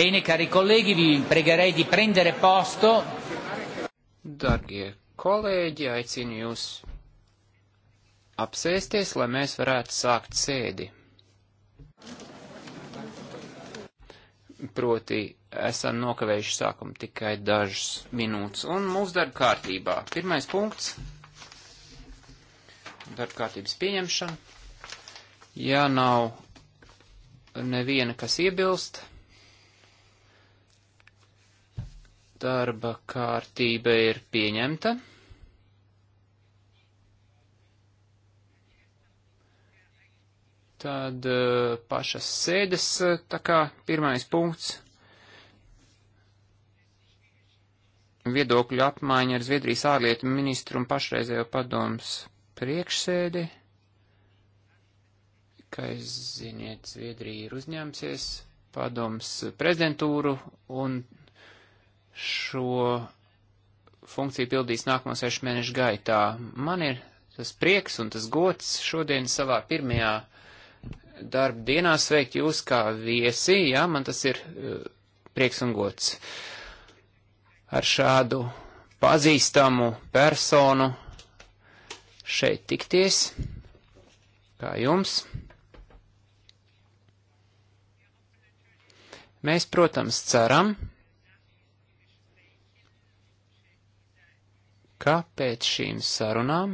Bene, cari colleghi, vi pregherei di prendere posto. Dargie kolēģi, aicinu jūs apsēsties, lai mēs varētu sākt sēdi. Proti, esam nokavējuši sākumu tikai dažas minūtes. Un mūsu darba kārtībā pirmais punkts - darba kārtības pieņemšana. Ja nav neviena, kas iebilst, Darba kārtība ir pieņemta. Tad eh, pašas sēdes, eh, tā kā pirmais punkts. Viedokļu apmaiņa ar Zviedrijas ārlietu ministru un pašreizējo padomus priekšsēdi. Kā jūs ziniet, Zviedrija ir uzņēmusies padomus prezidentūru un šo funkciju pildīs nākamo sešu mēnešu gaitā. Man ir tas prieks un tas gods šodien savā pirmajā darba dienā sveikt jūs kā viesi, jā, man tas ir eh, prieks un gods. Ar šādu pazīstamu personu šeit tikties, kā jums. Mēs, protams, ceram, ka pēc šīm sarunām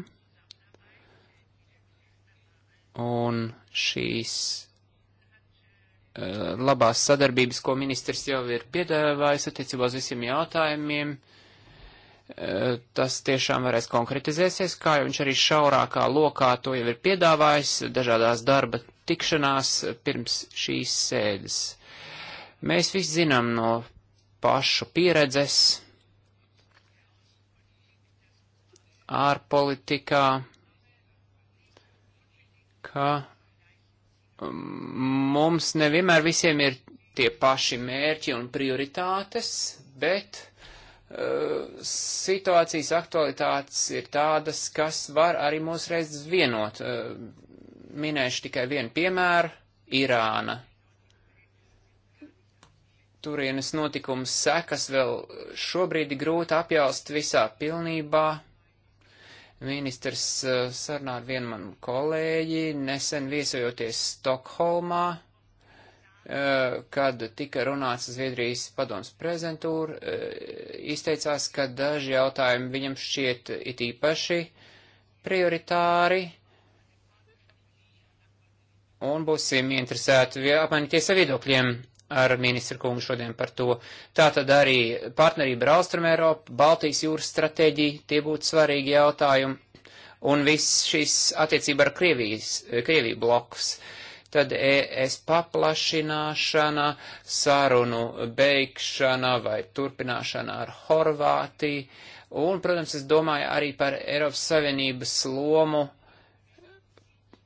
un šīs eh, labās sadarbības, ko ministrs jau ir piedāvājis attiecībā uz visiem jautājumiem, eh, tas tiešām varēs konkretizēsies, kā jau viņš arī šaurākā lokā to jau ir piedāvājis dažādās darba tikšanās pirms šīs sēdes. Mēs visi zinām no pašu pieredzes, ārpolitikā, ka um, mums nevienmēr visiem ir tie paši mērķi un prioritātes, bet uh, situācijas aktualitātes ir tādas, kas var arī mūs reiz vienot. Uh, minēšu tikai vienu piemēru - Irāna. Turienes notikums sekas vēl šobrīd grūti apjaust visā pilnībā. Ministrs eh, sarunā ar vienu manu kolēģi, nesen viesojoties Stokholmā, eh, kad tika runāts Zviedrijas padoms prezentūra, eh, izteicās, ka daži jautājumi viņam šķiet it īpaši prioritāri, un būsim interesēti apmainīties ar viedokļiem ar ministru kungu šodien par to. Tā tad arī partnerība ar Austrumēropu, Baltijas jūras stratēģija, tie būtu svarīgi jautājumi, un viss šis attiecība ar Krievijas, Krieviju blokus. Tad es paplašināšana, sarunu beigšana vai turpināšana ar Horvātiju, un, protams, es domāju arī par Eiropas Savienības lomu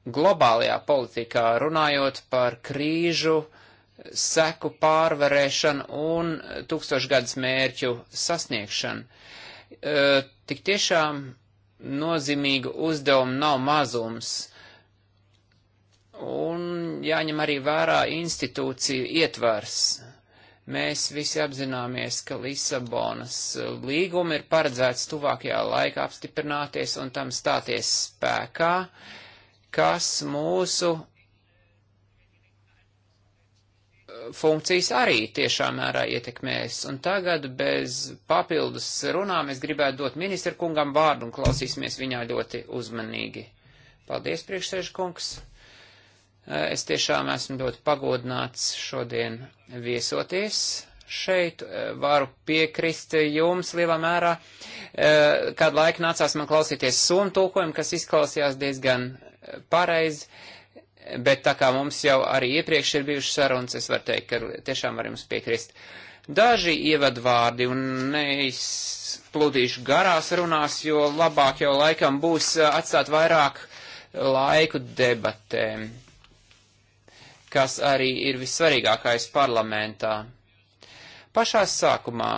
globālajā politikā, runājot par krīžu, uh, seku pārvarēšanu un tūkstošgadus mērķu sasniegšanu. E, tik tiešām nozīmīgu uzdevumu nav mazums. Un jāņem arī vērā institūciju ietvars. Mēs visi apzināmies, ka Lisabonas līguma ir paredzēts tuvākajā laikā apstiprināties un tam stāties spēkā, kas mūsu funkcijas arī tiešā mērā ietekmēs. Un tagad bez papildus runām es gribētu dot ministra kungam vārdu un klausīsimies viņā ļoti uzmanīgi. Paldies, priekšsēžkungs. Eh, es tiešām esmu ļoti pagodināts šodien viesoties šeit. Eh, varu piekrist jums lielā mērā. Eh, Kādu laiku nācās man klausīties somu tulkojumu, kas izklausījās diezgan pareizi bet tā kā mums jau arī iepriekš ir bijušas sarunas, es varu teikt, ka tiešām var jums piekrist. Daži ievadvārdi un neizplūdīšu garās runās, jo labāk jau laikam būs eh, atstāt vairāk laiku debatēm, kas arī ir vissvarīgākais parlamentā. Pašā sākumā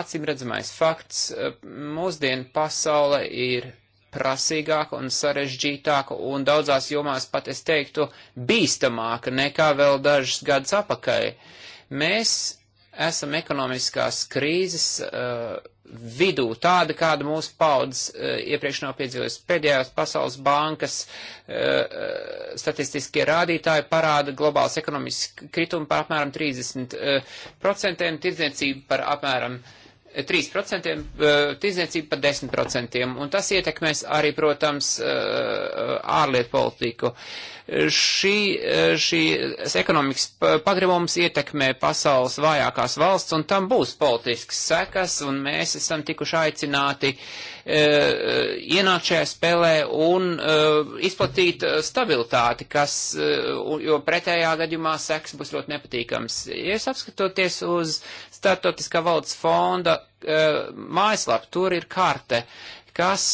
acīm redzamais fakts eh, mūsdienu pasaule ir prasīgāka un sarežģītāka un daudzās jomās pat es teiktu bīstamāka nekā vēl dažus gadus apakai. Mēs esam ekonomiskās krīzes uh, vidū, tāda, kāda mūsu paudas uh, iepriekš nav piedzīvojusi. Pēdējās Pasaules bankas uh, uh, statistiskie rādītāji parāda globāls ekonomisks kritumu par apmēram 30%, uh, tirdzniecību par apmēram uh, 3%, eh, tirdzniecība par 10%, un tas ietekmēs arī, protams, eh, ārlietu politiku. Uh, Šī, šīs ekonomikas pagribums ietekmē pasaules vājākās valsts, un tam būs politisks sekas, un mēs esam tikuši aicināti e, ienākt šajā spēlē un e, izplatīt stabilitāti, kas, e, jo pretējā gadījumā seks būs ļoti nepatīkams. Ja es apskatoties uz Startautiskā valsts fonda mājaslapu, tur ir karte kas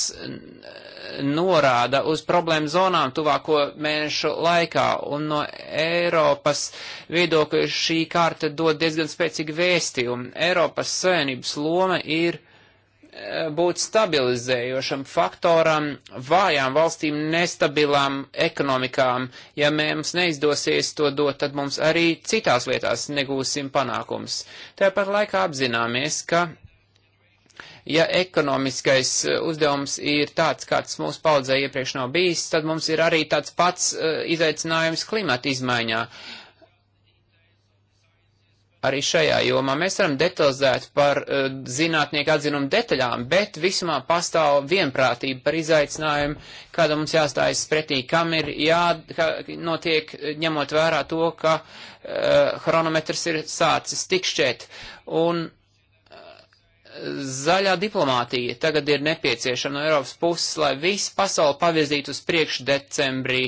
norāda uz problēmu zonām tuvāko mēnešu laikā, un no Eiropas viedokļa šī karta dod diezgan spēcīgu vēstījumu. Eiropas savienības loma ir eh, būt stabilizējošam faktoram vājām valstīm nestabilām ekonomikām. Ja mums neizdosies to dot, tad mums arī citās lietās negūsim panākums. Tāpat laikā apzināmies, ka Ja ekonomiskais eh, uzdevums ir tāds, kāds mūsu paudzē iepriekš nav bijis, tad mums ir arī tāds pats uh, izaicinājums klimata izmaiņā. Arī šajā jomā mēs varam detalizēt par uh, zinātnieku atzinumu detaļām, bet visumā pastāv vienprātība par izaicinājumu, kāda mums jāstājas pretī, kam ir jānotiek, ņemot vērā to, ka uh, chronometrs ir sācis tikšķēt. Un zaļā diplomātija tagad ir nepieciešama no Eiropas puses, lai visu pasauli pavirzītu uz priekšu decembrī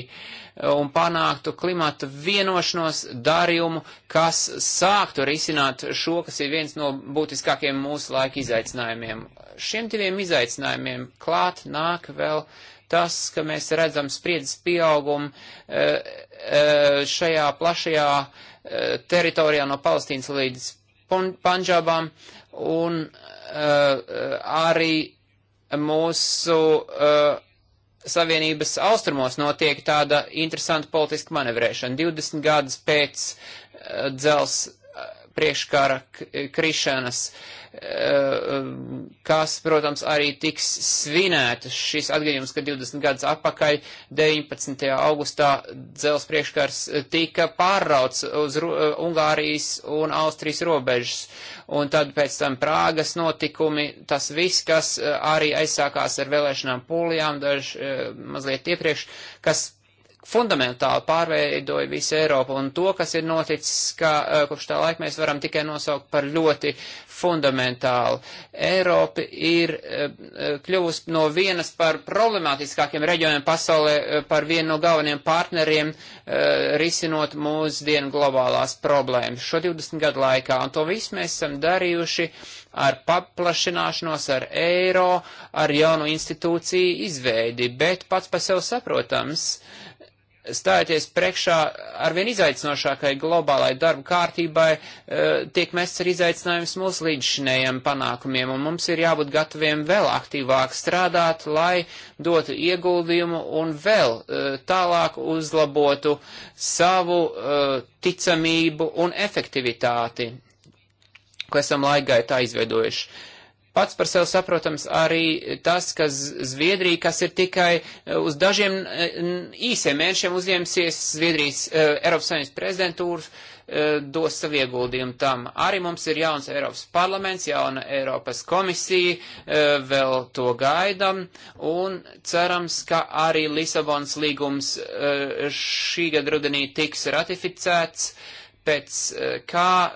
un panāktu klimata vienošanos darījumu, kas sāktu risināt šo, kas ir viens no būtiskākiem mūsu laika izaicinājumiem. Šiem diviem izaicinājumiem klāt nāk vēl tas, ka mēs redzam spriedzes pieaugumu e, e, šajā plašajā e, teritorijā no Palestīnas līdz Pandžabām un uh, Uh, arī mūsu uh, Savienības austrumos notiek tāda interesanta politiska manevrēšana. 20 gadus pēc uh, dzels priekškara krišanas uh, Eh, kas, protams, arī tiks svinētas šis atgadījums, ka 20 gadus atpakaļ 19. augustā dzels priekškars tika pārrauts uz eh, Ungārijas un Austrijas robežas. Un tad pēc tam Prāgas notikumi, tas viss, kas eh, arī aizsākās ar vēlēšanām pūlijām, daži mazliet iepriekš, kas fundamentāli pārveidoja visu Eiropu, un to, kas ir noticis, ka eh, kopš tā laika mēs varam tikai nosaukt par ļoti fundamentālu. Eiropa ir eh, kļuvusi no vienas par problemātiskākiem reģioniem pasaulē, eh, par vienu no galveniem partneriem, risinot mūsdienu globālās problēmas šo 20 gadu laikā, un to visu mēs esam darījuši ar paplašināšanos, ar eiro, ar jaunu institūciju izveidi, bet pats par sev saprotams, uh, stājoties priekšā arvien izaicinošākai globālai darba kārtībai, eh, tiek mests ar izaicinājums mūsu līdzšinējiem panākumiem, un mums ir jābūt gataviem vēl aktīvāk strādāt, lai dotu ieguldījumu un vēl eh, tālāk uzlabotu savu eh, ticamību un efektivitāti, ko esam laikgaitā izveidojuši pats par sevi saprotams arī tas, ka Zviedrija, kas ir tikai e, uz dažiem e, īsiem mēnešiem uzņēmusies Zviedrijas e, Eiropas Savienības prezidentūras, dos savu ieguldījumu tam. Arī mums ir jauns Eiropas parlaments, jauna Eiropas komisija, vēl to gaidam, un cerams, ka arī Lisabonas līgums šī gada rudenī tiks ratificēts pēc eh, kā eh,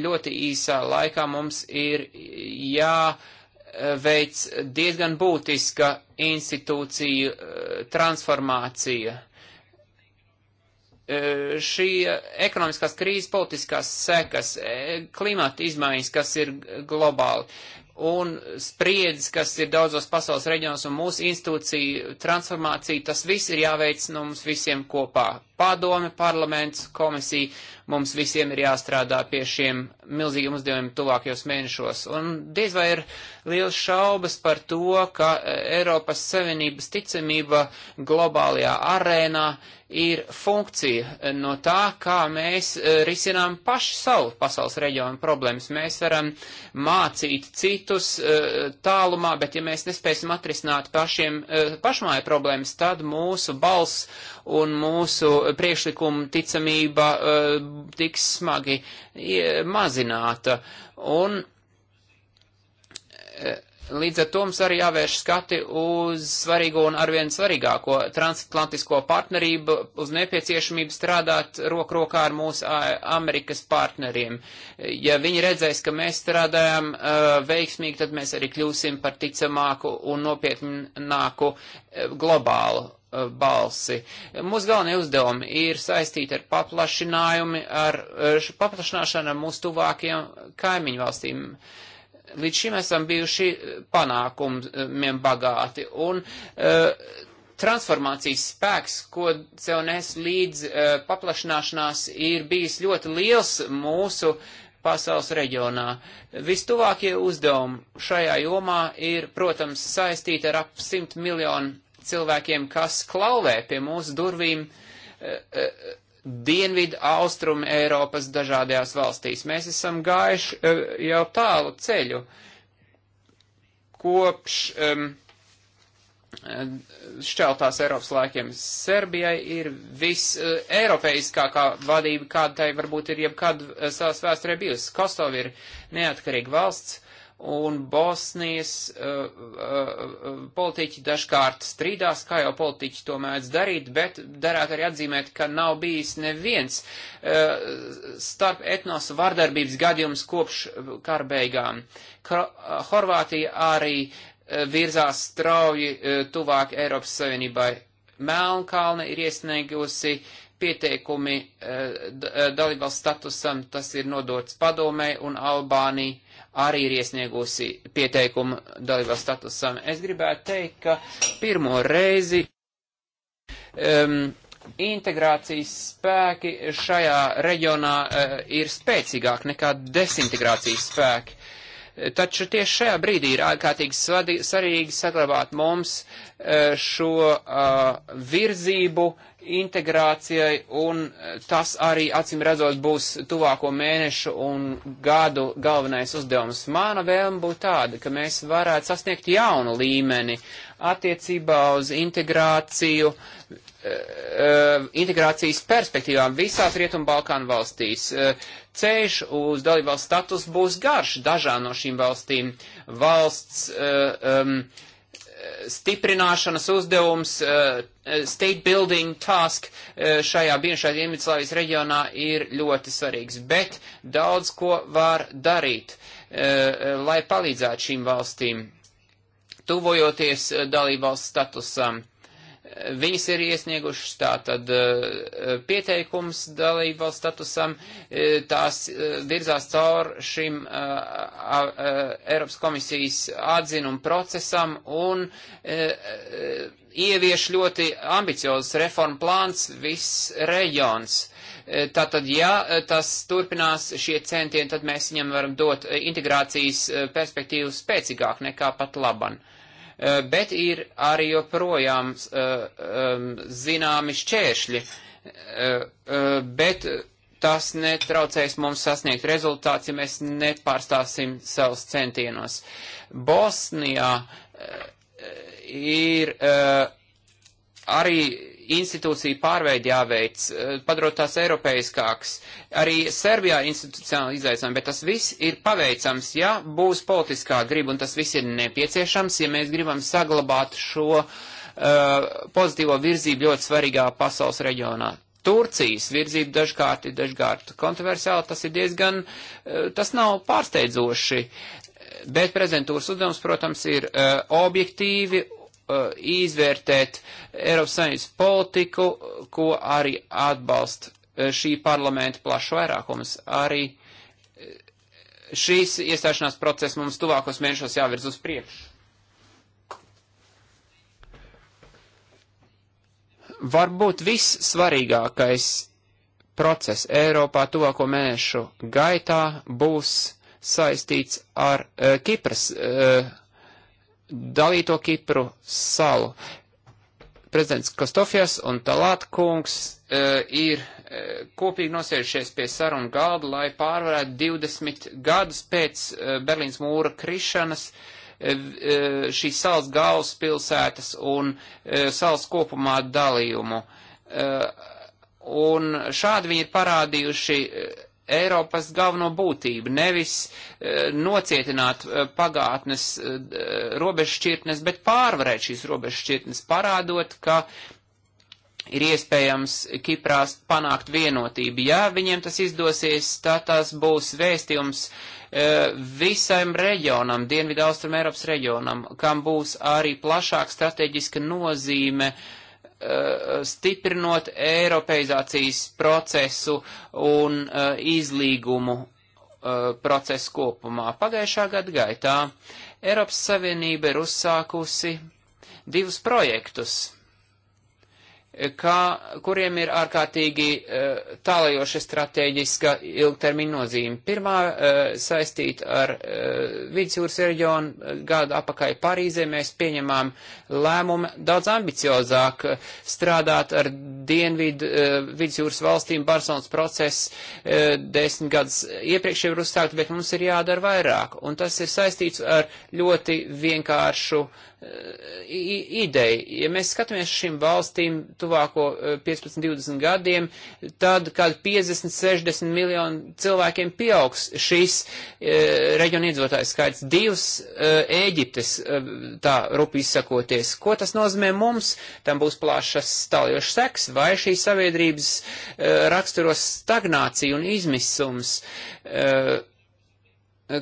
ļoti īsā laikā mums ir jāveic diezgan būtiska institūcija eh, transformācija. Šī ekonomiskās krīzes politiskās sekas, klimata izmaiņas, kas ir globāli, un spriedzes, kas ir daudzos pasaules reģionos un mūsu institūciju transformācija, tas viss ir jāveic no mums visiem kopā. Padome, parlaments, komisija, Mums visiem ir jāstrādā pie šiem milzīgiem uzdevumiem tuvākajos mēnešos. Un diez vai ir liels šaubas par to, ka e, Eiropas Savienības ticamība globālajā arēnā ir funkcija e, no tā, kā mēs e, risinām paši savu pasaules reģionu problēmas. Mēs varam mācīt citus tālumā, bet ja mēs nespēsim atrisināt pašiem pašmāju problēmas, tad mūsu balss un mūsu priekšlikuma ticamība uh, tiks smagi mazināta. Un, uh, Līdz ar to mums arī jāvērš skati uz svarīgo un arvien svarīgāko transatlantisko partnerību, uz nepieciešamību strādāt roku rokā ar mūsu Amerikas partneriem. Ja viņi redzēs, ka mēs strādājam uh, veiksmīgi, tad mēs arī kļūsim par ticamāku un nopietnāku uh, globālu Uh, balsi. Mūsu galvenie uzdevumi ir saistīti ar paplašinājumi, ar uh, paplašināšanu ar mūsu tuvākajiem kaimiņu valstīm. Līdz šim esam bijuši panākumiem bagāti, un uh, transformācijas spēks, ko sev nes līdz uh, paplašināšanās, ir bijis ļoti liels mūsu pasaules reģionā. Vistuvākie uzdevumi šajā jomā ir, protams, saistīti ar ap 100 miljonu cilvēkiem, kas klauvē pie mūsu durvīm eh, eh, dienvidu austrumu Eiropas dažādajās valstīs. Mēs esam gājuši eh, jau tālu ceļu kopš um, šķeltās Eiropas laikiem. Serbijai ir viss uh, eiropeiskākā vadība, kāda tai varbūt ir jebkad uh, savas vēsturē bijusi. Kosova ir neatkarīga valsts, un Bosnijas uh, uh, uh, politiķi dažkārt strīdās, kā jau politiķi to mēdz darīt, bet darētu arī atzīmēt, ka nav bijis neviens uh, starp etnos vardarbības gadījums kopš kara beigām. Kro uh, Horvātija arī uh, virzās strauji tuvāk Eiropas Savienībai. Melnkalne ir iesniegusi uh, pieteikumi dalībvalsts statusam, tas ir nodots padomē, un Albānija arī ir iesniegusi pieteikumu dalībās statusam. Es gribētu teikt, ka pirmo reizi um, integrācijas spēki šajā reģionā uh, ir spēcīgāk nekā desintegrācijas spēki. Taču tieši šajā brīdī ir ārkārtīgi svarīgi saglabāt mums uh, šo uh, virzību integrācijai, un tas arī, acīm redzot, būs tuvāko mēnešu un gadu galvenais uzdevums. Mana vēlme būtu tāda, ka mēs varētu sasniegt jaunu līmeni attiecībā uz integrāciju, eh, eh, integrācijas perspektīvām visās Rietumbalkānu valstīs. Eh, ceļš uz dalībvalsts status būs garš dažām no šīm valstīm. Valsts uh, um, stiprināšanas uzdevums, eh, state building task eh, šajā bijušā Dienvidslāvijas reģionā ir ļoti svarīgs, bet daudz ko var darīt, eh, lai palīdzētu šīm valstīm, tuvojoties dalībvalsts statusam. Um, Viņas ir iesniegušas tātad eh, pieteikums dalību valsts statusam, eh, tās eh, virzās caur šim Eiropas komisijas atzinumu procesam un ievieš ļoti ambiciozas reformu plāns viss reģions. Tātad, ja tas turpinās šie centieni, tad mēs viņam varam dot integrācijas perspektīvu spēcīgāk nekā pat laban. Uh, Eh, bet ir arī joprojām eh, zināmi šķēršļi, eh, bet tas netraucēs mums sasniegt rezultāts, ja mēs nepārstāsim savus centienos. Bosnijā ir arī institūcija pārveidi jāveic, eh, padarot tās eiropeiskākas. Arī Serbijā ir institucionāli izaicinājumi, bet tas viss ir paveicams, ja būs politiskā griba, un tas viss ir nepieciešams, ja mēs gribam saglabāt šo uh, pozitīvo virzību ļoti svarīgā pasaules reģionā. Turcijas virzība dažkārt ir dažkārt kontroversiāla, tas ir diezgan, uh, tas nav pārsteidzoši, bet prezentūras uzdevums, protams, ir uh, objektīvi Uh, izvērtēt Eiropas Savienības politiku, ko arī atbalst uh, šī parlamenta plašs vairākums. Arī uh, šīs iestāšanās process mums tuvākos mēnešos jāvirz uz priekšu. Varbūt viss svarīgākais process Eiropā tuvāko mēnešu gaitā būs saistīts ar uh, Kipras uh, dalīto Kipru salu. Prezidents Kostofjas un Talāt kungs uh, ir uh, kopīgi nosēžušies pie sarunu galda, lai pārvarētu 20 gadus pēc uh, Berlīnas mūra krišanas uh, šīs salas galvaspilsētas un uh, salas kopumā dalījumu. Uh, un šādi viņi ir parādījuši uh, Eiropas galveno būtību, nevis e, nocietināt e, pagātnes e, robežšķirtnes, bet pārvarēt šīs robežšķirtnes, parādot, ka ir iespējams Kiprās panākt vienotību. Ja viņiem tas izdosies, tā tas būs vēstījums visam reģionam, Dienvidu Austrum Eiropas reģionam, kam būs arī plašāka strateģiska nozīme uh, Uh, stiprinot eiropeizācijas procesu un uh, izlīgumu uh, procesu kopumā. Pagājušā gada gaitā Eiropas Savienība ir uzsākusi divus projektus kā, kuriem ir ārkārtīgi uh, tālajoša strateģiska ilgtermiņa nozīme. Pirmā uh, eh, saistīta ar uh, vidusjūras reģionu gadu apakai Parīzē mēs pieņemām lēmumu daudz ambiciozāk strādāt ar dienvidu vidusjūras valstīm. Barcelonas process desmit gadus iepriekš jau ir uzsākt, bet mums ir jādara vairāk. Un tas ir saistīts ar ļoti vienkāršu ideja. Ja mēs skatāmies šīm valstīm tuvāko 15-20 e, gadiem, tad kād 50-60 miljonu cilvēkiem pieaugs šīs e, reģiona iedzīvotājs skaits. Divas e, Ēģiptes, e, tā rupi izsakoties. Ko tas nozīmē mums? Tam būs plašas stāvjošas seks vai šīs sabiedrības e, raksturos stagnācija un izmisums. E,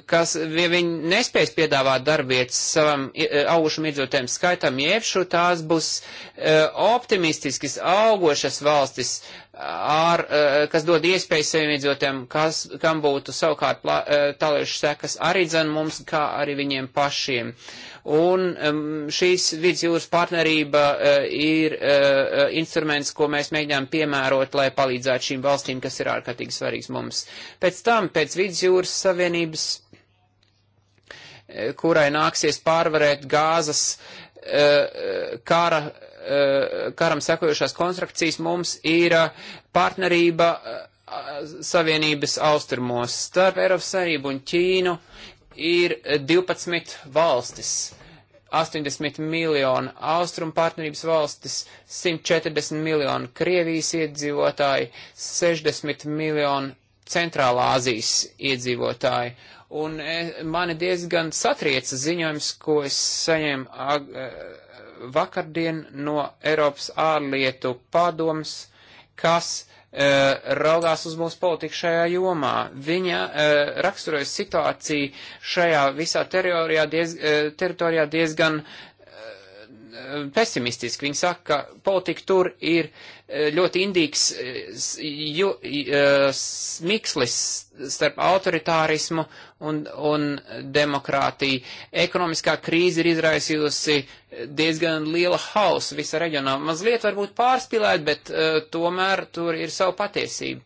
kas ja viņi nespēs piedāvāt darbvietas savam e, augušam iedzīvotājiem skaitam, iepšu tās būs e, optimistiskas, augošas valstis, ar, e, kas dod iespēju saviem iedzīvotājiem, kas, kam būtu savukārt tālējuši sekas arī dzen mums, kā arī viņiem pašiem. Un šīs vidusjūras partnerība ir instruments, ko mēs mēģinām piemērot, lai palīdzētu šīm valstīm, kas ir ārkārtīgi svarīgs mums. Pēc tam, pēc vidusjūras savienības kurai nāksies pārvarēt gāzas e, e, kara, e, karam sekojušās konstrakcijas, mums ir partnerība Savienības austrumos starp Eiropas Savienību un Ķīnu ir 12 valstis. 80 miljonu austrumu partnerības valstis, 140 miljonu Krievijas iedzīvotāji, 60 miljonu Centrālā Azijas iedzīvotāji. Uh, Un e, mani diezgan satrieca ziņojums, ko es saņēmu e, vakardien no Eiropas ārlietu padoms, kas uh, raugās uz mūsu politiku šajā jomā. Viņa uh, raksturoja situāciju šajā visā teritorijā, diez, uh, teritorijā diezgan Eh, pesimistiski. Viņi saka, ka politika tur ir eh, ļoti indīgs eh, ju, mikslis starp autoritārismu un, un demokrātiju. Ekonomiskā krīze ir izraisījusi diezgan liela hausa visā reģionā. Mazliet varbūt pārspīlēt, bet uh, tomēr tur ir savu patiesību.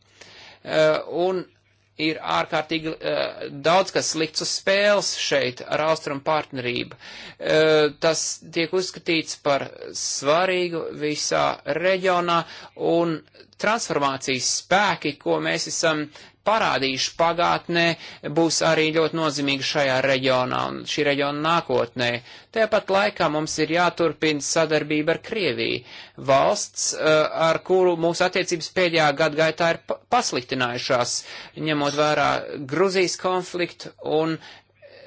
Uh, un ir ārkārtīgi uh, daudz kas slikts uz spēles šeit ar austrumu partnerību. Uh, tas tiek uzskatīts par svarīgu visā reģionā un transformācijas spēki, ko mēs esam parādījuši pagātnē, būs arī ļoti nozīmīgi šajā reģionā un šī reģiona nākotnē. Tāpat laikā mums ir jāturpina sadarbība ar Krieviju, valsts, eh, ar kuru mūsu attiecības pēdējā gada gaitā ir pasliktinājušās, ņemot vērā Gruzijas konfliktu un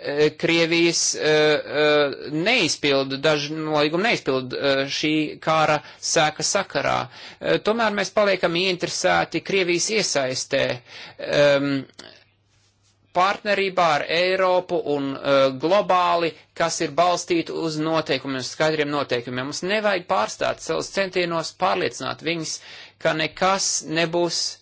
Eh, Krievijas eh, eh, neizpildu, daži nolīgumi neizpildu šī kāra sēka sakarā. Tomēr mēs paliekam ieinteresēti Krievijas iesaistē ehm, partnerībā ar Eiropu un uh, globāli, kas ir balstīti uz noteikumiem, uz skaidriem noteikumiem. Mums nevajag pārstāt savus centienos pārliecināt viņus, ka nekas nebūs uh,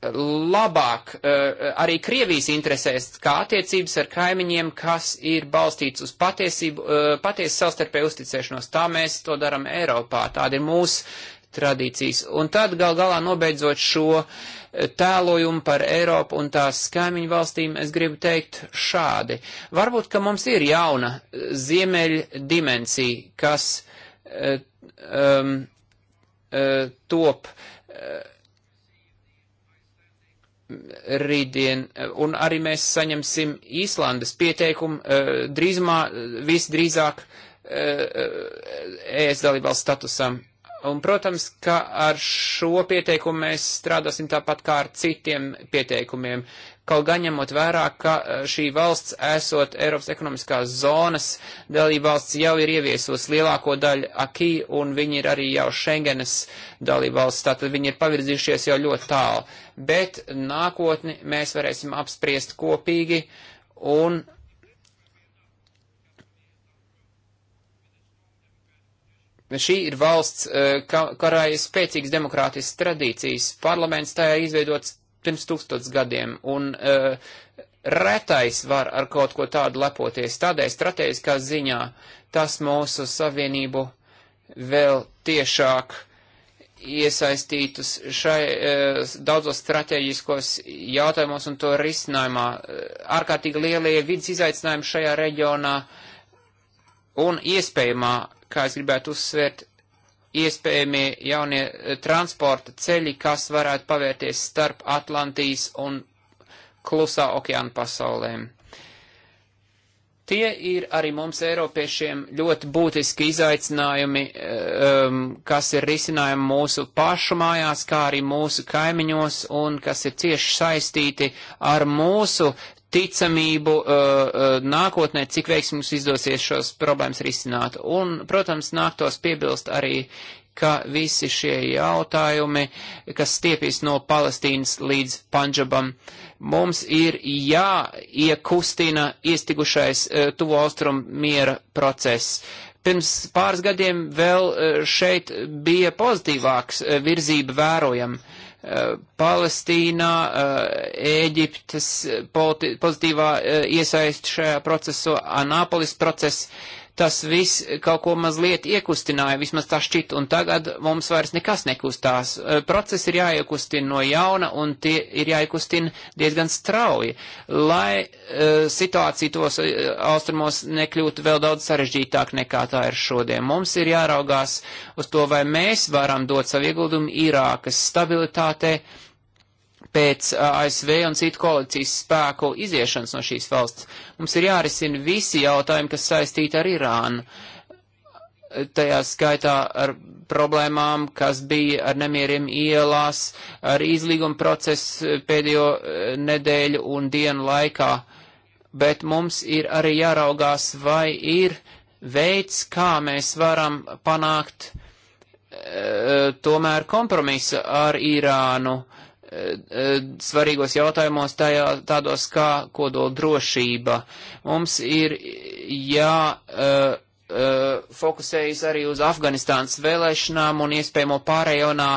labāk eh, arī Krievijas interesēs, kā attiecības ar kaimiņiem, kas ir balstīts uz patiesību, eh, patiesu savstarpēju uzticēšanos. Tā mēs to daram Eiropā, tāda ir mūsu tradīcijas. Un tad gal galā nobeidzot šo eh, tēlojumu par Eiropu un tās kaimiņu valstīm, es gribu teikt šādi. Varbūt, ka mums ir jauna ziemeļa dimensija, kas um, top. Uh, rītdien, un arī mēs saņemsim Īslandes pieteikumu eh, drīzumā, eh, visdrīzāk ES eh, e dalībvalsts statusam. Un, protams, ka ar šo pieteikumu mēs strādāsim tāpat kā ar citiem pieteikumiem kaut gan ņemot vērā, ka e, šī valsts, esot Eiropas ekonomiskās zonas dalībvalsts, jau ir ieviesos lielāko daļu akī, un viņi ir arī jau Schengenes dalībvalsts, tātad viņi ir pavirzījušies jau ļoti tālu. Bet nākotni mēs varēsim apspriest kopīgi, un šī ir valsts, e, kurai ir spēcīgas demokrātiskas tradīcijas. Parlaments tajā izveidots pirms tūkstots gadiem, un uh, retais var ar kaut ko tādu lepoties. Tādēļ strateģiskā ziņā tas mūsu savienību vēl tiešāk iesaistītus šai uh, daudzos strateģiskos jautājumos un to risinājumā. Eh, ārkārtīgi lielie vidas izaicinājumi šajā reģionā un iespējamā, kā es gribētu uzsvērt, iespējamie jaunie eh, transporta ceļi, kas varētu pavērties starp Atlantijas un klusā okeāna pasaulēm. Tie ir arī mums Eiropiešiem ļoti būtiski izaicinājumi, eh, um, kas ir risinājumi mūsu pašu mājās, kā arī mūsu kaimiņos un kas ir cieši saistīti ar mūsu ticamību uh, nākotnē, cik veiksmi mums izdosies šos problēmas risināt. Un, protams, nāktos piebilst arī, ka visi šie jautājumi, kas stiepjas no Palestīnas līdz Pandžabam, mums ir jāiekustina iestigušais uh, tuvo austrumu miera process. Pirms pāris gadiem vēl šeit bija pozitīvāks virzība vērojama Palestīnā, eh, Ēģiptes pozitīvā eh, iesaist šajā procesā, Anāpolis process tas viss kaut ko mazliet iekustināja, vismaz tā šķit, un tagad mums vairs nekas nekustās. Process ir jāiekustina no jauna, un tie ir jāiekustina diezgan strauji, lai uh, situācija tos uh, austrumos nekļūtu vēl daudz sarežģītāk nekā tā ir šodien. Mums ir jāraugās uz to, vai mēs varam dot savu ieguldumu Irākas stabilitātei pēc ASV un citu koalīcijas spēku iziešanas no šīs valsts. Mums ir jārisina visi jautājumi, kas saistīti ar Irānu. Tajā skaitā ar problēmām, kas bija ar nemieriem ielās, ar izlīguma procesu pēdējo nedēļu un dienu laikā. Bet mums ir arī jāraugās, vai ir veids, kā mēs varam panākt e, tomēr kompromisu ar Irānu. Uh, Eh, eh, svarīgos jautājumos tajā, tādos kā kodola drošība. Mums ir jā. Uh, uh, fokusējas arī uz Afganistānas vēlēšanām un iespējamo pārējonā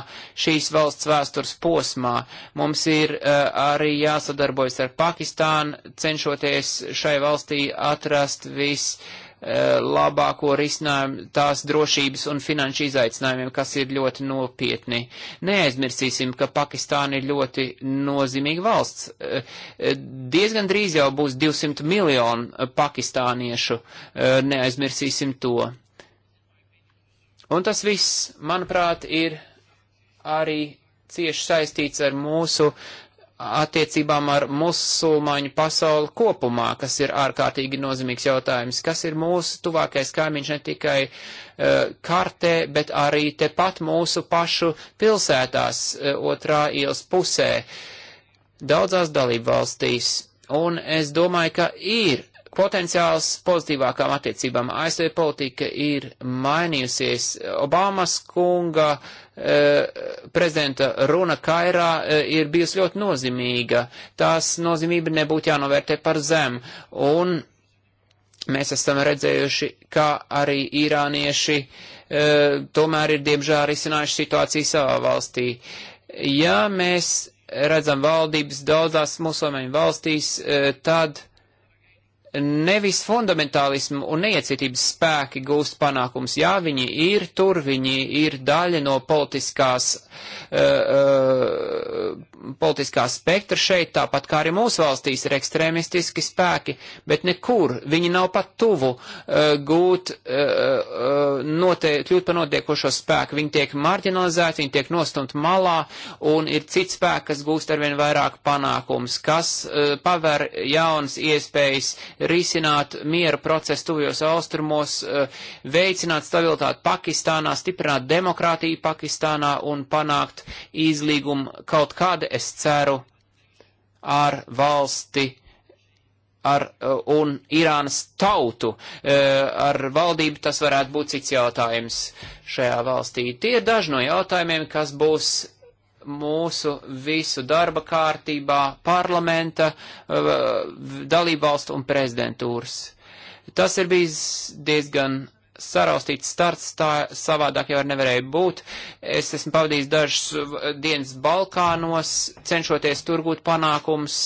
šīs valsts vēstures posmā. Mums ir uh, arī jāsadarbojas ar Pakistānu, cenšoties šai valstī atrast viss E, labāko risinājumu tās drošības un finanšu izaicinājumiem, kas ir ļoti nopietni. Neaizmirsīsim, ka Pakistāna ir ļoti nozīmīga valsts. E, e, diezgan drīz jau būs 200 miljonu pakistāniešu, neaizmirsīsim to. Un tas viss, manuprāt, ir arī cieši saistīts ar mūsu uh, attiecībām ar musulmaņu pasauli kopumā, kas ir ārkārtīgi nozīmīgs jautājums, kas ir mūsu tuvākais kaimiņš ne tikai uh, kartē, bet arī tepat mūsu pašu pilsētās uh, otrā ielas pusē, daudzās dalību valstīs. Un es domāju, ka ir potenciāls pozitīvākām attiecībām. ASV politika ir mainījusies. Obamas kunga uh, Eh, prezidenta runa Kairā eh, ir bijusi ļoti nozīmīga. Tās nozīmība nebūtu jānovērtē par zem. Un mēs esam redzējuši, kā arī īrānieši eh, tomēr ir diemžēl risinājuši situāciju savā valstī. Ja mēs redzam valdības daudzās musulmaņu valstīs, tad nevis fundamentālismu un neiecietības spēki gūst panākums. Jā, viņi ir tur, viņi ir daļa no politiskās, uh, uh, politiskā spektra šeit, tāpat kā arī mūsu valstīs ir ekstrēmistiski spēki, bet nekur viņi nav pat tuvu uh, gūt, uh, uh, note, kļūt par notiekošo spēku. Viņi tiek marginalizēti, viņi tiek nostumt malā un ir cits spēks, kas gūst arvien vairāk panākums, kas uh, paver jaunas iespējas risināt miera procesu tuvijos austrumos, eh, veicināt stabilitāti Pakistānā, stiprināt demokrātiju Pakistānā un panākt izlīgumu kaut kādu, es ceru, ar valsti ar, eh, un Irānas tautu. Eh, ar valdību tas varētu būt cits jautājums šajā valstī. Tie ir daži no jautājumiem, kas būs mūsu visu darba kārtībā parlamenta, uh, dalībvalstu un prezidentūras. Tas ir bijis diezgan saraustīts starts, tā savādāk jau nevarēja būt. Es esmu pavadījis dažas dienas Balkānos, cenšoties tur gūt panākums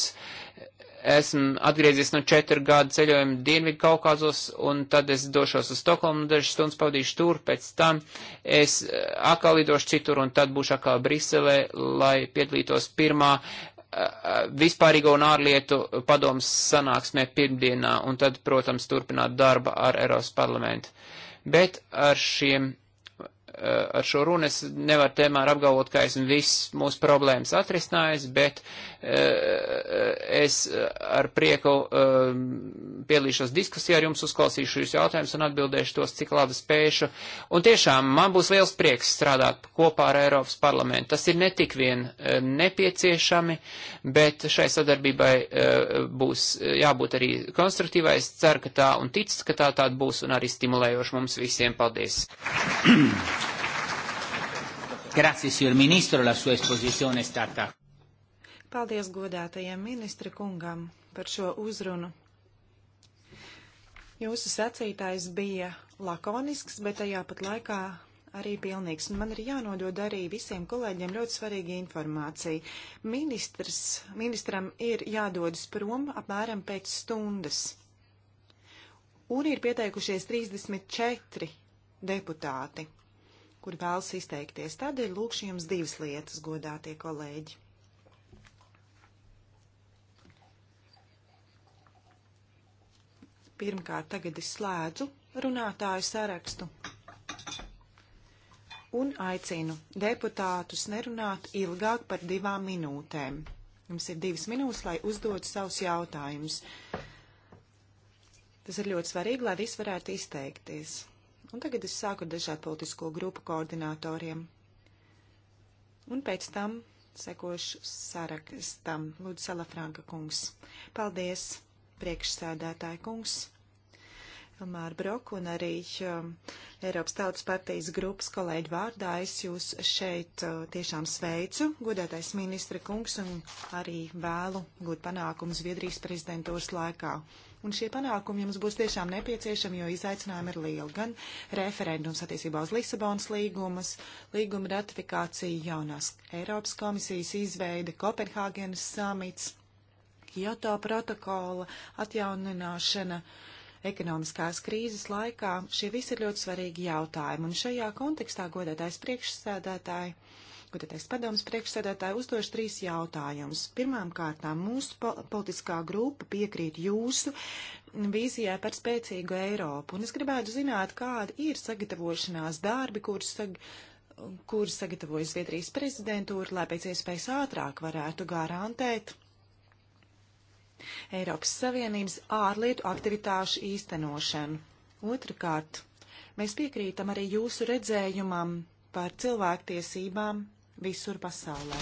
Esmu atgriezies no četru gadu ceļojuma Dienvidu Kaukazos, un tad es došos uz Stokholmu, dažas stundas pavadīšu tur, pēc tam es eh, atkal lidošu citur, un tad būšu atkal Briselē, lai piedalītos pirmā eh, eh, vispārīgo un ārlietu padomas sanāksmē pirmdienā, un tad, protams, turpināt darba ar Eiropas parlamentu. Bet ar šiem Eh, ar šo runu es nevaru tēmā apgalvot, ka esmu viss mūsu problēmas atrisinājis, bet eh, es ar prieku eh, piedalīšos diskusijā ar jums, uzklausīšu jūs jautājumus un atbildēšu tos, cik labi spēšu. Un tiešām man būs liels prieks strādāt kopā ar Eiropas parlamentu. Tas ir ne tik vien nepieciešami, bet šai sadarbībai būs jābūt arī konstruktīvai. Es ceru, ka tā un ticu, ka tā tāda būs un arī stimulējoša mums visiem. Paldies! Grazie, signor ministro, la sua esposizione è stata. Paldies godātajiem ministra kungam par šo uzrunu. Jūsu sacītājs bija lakonisks, bet tajā pat laikā arī pilnīgs. Man ir jānodod arī visiem kolēģiem ļoti svarīga informācija. Ministrs, ministram ir jādodas prom apmēram pēc stundas. Un ir pieteikušies 34 deputāti kuri vēlas izteikties. Tādēļ lūkšu jums divas lietas, godātie kolēģi. Pirmkārt, tagad es slēdzu runātāju sarakstu un aicinu deputātus nerunāt ilgāk par divām minūtēm. Jums ir divas minūtes, lai uzdod savus jautājumus. Tas ir ļoti svarīgi, lai viss varētu izteikties. Un tagad es sāku ar dažādu politisko grupu koordinatoriem. Un pēc tam sekošu sarakstam. Lūdzu, Salafranka kungs. Paldies, priekšsēdētāja kungs. Elmāra Broku un arī um, Eiropas Tautas partijas grupas kolēģi vārdā es jūs šeit uh, tiešām sveicu, godētais ministra kungs, un arī vēlu gūt panākumu Zviedrijas prezidentūras laikā. Un šie panākumi jums būs tiešām nepieciešami, jo izaicinājumi ir lieli. Gan referendums attiecībā uz Lisabonas līgumas, līguma ratifikācija, jaunās Eiropas komisijas izveide, Kopenhāgenes samits, Kyoto protokola atjaunināšana ekonomiskās krīzes laikā. Šie visi ir ļoti svarīgi jautājumi. Un šajā kontekstā godētais priekšsēdētāji Gudētais padomas priekšsēdētāji uzdošu trīs jautājumus. Pirmām kārtām mūsu politiskā grupa piekrīt jūsu vīzijai par spēcīgu Eiropu, un es gribētu zināt, kādi ir sagatavošanās darbi, kurus sag kurus sagatavoja Zviedrijas prezidentūra, lai pēc iespējas ātrāk varētu garantēt Eiropas Savienības ārlietu aktivitāšu īstenošanu. Otrakārt, mēs piekrītam arī jūsu redzējumam par cilvēktiesībām visur pasaulē.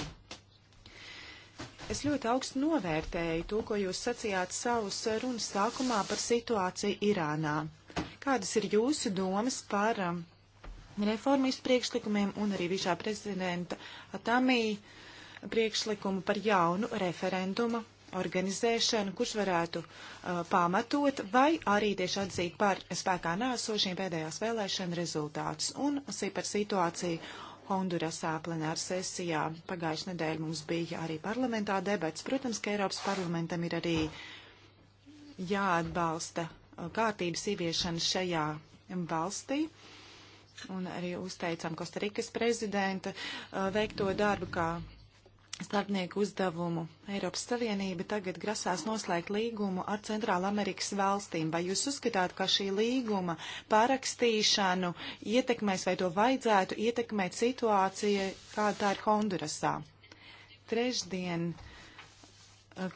Es ļoti augstu novērtēju to, ko jūs sacījāt savus runas sākumā par situāciju Irānā. Kādas ir jūsu domas par um, reformijas priekšlikumiem un arī višā prezidenta Atamī priekšlikumu par jaunu referendumu organizēšanu, kurš varētu uh, pamatot vai arī tieši atzīt par spēkā nāsošiem pēdējās vēlēšana rezultātus un par situāciju Hondurasā plenāra sesijā. Pagājušajā nedēļā mums bija arī parlamentā debats. Protams, ka Eiropas parlamentam ir arī jāatbalsta uh, kārtības ieviešana šajā valstī. Un arī uzteicām Kostarikas prezidenta uh, veikto darbu, kā starpnieku uzdevumu. Eiropas Savienība tagad grasās noslēgt līgumu ar Centrāla Amerikas valstīm. Vai jūs uzskatāt, ka šī līguma pārakstīšanu ietekmēs vai to vajadzētu ietekmēt situācija, kā tā ir Hondurasā? Trešdien eh,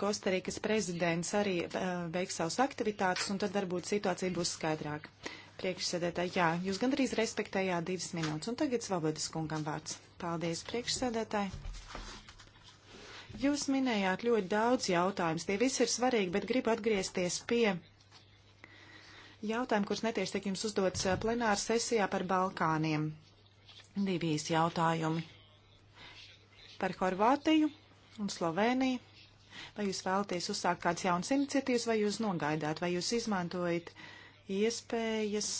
Kostarikas prezidents arī eh, veiks savus aktivitātus, un tad varbūt situācija būs skaidrāka. Priekšsēdētāji, jā, jūs gandrīz respektējāt divas minūtes, un tagad Svabodas kungam vārds. Paldies, priekšsēdētāji! Jūs minējāt ļoti daudz jautājumus, tie visi ir svarīgi, bet gribu atgriezties pie jautājumu, kurš netieši tiek jums uzdots eh, plenāra sesijā par Balkāniem. Divīs jautājumi par Horvātiju un Sloveniju. Vai jūs vēlaties uzsākt kāds jauns iniciatīvas, vai jūs nogaidāt, vai jūs izmantojat iespējas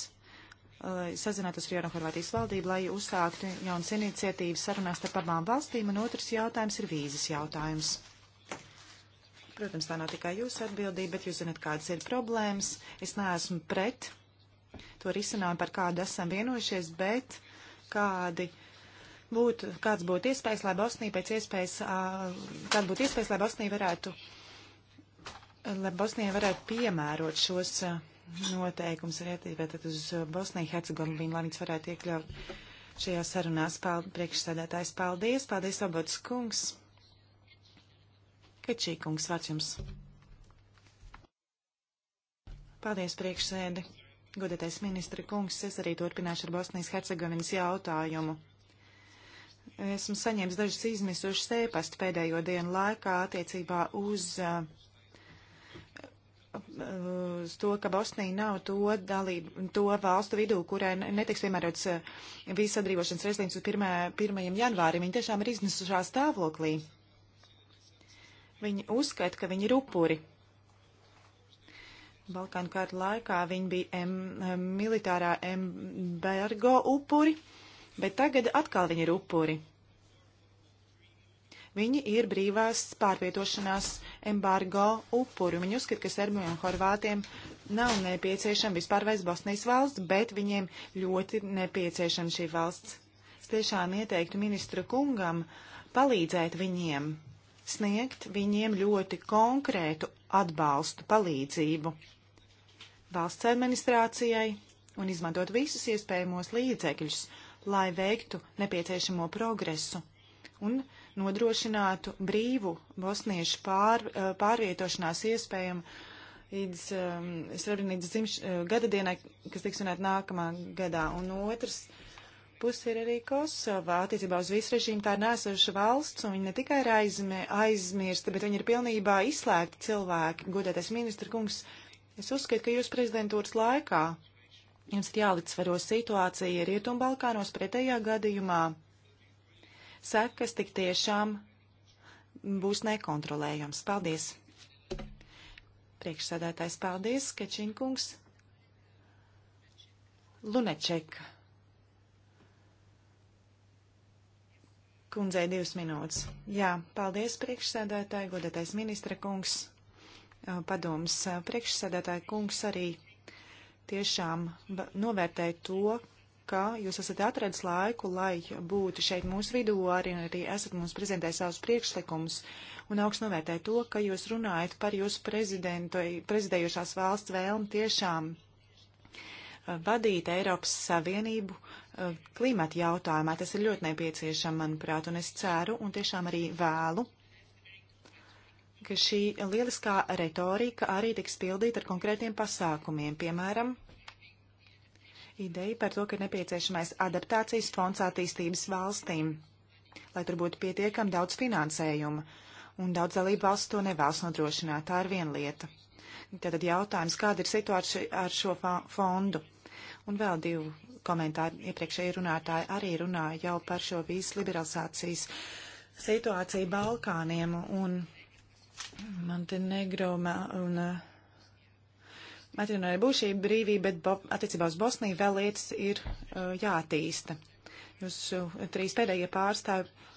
lai sazinātos ar Jaunu Horvātijas valdību, lai uzsāktu jaunas iniciatīvas sarunās starp abām valstīm, un otrs jautājums ir vīzes jautājums. Protams, tā nav tikai jūsu atbildība, bet jūs zināt, kādas ir problēmas. Es neesmu pret to risinājumu, par kādu esam vienojušies, bet kādi būtu, kāds būtu iespējas, lai Bosnija pēc iespējas, kāda būtu iespējas, lai Bosnija varētu, lai Bosnija varētu piemērot šos. Uh, noteikums ir attiecībā uz Bosniju, Hercegovinu, lai viņas varētu iekļaut šajā sarunās. Paldies, priekšsēdētājs, paldies, paldies, Obots kungs. Kačī kungs, vārds jums. Paldies, priekšsēdi. Godētais ministra kungs, es arī turpināšu ar Bosnijas Hercegovinas jautājumu. Esmu saņēmis dažas izmisušas ēpastu pēdējo dienu laikā attiecībā uz uh, uz to, ka Bosnija nav to dalību, to valstu vidū, kurai netiks piemērots eh, vīzu sadrīvošanas režīms uz 1. 1. janvārim. Viņi tiešām ir iznesušā stāvoklī. Viņi uzskata, ka viņi ir upuri. Balkānu kārtu laikā viņi bija em, militārā embargo upuri, bet tagad atkal viņi ir upuri. Viņi ir brīvās pārvietošanās embargo upuri. Viņi uzskata, ka Serbijam un Horvātiem nav nepieciešama vispār vairs Bosnijas valsts, bet viņiem ļoti nepieciešama šī valsts. Es tiešām ieteiktu ministru kungam palīdzēt viņiem, sniegt viņiem ļoti konkrētu atbalstu, palīdzību valsts administrācijai un izmantot visus iespējamos līdzekļus, lai veiktu nepieciešamo progresu un nodrošinātu brīvu bosniešu pār, eh, pārvietošanās iespējumu līdz um, ehm, Srebrenītas dzimš, eh, gada dienai, kas tiks svinēt nākamā gadā. Un otrs puse ir arī Kosova. Attiecībā uz visu režīmu tā ir nesoša valsts, un viņi ne tikai ir aizmē, aizmirsta, bet viņi ir pilnībā izslēgti cilvēki. Godētais ministra kungs, es uzskatu, ka jūs prezidentūras laikā jums ir jālicvaro situācija Rietumbalkānos pretējā gadījumā sekas tik tiešām būs nekontrolējams. Paldies! Priekšsēdētājs paldies, Kečinkungs. Lunečeka. Kundzei divas minūtes. Jā, paldies priekšsēdētāji, godētais ministra kungs, padoms priekšsēdētāji kungs arī tiešām novērtēja to, ka jūs esat atradis laiku, lai būtu šeit mūsu vidū, arī, nu, arī esat mums prezentējis savus priekšlikumus un augstu novērtēju to, ka jūs runājat par jūsu prezidējušās valsts vēlmu tiešām uh, vadīt Eiropas Savienību uh, klimata jautājumā. Tas ir ļoti nepieciešams, manuprāt, un es ceru un tiešām arī vēlu, ka šī lieliskā retorika arī tiks pildīta ar konkrētiem pasākumiem, piemēram, ideja par to, ka ir nepieciešamais adaptācijas fonds attīstības valstīm, lai tur būtu pietiekami daudz finansējumu, un daudz dalību valsts to nevēlas nodrošināt. Tā ir viena lieta. Tātad jautājums, kāda ir situācija ar šo fondu? Un vēl divu komentāru iepriekšēji runātāji arī runāja jau par šo vīzu liberalizācijas situāciju Balkāniem un Montenegro un uh, Atvienoja būs šī brīvība, bet bo, attiecībā uz Bosniju vēl lietas ir uh, jātīsta. Jūs uh, trīs pēdējie pārstāvi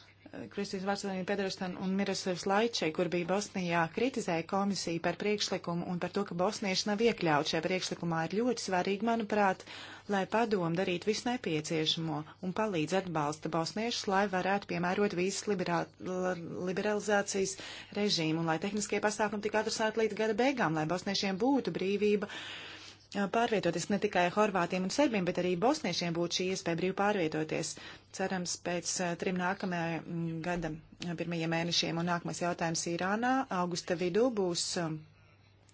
Kristīns Vārtsonija Pedersen un Miroslavs Laičai, kur bija Bosnijā, kritizēja komisiju par priekšlikumu un par to, ka bosnieši nav iekļauti šajā priekšlikumā, ir ļoti svarīgi, manuprāt, lai padomu darītu visu nepieciešamo un palīdz atbalsta bosniešus, lai varētu piemērot visas liberalizācijas režīmu un lai tehniskie pasākumi tik atrasāti līdz gada beigām, lai bosniešiem būtu brīvība. Uh, pārvietoties ne tikai horvātiem un serbiem, bet arī bosniešiem būtu šī iespēja brīvi pārvietoties. Cerams, pēc eh, trim nākamajā mm, gada eh, pirmajiem mēnešiem un nākamais jautājums Irānā augusta vidū būs eh,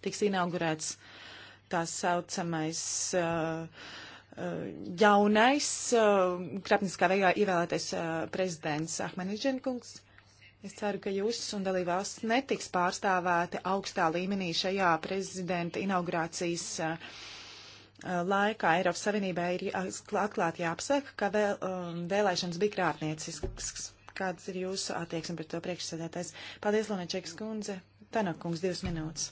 tiks inaugurēts tā saucamais jaunais krapniskā veidā ievēlētais prezidents Ahmedženkungs Es ceru, ka jūs un dalībvalsts netiks pārstāvēti augstā līmenī šajā prezidenta inaugurācijas uh, laikā. Eiropas Savienībā ir atklāti jāapsaka, ka vēl, um, vēlēšanas bija krāpniecisks. Kāds ir jūsu attieksme pret to priekšsēdētājs? Paldies, Lunačekas kundze. Tanakungs, divas minūtes.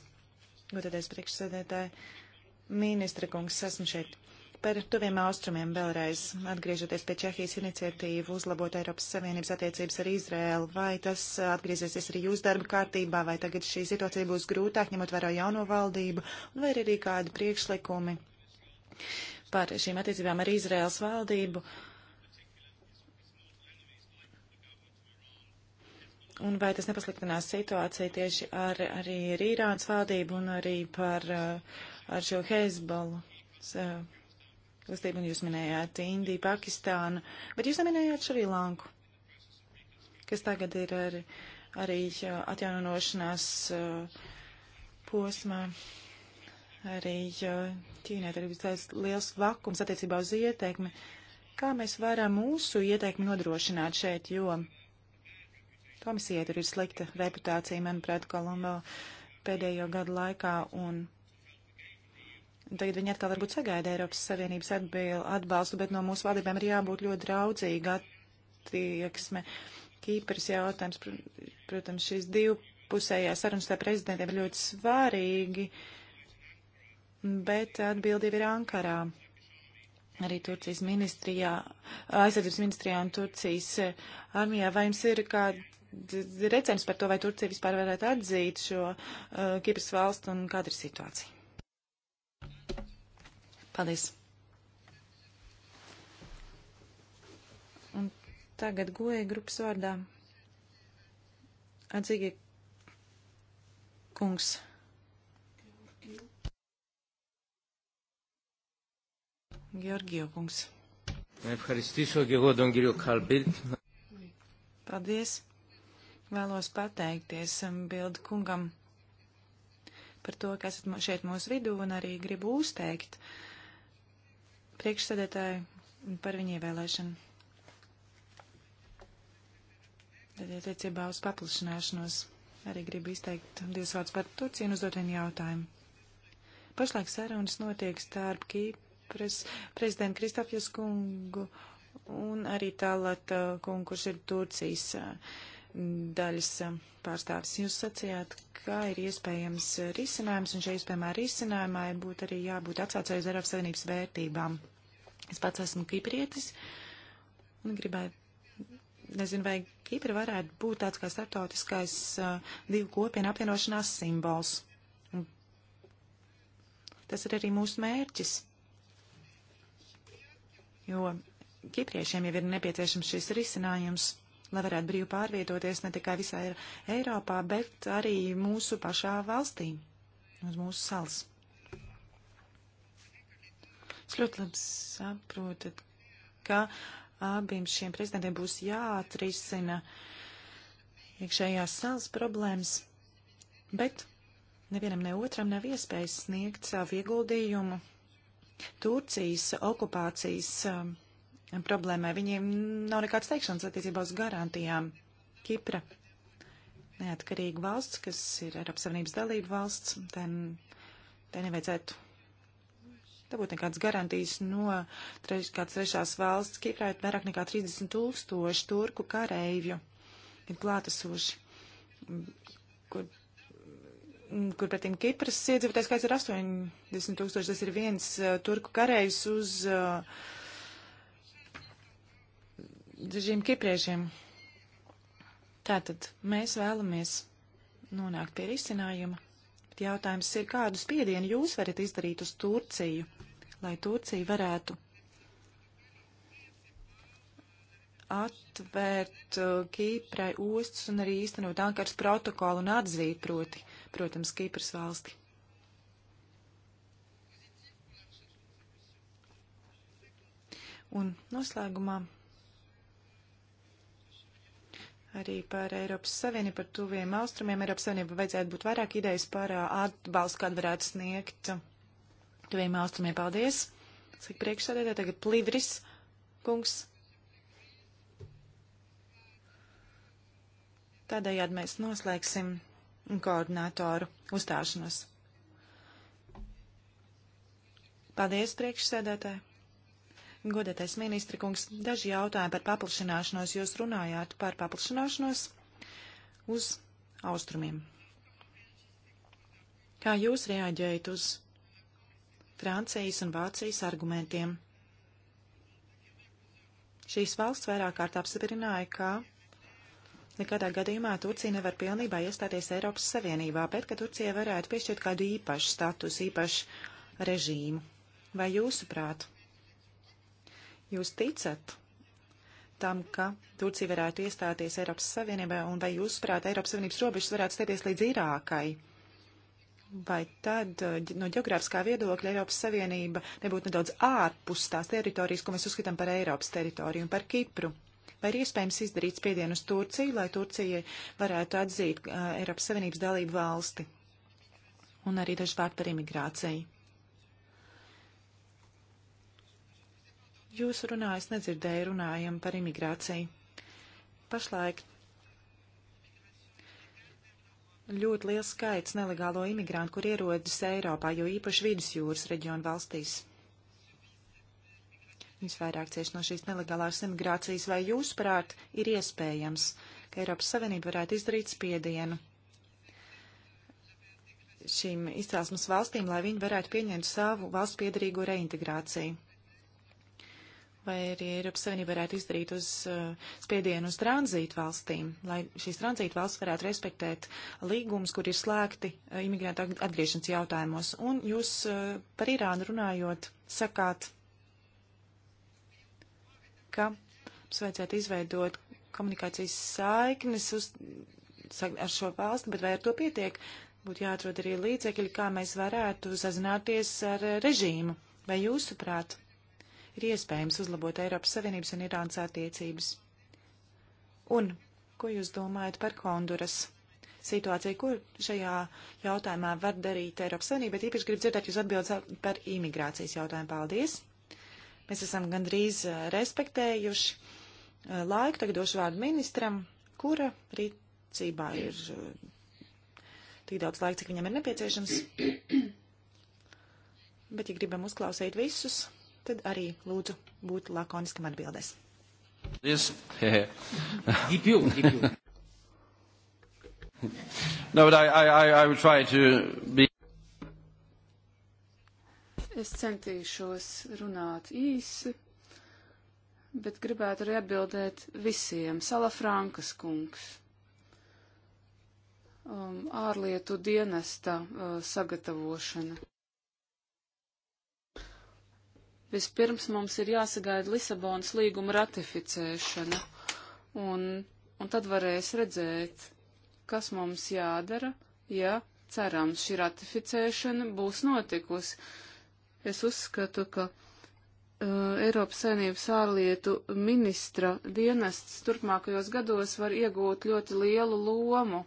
Gotēties priekšsēdētāji. Ministra kungs, esmu šeit. Par tuviem austrumiem vēlreiz atgriežoties pie Čehijas iniciatīvu uzlabot Eiropas Savienības attiecības ar Izrēlu, vai tas atgriezīsies arī jūsu darba kārtībā, vai tagad šī situācija būs grūtāk, ņemot vērā jauno valdību, vai ir arī kādi priekšlikumi par šīm attiecībām ar Izrēlas valdību. Un vai tas nepasliktinās situāciju tieši ar, arī ar Irānas valdību un arī par eh, ar šo Hezbollu eh, Kustību jūs minējāt Indiju, Pakistānu, bet jūs neminējāt Šri Lanku, kas tagad ir ar, arī atjaunošanās uh, posmā. Arī uh, Ķīnē ir tāds liels vakums attiecībā uz ieteikmi. Kā mēs varam mūsu ieteikmi nodrošināt šeit, jo komisijai tur ir slikta reputācija, manuprāt, Kolumbo pēdējo gadu laikā, un Un tagad viņi atkal varbūt sagaida Eiropas Savienības atbil, atbalstu, bet no mūsu valdībām ir jābūt ļoti draudzīga attieksme. Kīpras jautājums, pr protams, šīs divpusējās sarunas ar prezidentiem ir ļoti svārīgi, bet atbildība ir Ankarā. Arī Turcijas ministrijā, aizsardzības ministrijā un Turcijas eh, armijā. Vai jums ir kāds redzējums par to, vai Turcija vispār varētu atzīt šo uh, eh, Kipras valstu un kāda ir situācija? Paldies. Un tagad goja grupas vārdā. Atzīgie kungs. Georgio kungs. Paldies. Vēlos pateikties um, Bildu kungam par to, ka esat šeit mūsu vidū un arī gribu uzteikt uh, priekšsēdētāju par viņu ievēlēšanu. Tad attiecībā uz paplašināšanos arī gribu izteikt divus vārdus par Turciju un uzdot vienu jautājumu. Pašlaik sarunas notiek starp Kīpras prezidentu Kristofjus kungu un arī tālāk kungu, kurš ir Turcijas uh, daļas pārstāvis. Jūs sacījāt, kā ir iespējams risinājums, un šajā iespējamā risinājumā būtu arī jābūt atsaucēji uz Eiropas Savienības vērtībām. Es pats esmu kiprietis un gribētu. Nezinu, vai Kipra varētu būt tāds kā startautiskais uh, divu kopienu apvienošanās simbols. Un tas ir arī mūsu mērķis. Jo Kipriešiem jau ir nepieciešams šis risinājums, lai varētu brīvi pārvietoties ne tikai visā Eiropā, bet arī mūsu pašā valstī, uz mūsu salas. Jūs ļoti labi saprotat, ka abiem šiem prezidentiem būs jāatrisina iekšējās salas problēmas, bet nevienam ne otram nav iespējas sniegt savu ieguldījumu Turcijas okupācijas um, problēmai. Viņiem nav nekāds teikšanas attiecībā uz garantijām. Kipra neatkarīga valsts, kas ir Eiropas Savienības dalība valsts, ten, ten nevajadzētu dabūt nekādas garantijas no treš, kāds trešās valsts. Kiprā ir vairāk nekā 30 tūkstoši turku kareivju ir klātesoši, kur, kur pretim Kipras iedzīvotājs skaits ir 80 tūkstoši. Tas ir viens uh, turku kareivs uz uh, dažiem kipriešiem. Tātad mēs vēlamies nonākt pie risinājuma Jautājums ir, kādu spiedienu jūs varat izdarīt uz Turciju, lai Turcija varētu atvērt uh, Kīprai ostas un arī īstenot Ankaras protokolu un atzīt, proti, protams, Kīpras valsti. Un noslēgumā arī par Eiropas Savienību, par tuviem austrumiem. Eiropas Savienība vajadzētu būt vairāk idejas par uh, atbalstu, kādu varētu sniegt tuviem austrumiem. Paldies! Saka priekšsēdētāji, tagad plivris kungs. Tādējādi mēs noslēgsim koordinātoru uzstāšanos. Paldies, priekšsēdētāji! Godētais ministri kungs, daži jautājumi par paplašināšanos. Jūs runājāt par paplašināšanos uz austrumiem. Kā jūs reaģējat uz Francijas un Vācijas argumentiem? Šīs valsts vairāk kārt apstiprināja, ka Nekādā gadījumā Turcija nevar pilnībā iestāties Eiropas Savienībā, bet ka Turcija varētu piešķirt kādu īpašu statusu, īpašu režīmu. Vai jūsuprāt, Jūs ticat tam, ka Turcija varētu iestāties Eiropas Savienībā, un vai jūs, prāt, Eiropas Savienības robežas varētu stēties līdz Irākai? Vai tad no geogrāfiskā viedokļa Eiropas Savienība nebūtu nedaudz ārpus tās teritorijas, ko mēs uzskatām par Eiropas teritoriju un par Kipru? Vai ir iespējams izdarīt spiedienu uz Turciju, lai Turcija varētu atzīt uh, Eiropas Savienības dalību valsti? Un arī daži vārdi par imigrāciju. Jūsu runā es nedzirdēju runājam par imigrāciju. Pašlaik ļoti liels skaits nelegālo imigrantu, kur ierodas Eiropā, jo īpaši vidusjūras reģionu valstīs. Viņas vairāk cieši no šīs nelegālās imigrācijas, vai jūsuprāt ir iespējams, ka Eiropas Savienība varētu izdarīt spiedienu šīm izcelsmes valstīm, lai viņi varētu pieņemt savu valsts piedarīgo reintegrāciju? vai arī Eiropas Savienība varētu izdarīt uz uh, spiedienu uz tranzītu valstīm, lai šīs tranzītu valsts varētu respektēt līgumus, kur ir slēgti uh, imigrantu atgriešanas jautājumos. Un jūs uh, par Irānu runājot, sakāt, ka mums vajadzētu izveidot komunikācijas saiknes uz, ar šo valsti, bet vai ar to pietiek? Būtu jāatrod arī līdzekļi, kā mēs varētu sazināties ar režīmu. Vai jūsuprāt? ir iespējams uzlabot Eiropas Savienības un Irānas attiecības. Un ko jūs domājat par Honduras situāciju, ko šajā jautājumā var darīt Eiropas Savienība, bet īpaši gribu dzirdēt jūs atbildes par imigrācijas jautājumu. Paldies! Mēs esam gandrīz eh, respektējuši eh, laiku, tagad došu vārdu ministram, kura rīcībā ir eh, tik daudz laika, cik viņam ir nepieciešams. Bet, ja gribam uzklausīt visus, tad arī lūdzu būt lakoniskam atbildēs. Yes. keep you, keep you. no, but I, I, I will try to be. Es centīšos runāt īsi, bet gribētu arī atbildēt visiem. Salafrankas kungs, um, ārlietu dienesta uh, sagatavošana. Vispirms mums ir jāsagaida Lisabonas līguma ratificēšana, un, un tad varēs redzēt, kas mums jādara, ja cerams šī ratificēšana būs notikusi. Es uzskatu, ka uh, Eiropas saimnības ārlietu ministra dienests turpmākajos gados var iegūt ļoti lielu lomu,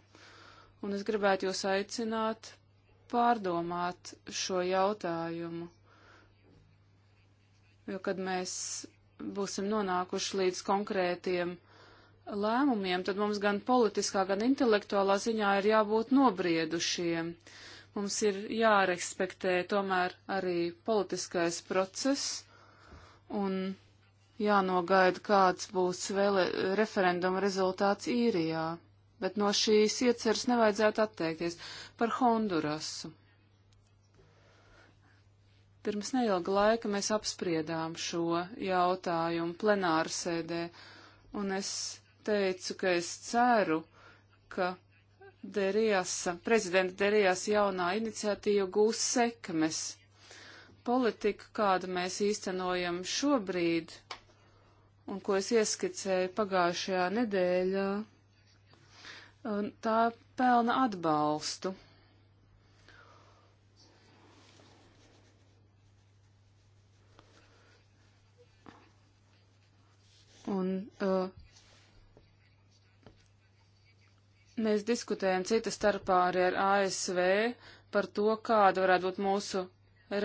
un es gribētu jūs aicināt pārdomāt šo jautājumu jo kad mēs būsim nonākuši līdz konkrētiem lēmumiem, tad mums gan politiskā, gan intelektuālā ziņā ir jābūt nobriedušiem. Mums ir jārespektē tomēr arī politiskais process un jānogaida, kāds būs vēle, referenduma rezultāts īrijā. Bet no šīs ieceras nevajadzētu atteikties par Hondurasu. Pirms neilga laika mēs apspriedām šo jautājumu plenāru sēdē, un es teicu, ka es ceru, ka Derijasa, prezidenta Derijas jaunā iniciatīva gūs sekmes. Politika, kādu mēs īstenojam šobrīd, un ko es ieskicēju pagājušajā nedēļā, tā pelna atbalstu. Un uh, mēs diskutējam cita starpā arī ar ASV par to, kāda varētu būt mūsu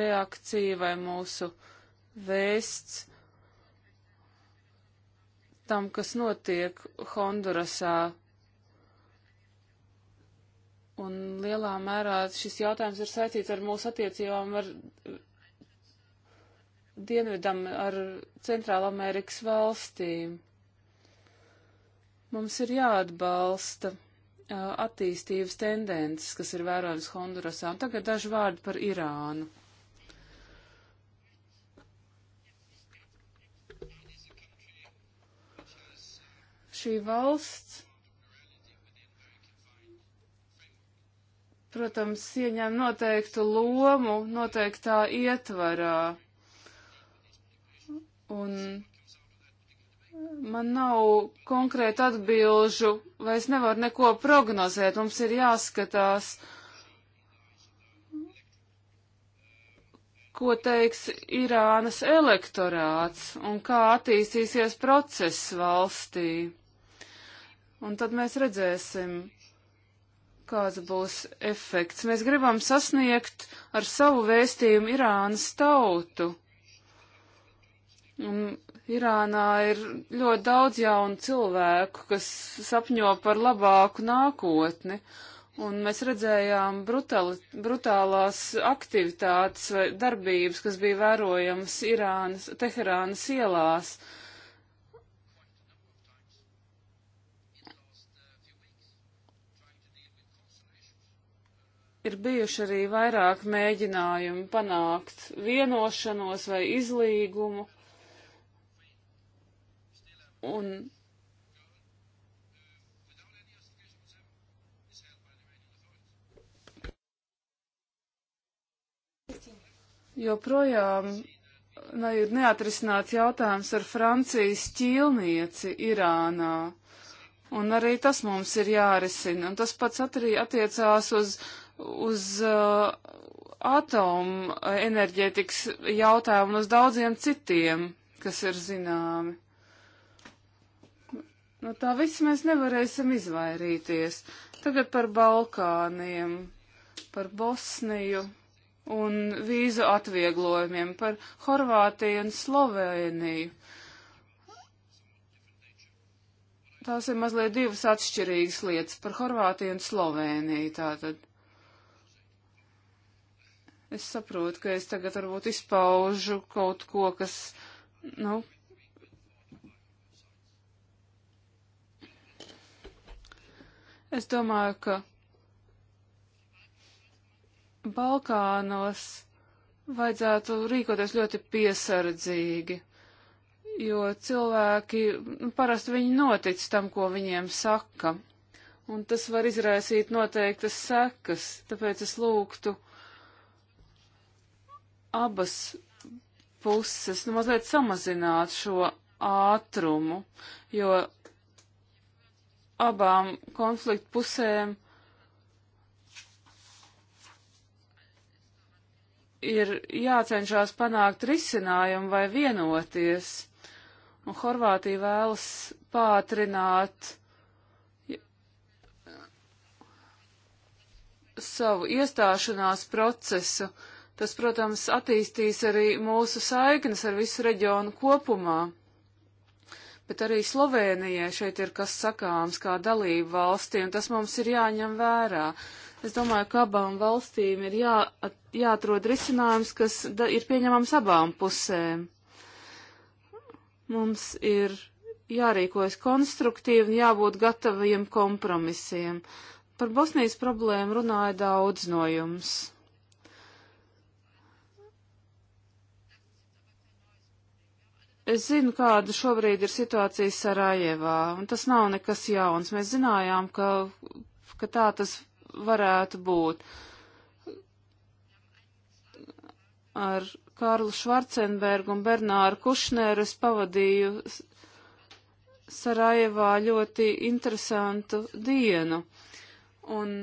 reakcija vai mūsu vēsts tam, kas notiek Hondurasā. Un lielā mērā šis jautājums ir saistīts ar mūsu attiecībām ar dienvidam ar Centrālamerikas valstīm. Mums ir jāatbalsta uh, attīstības tendences, kas ir vērojamas Hondurasā. Un tagad daži vārdi par Irānu. Šī valsts protams, ieņem noteiktu lomu noteiktā ietvarā. Un man nav konkrēti atbilžu, vai es nevaru neko prognozēt. Mums ir jāskatās, ko teiks Irānas elektorāts un kā attīstīsies process valstī. Un tad mēs redzēsim, kāds būs efekts. Mēs gribam sasniegt ar savu vēstījumu Irānas tautu. Un Irānā ir ļoti daudz jaunu cilvēku, kas sapņo par labāku nākotni. Un mēs redzējām brutali, brutālās aktivitātes vai darbības, kas bija vērojamas Irānas, Teherānas ielās. Ir bijuši arī vairāk mēģinājumi panākt vienošanos vai izlīgumu. Un joprojām ne, ir neatrisināts jautājums ar Francijas ķīlnieci Irānā. Un arī tas mums ir jārisina. Un tas pats arī attiecās uz, uz uh, atomu enerģētikas jautājumu un uz daudziem citiem, kas ir zināmi. No nu, tā viss mēs nevarēsim izvairīties. Tagad par Balkāniem, par Bosniju un vīzu atvieglojumiem, par Horvātiju un Sloveniju. Tās ir mazliet divas atšķirīgas lietas par Horvātiju un Sloveniju tātad. Es saprotu, ka es tagad varbūt izpaužu kaut ko, kas, nu, Es domāju, ka Balkānos vajadzētu rīkoties ļoti piesardzīgi, jo cilvēki nu, parasti viņi notic tam, ko viņiem saka, un tas var izraisīt noteiktas sekas, tāpēc es lūgtu abas puses nu, mazliet samazināt šo ātrumu, jo abām konfliktu pusēm ir jācenšas panākt risinājumu vai vienoties. Un Horvātija vēlas pātrināt savu iestāšanās procesu. Tas, protams, attīstīs arī mūsu saiknes ar visu reģionu kopumā bet arī Slovēnijai šeit ir kas sakāms kā dalību valstī, un tas mums ir jāņem vērā. Es domāju, ka abām valstīm ir jā, jāatrod risinājums, kas da, ir pieņemams abām pusēm. Mums ir jārīkojas konstruktīvi un jābūt gataviem kompromisiem. Par Bosnijas problēmu runāja daudz no jums. Es zinu, kāda šobrīd ir situācija Sarajevā, un tas nav nekas jauns. Mēs zinājām, ka, ka tā tas varētu būt. Ar Kārlu Švarcenbergu un Bernāru Kušneru es pavadīju Sarajevā ļoti interesantu dienu. Un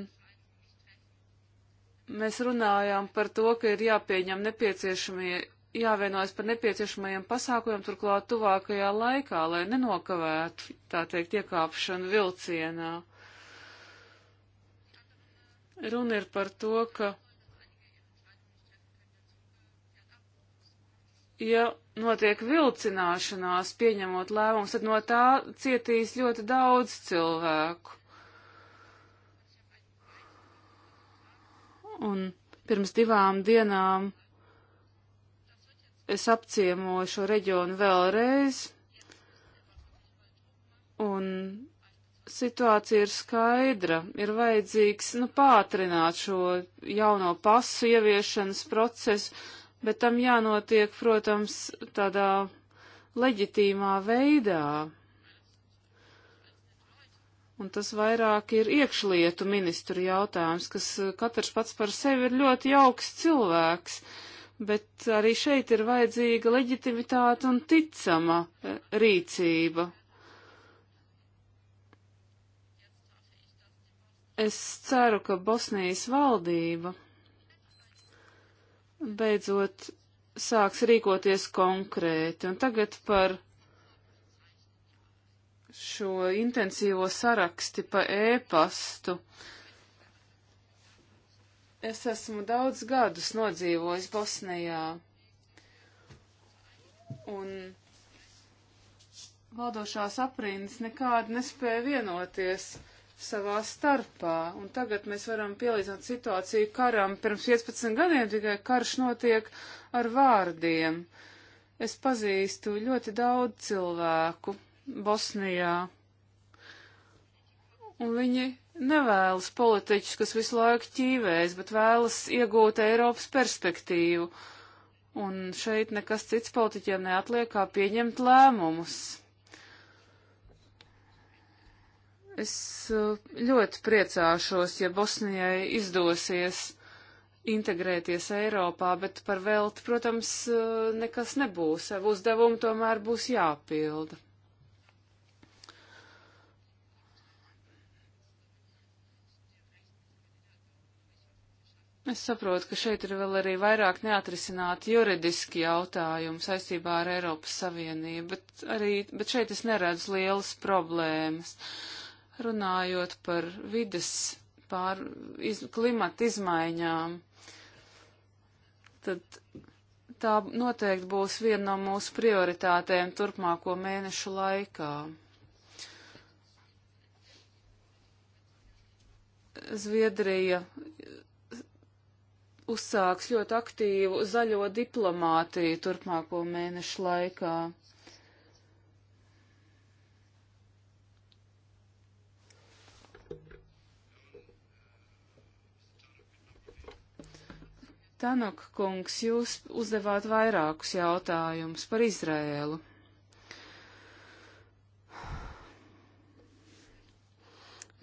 mēs runājām par to, ka ir jāpieņem nepieciešamie jāvienojas par nepieciešamajiem pasākumiem turklāt tuvākajā laikā, lai nenokavētu, tā teikt, iekāpšanu vilcienā. Runa ir par to, ka ja notiek vilcināšanās pieņemot lēmumus, tad no tā cietīs ļoti daudz cilvēku. Un pirms divām dienām es apciemoju šo reģionu vēlreiz, un situācija ir skaidra. Ir vajadzīgs, nu, pātrināt šo jauno pasu ieviešanas procesu, bet tam jānotiek, protams, tādā leģitīmā veidā. Un tas vairāk ir iekšlietu ministru jautājums, kas katrs pats par sevi ir ļoti jauks cilvēks. Uh, bet arī šeit ir vajadzīga leģitimitāte un ticama eh, rīcība. Es ceru, ka Bosnijas valdība beidzot sāks rīkoties konkrēti. Un tagad par šo intensīvo saraksti pa ēpastu. E Es esmu daudz gadus nodzīvojis Bosnijā. Un valdošās aprindas nekādi nespēja vienoties savā starpā. Un tagad mēs varam pielīdzināt situāciju karam. Pirms 15 gadiem tikai karš notiek ar vārdiem. Es pazīstu ļoti daudz cilvēku Bosnijā. Un viņi nevēlas politiķus, kas visu laiku ķīvēs, bet vēlas iegūt Eiropas perspektīvu. Un šeit nekas cits politiķiem neatliek, kā pieņemt lēmumus. Es eh, ļoti priecāšos, ja Bosnijai izdosies integrēties Eiropā, bet par velti, protams, eh, nekas nebūs. Uzdevumu tomēr būs jāpilda. Es saprotu, ka šeit ir vēl arī vairāk neatrisināti juridiski jautājumi saistībā ar Eiropas Savienību, bet, arī, bet šeit es neredzu lielas problēmas. Runājot par vides pār iz, klimata izmaiņām, tad tā noteikti būs viena no mūsu prioritātēm turpmāko mēnešu laikā. Zviedrija uzsāks ļoti aktīvu zaļo diplomātiju turpmāko mēnešu laikā. Tanok kungs, jūs uzdevāt vairākus jautājumus par Izrēlu.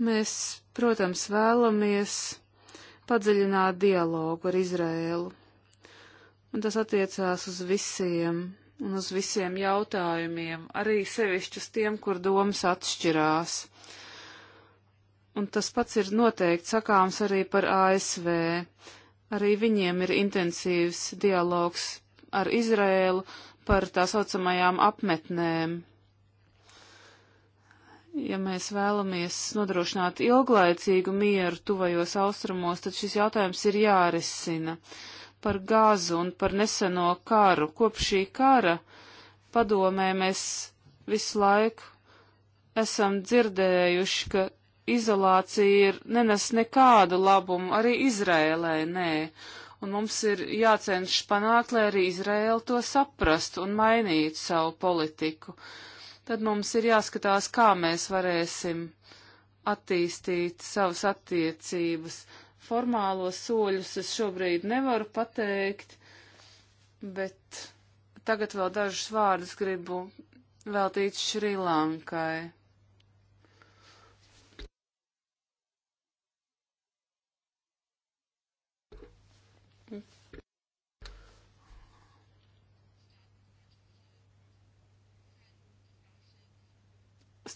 Mēs, protams, vēlamies padziļināt dialogu ar Izrēlu. Un tas attiecās uz visiem un uz visiem jautājumiem, arī sevišķi uz tiem, kur domas atšķirās. Un tas pats ir noteikti sakāms arī par ASV. Arī viņiem ir intensīvs dialogs ar Izrēlu par tā saucamajām apmetnēm ja mēs vēlamies nodrošināt ilglaicīgu mieru tuvajos austrumos, tad šis jautājums ir jārisina par gāzu un par neseno karu. Kopš šī kara padomē mēs visu laiku esam dzirdējuši, ka izolācija ir nenes nekādu labumu, arī Izrēlē nē. Un mums ir jācenšas panākt, lai arī Izrēla to saprastu un mainītu savu politiku. Uh, tad mums ir jāskatās, kā mēs varēsim attīstīt savas attiecības. Formālos soļus es šobrīd nevaru pateikt, bet tagad vēl dažus vārdus gribu veltīt Šrilankai.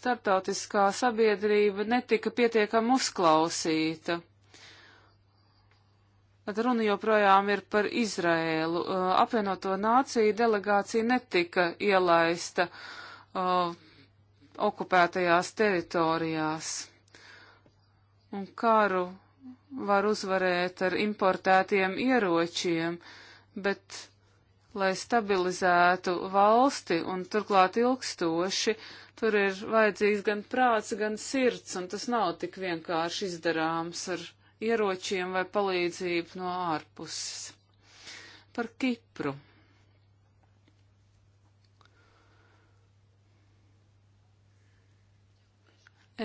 starptautiskā sabiedrība netika pietiekami uzklausīta. Tad runa joprojām ir par Izraēlu. Uh, apvienoto nāciju delegācija netika ielaista uh, okupētajās teritorijās. Un karu var uzvarēt ar importētiem ieročiem, bet, lai stabilizētu valsti un turklāt ilgstoši, uh, Tur ir vajadzīgs gan prāts, gan sirds, un tas nav tik vienkārši izdarāms ar ieročiem vai palīdzību no ārpuses. Par Kipru.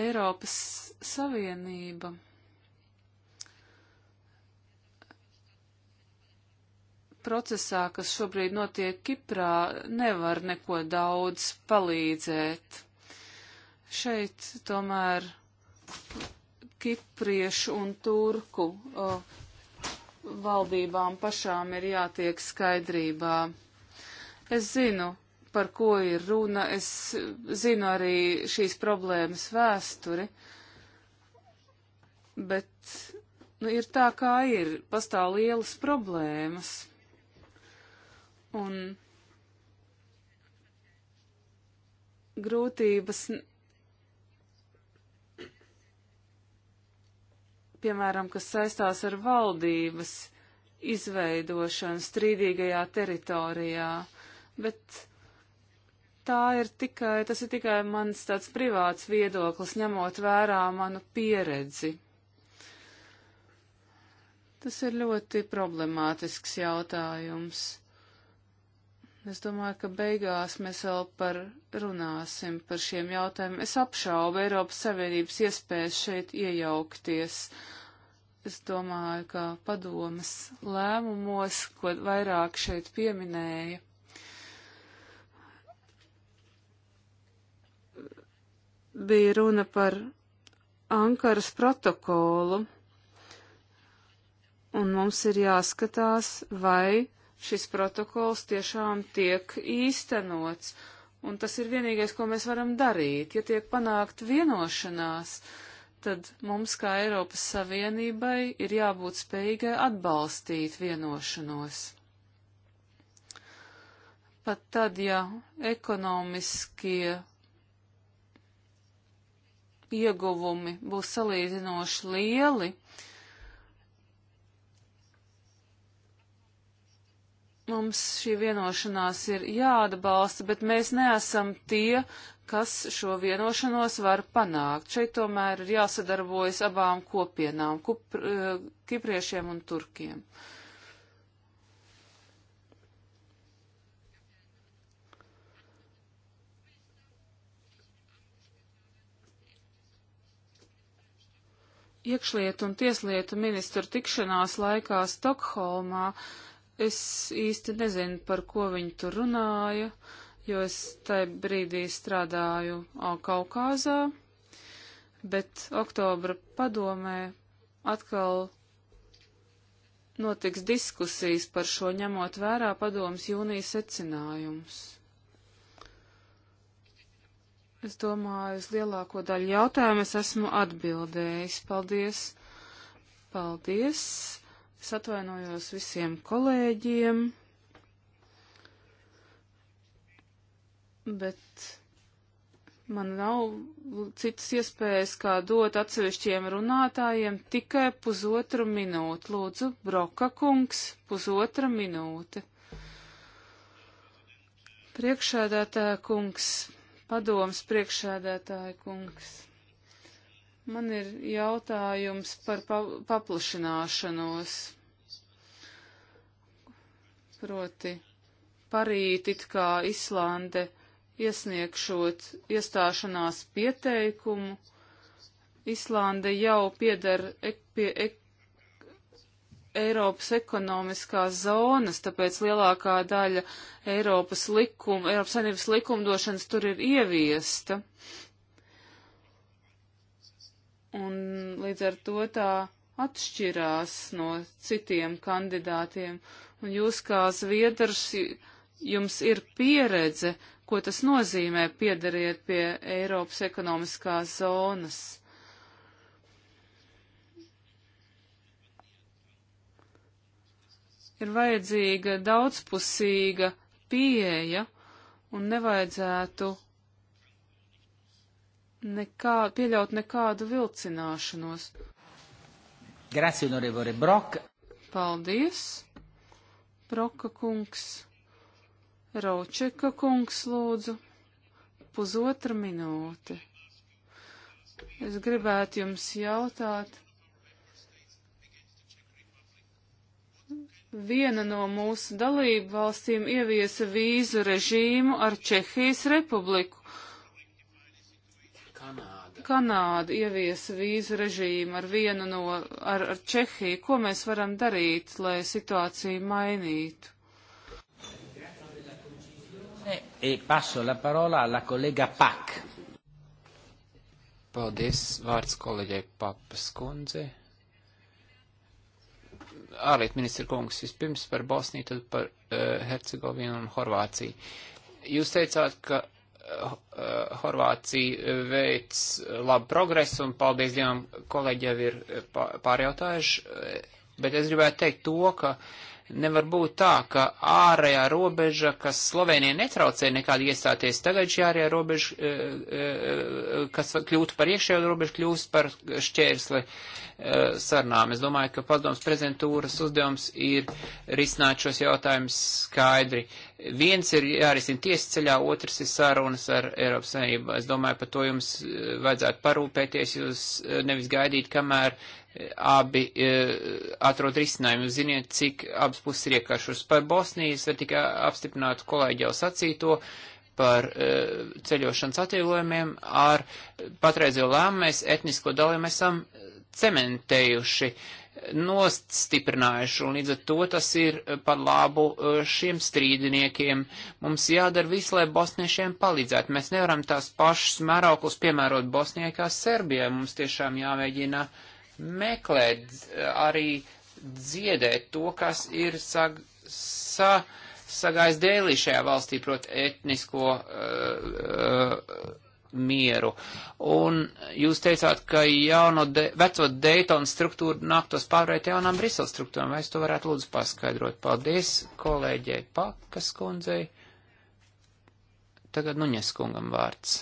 Eiropas Savienība procesā, kas šobrīd notiek Kiprā, nevar neko daudz palīdzēt. Šeit tomēr kipriešu un turku o, valdībām pašām ir jātiek skaidrībā. Es zinu, par ko ir runa, es zinu arī šīs problēmas vēsturi, bet nu, ir tā, kā ir, pastāv lielas problēmas. Un grūtības piemēram, kas saistās ar valdības izveidošanu strīdīgajā teritorijā, bet tā ir tikai, tas ir tikai mans tāds privāts viedoklis, ņemot vērā manu pieredzi. Tas ir ļoti problemātisks jautājums. Es domāju, ka beigās mēs vēl par runāsim par šiem jautājumiem. Es apšaubu Eiropas Savienības iespējas šeit iejaukties. Uh, Es domāju, ka padomas lēmumos, ko vairāk šeit pieminēja, bija runa par Ankaras protokolu, un mums ir jāskatās, vai šis protokols tiešām tiek īstenots, un tas ir vienīgais, ko mēs varam darīt, ja tiek panākt vienošanās. Uh, tad mums kā Eiropas Savienībai ir jābūt spējīgai atbalstīt vienošanos. Pat tad, ja ekonomiskie ieguvumi būs salīdzinoši lieli, uh, Mums šī vienošanās ir jāatbalsta, bet mēs neesam tie, kas šo vienošanos var panākt. Šeit tomēr ir jāsadarbojas abām kopienām, kupr, eh, kipriešiem un turkiem. Iekšlietu un tieslietu ministru tikšanās laikā Stokholmā uh, Es īsti nezinu, par ko viņi tur runāja, jo es tajā brīdī strādāju Kaukāzā, bet oktobra padomē atkal notiks diskusijas par šo ņemot vērā padomas jūnijas secinājumus. Es domāju, uz lielāko daļu jautājumu es esmu atbildējis. Paldies! Paldies! Es atvainojos visiem kolēģiem, bet man nav citas iespējas, kā dot atsevišķiem runātājiem tikai pusotru minūtu. Lūdzu, Broka kungs, pusotra minūte. Priekšēdētāja kungs, padoms priekšēdētāja kungs. Man ir jautājums par pa paplašināšanos. Proti, parīt it kā Islande iesniegšot iestāšanās pieteikumu. Islande jau piedara ek pie ek Eiropas ekonomiskās zonas, tāpēc lielākā daļa Eiropas likuma, Eiropas saimnības likumdošanas tur ir ieviesta. Uh, un līdz ar to tā atšķirās no citiem kandidātiem. Un jūs kā zviedrs, jums ir pieredze, ko tas nozīmē piedariet pie Eiropas ekonomiskās zonas. Ir vajadzīga daudzpusīga pieeja un nevajadzētu nekā, pieļaut nekādu vilcināšanos. Grazie, onorevole Brok. Paldies, Broka kungs. Raučeka kungs lūdzu. Pusotra minūte. Es gribētu jums jautāt. Viena no mūsu dalību valstīm ieviesa vīzu režīmu ar Čehijas republiku. Kanāda ievies vīzu režīmu ar vienu no, ar, ar Čehiju, ko mēs varam darīt, lai situāciju mainītu? E passo la parola alla collega Pak. Paldies, vārds kolēģei Papas kundze. Ārliet ministra kungs, vispirms par Bosniju, tad par uh, Hercegovinu un Horvāciju. Jūs teicāt, ka Horvācija veic labu progresu un paldies Dievam kolēģi jau ir pārjautājuši, bet es gribētu teikt to, ka nevar būt tā, ka ārējā robeža, kas Slovenija netraucē nekādi iestāties, tagad šī ārējā robeža, eh, eh, eh, kas kļūtu par iekšējo robežu, kļūst par šķērsli. Uh, Eh, sarunām. Es domāju, ka padoms prezentūras uzdevums ir risināt šos jautājumus skaidri. Viens ir jārisina tiesas ceļā, otrs ir sarunas ar Eiropas Savienību. Es domāju, par to jums eh, vajadzētu parūpēties, jūs eh, nevis gaidīt, kamēr abi atrod risinājumu. Ziniet, cik abas puses ir iekašus par Bosnijas, var tikai apstiprināt kolēģi jau sacīto par ceļošanas atvieglojumiem ar patreizējo lēmumu mēs etnisko dalību esam cementējuši, nostiprinājuši, un līdz ar to tas ir par labu eh, šiem strīdiniekiem. Mums jādara viss, lai bosniešiem palīdzētu. Mēs nevaram tās pašas mēroklus piemērot Bosnijai kā Serbijai. Mums tiešām jāmēģina meklēt eh, arī dziedēt to, kas ir sag, sa, sagājis dēlī šajā valstī, proti etnisko uh, uh, mieru. Un jūs teicāt, ka jauno de, veco Daytona struktūru nāktos pārvērt jaunām Brisel struktūrām. Vai es to varētu lūdzu paskaidrot? Paldies kolēģei Pakas kundzei. Tagad Nuņes kungam vārds.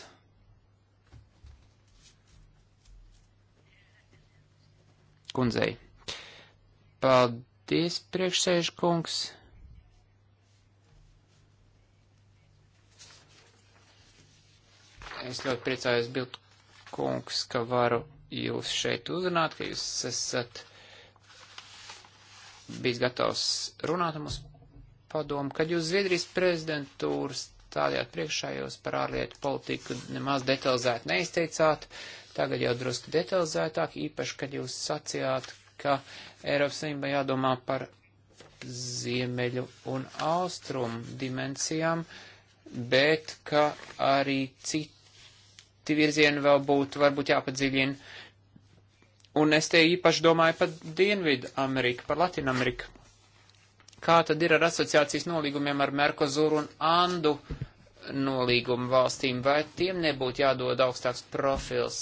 Kundzei. Paldies, priekšsēžu kungs. Es ļoti priecājos, Bilt kungs, ka varu jūs šeit uzrunāt, ka jūs esat bijis gatavs runāt mums padomu, kad jūs Zviedrijas prezidentūras stādījāt priekšā, jūs par ārlietu politiku nemaz detalizēti neizteicāt, tagad jau drusku detalizētāk, īpaši, kad jūs sacījāt, ka Eiropas Savienībā jādomā par ziemeļu un austrumu dimensijām, bet ka arī citu citi virzieni vēl būtu varbūt jāpadziļina. Un es te īpaši domāju par Dienvidu Ameriku, par Latinu Ameriku. Kā tad ir ar asociācijas nolīgumiem ar Merkozuru un Andu nolīgumu valstīm, vai tiem nebūtu jādod augstāks profils?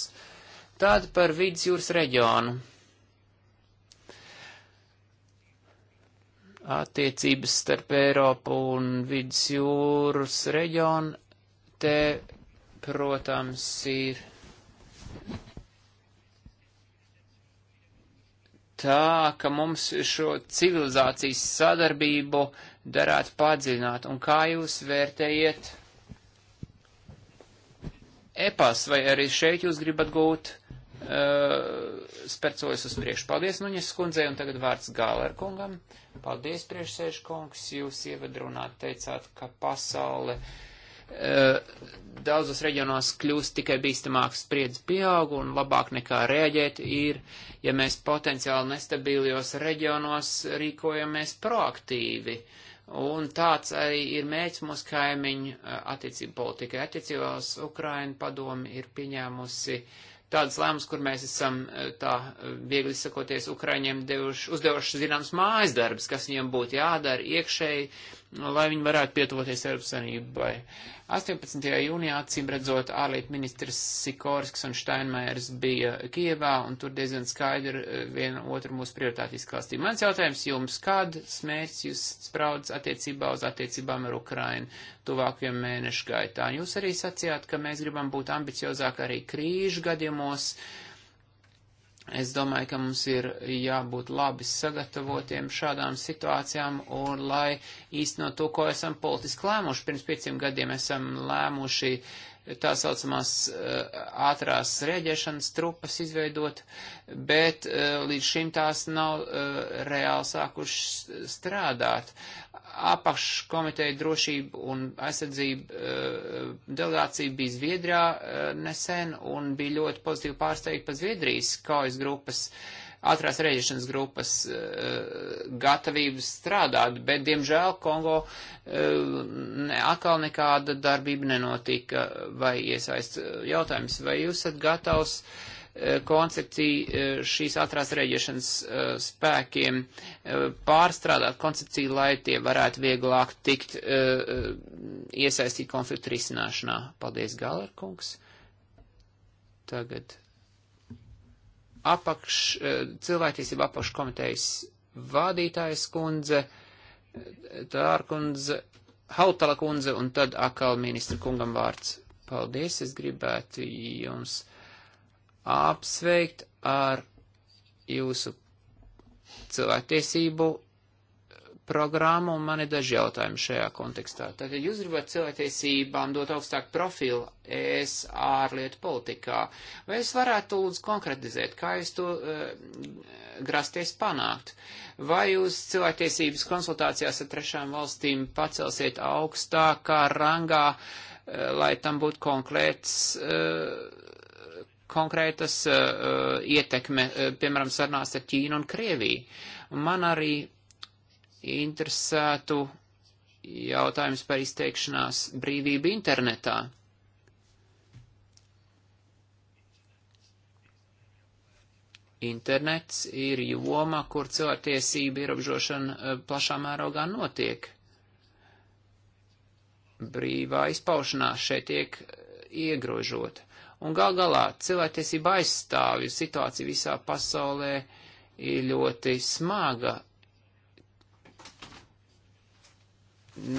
Tāda par vidus jūras reģionu. Attiecības starp Eiropu un vidus jūras reģionu te protams, ir tā, ka mums šo civilizācijas sadarbību darētu padziļināt. Un kā jūs vērtējiet epas, vai arī šeit jūs gribat gūt uh, spercojas uz priekšu? Paldies, Nuņas skundzei, un tagad vārds Gāler kungam. Paldies, priekšsēžu kungs, jūs ievadrunāt teicāt, ka pasaule. Uh, Eh, daudzos reģionos kļūst tikai bīstamāks spriedzes pieaugu un labāk nekā rēģēt ir, ja mēs potenciāli nestabilos reģionos rīkojamies proaktīvi. Un tāds arī ir mērķis mūsu kaimiņu eh, attiecību politikai. Attiecībās Ukraina padomi ir pieņēmusi tādas lēmas, kur mēs esam eh, tā viegli sakoties Ukraiņiem devuši, uzdevuši zināms mājas darbs, kas viņiem būtu jādara iekšēji lai viņi varētu pietuvoties Eiropas Savienībai. 18. jūnijā, acīm redzot, ārlietu ministrs Sikorskis un Steinmeiers bija Kievā, un tur diezgan skaidri eh, viena otru mūsu prioritāti izklāstīja. Mans jautājums jums, kāds mērķis jūs spraudz attiecībā uz attiecībām ar Ukrainu tuvākajiem mēnešu gaitā? Jūs arī sacījāt, ka mēs gribam būt ambiciozāk arī krīžu gadījumos. Ja Es domāju, ka mums ir jābūt labi sagatavotiem šādām situācijām un lai īstenot to, ko esam politiski lēmuši. Pirms pieciem gadiem esam lēmuši tā saucamās eh, ātrās rēģēšanas trupas izveidot, bet eh, līdz šim tās nav eh, reāli sākušas strādāt apakškomiteja drošība un aizsardzība uh, delegācija bija Zviedrijā uh, nesen un bija ļoti pozitīvi pārsteigta pa Zviedrijas kaujas grupas, ātrās rēģēšanas grupas uh, gatavības strādāt, bet, diemžēl, Kongo ne, atkal nekāda darbība nenotika vai iesaist jautājums, vai jūs esat gatavs uh, koncepciju e, šīs ātrās rēģēšanas e, spēkiem e, pārstrādāt koncepciju, lai tie varētu vieglāk tikt iesaistīt konfliktu risināšanā. Paldies, Galerkungs. Tagad apakš, cilvēktiesība apakškomitejas vadītājas kundze, Tārkundze, Hautala kundze un tad atkal ministra kungam vārds. Paldies, es gribētu jums apsveikt ar jūsu cilvēktiesību programmu, un man ir daži jautājumi šajā kontekstā. Tātad jūs gribat cilvēktiesībām dot augstāku profilu ES ārlietu politikā. Vai es varētu lūdzu konkretizēt, kā jūs to uh, grasties panākt? Vai jūs cilvēktiesības konsultācijās ar trešām valstīm pacelsiet augstākā rangā, uh, lai tam būtu konkrēts uh, konkrētas uh, ietekme, uh, piemēram, sarunās ar Ķīnu un Krieviju. Man arī interesētu jautājums par izteikšanās brīvību internetā. Internets ir joma, kur cilvēktiesība ierobežošana plašā mērogā notiek. Brīvā izpaušanās šeit tiek iegrožota. Un gal galā cilvēktiesība aizstāvju situācija visā pasaulē ir ļoti smaga.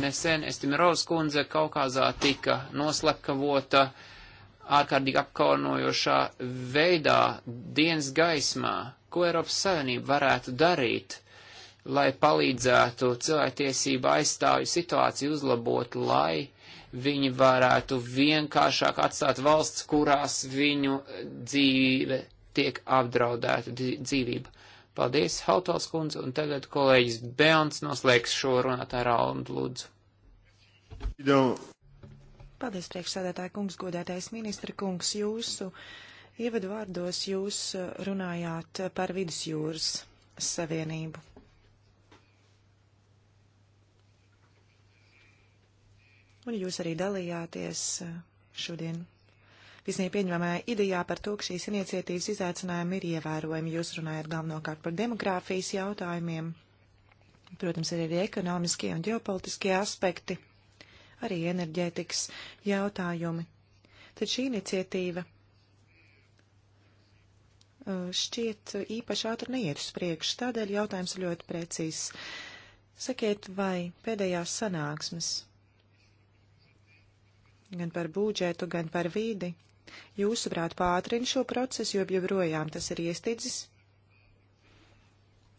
Nesen Estimirovs kundze Kaukazā tika noslepkavota ārkārtīgi apkaunojošā veidā dienas gaismā. Ko Eiropas Savienība varētu darīt, lai palīdzētu cilvēktiesība aizstāvju situāciju uzlabot, lai viņi varētu vienkāršāk atstāt valsts, kurās viņu dzīve tiek apdraudēta dzīvība. Paldies, Hautals kundze, un tagad kolēģis Beons noslēgs šo runātāju raundu lūdzu. Paldies, priekšsēdētāji kungs, godētais ministra kungs, jūsu ievadu vārdos jūs runājāt par vidusjūras savienību. un jūs arī dalījāties eh, šodien visiem pieņemamajā idejā par to, ka šīs iniciatīvas izaicinājumi ir ievērojami. Jūs runājat galvenokārt par demogrāfijas jautājumiem, protams, ir arī ekonomiskie un ģeopolitiskie aspekti, arī enerģētikas jautājumi. Tad šī iniciatīva eh, šķiet īpaši ātri neiet uz priekšu, tādēļ jautājums ļoti precīzs. Sakiet, vai pēdējās sanāksmes gan par būdžetu, gan par vīdi, jūsuprāt, pātrina šo procesu, jo joprojām tas ir iestidzis?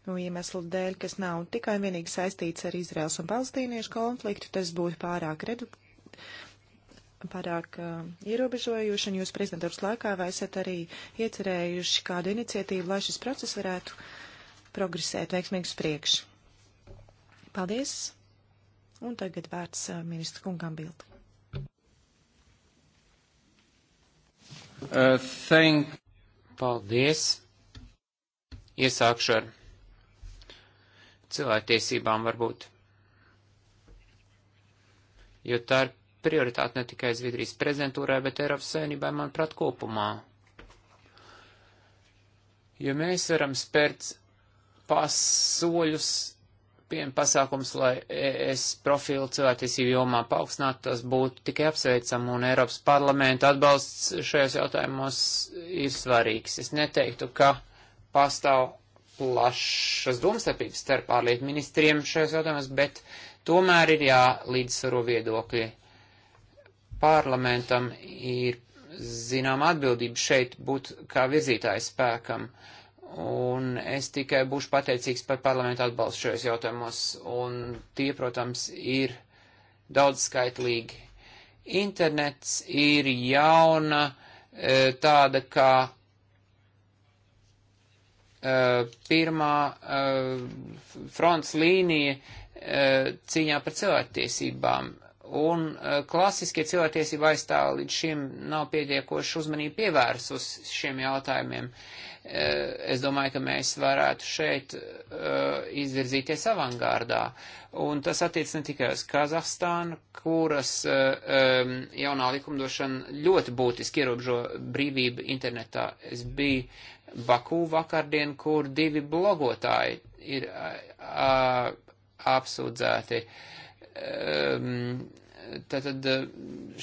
No nu, iemeslu dēļ, kas nav tikai vienīgi saistīts ar Izraels un palestīniešu konfliktu, tas būtu pārāk redu, pārāk uh, ierobežojuši, un jūs prezidentūras laikā vai esat arī iecerējuši kādu iniciatīvu, lai šis process varētu progresēt veiksmīgi uz priekšu. Paldies! Un tagad vārds uh, ministra kungam bildi. Uh, thank... Paldies. Iesākšu ar cilvēktiesībām varbūt. Jo tā ir prioritāte ne tikai Zviedrijas prezidentūrai, bet Eiropas Savienībai, manuprāt, kopumā. Jo mēs varam spērt pasoļus pieņem pasākums, lai es profilu cilvēktiesību jomā paaugstinātu, tas būtu tikai apsveicam, un Eiropas parlamenta atbalsts šajos jautājumos ir svarīgs. Es neteiktu, ka pastāv plašas domstarpības starp ārlietu ministriem šajos jautājumos, bet tomēr ir jālīdzsvaro viedokļi. Parlamentam ir zinām atbildība šeit būt kā virzītājs spēkam. Uh, Un es tikai būšu pateicīgs par parlamentu atbalstu šajos jautājumos, un tie, protams, ir daudz skaitlīgi. Internets ir jauna e, tāda kā e, pirmā e, fronts līnija cīņā par cilvēktiesībām. Un klasiskie cilvēktiesība aizstāvi līdz šim nav pietiekoši uzmanību pievērsus šiem jautājumiem. Uh, Eh, es domāju, ka mēs varētu šeit uh, izvirzīties avangārdā. Un tas attiec ne tikai uz Kazahstānu, kuras uh, um, jaunā likumdošana ļoti būtiski ierobežo brīvību internetā. Es biju Bakū vakardien, kur divi blogotāji ir uh, apsūdzēti. Um, tad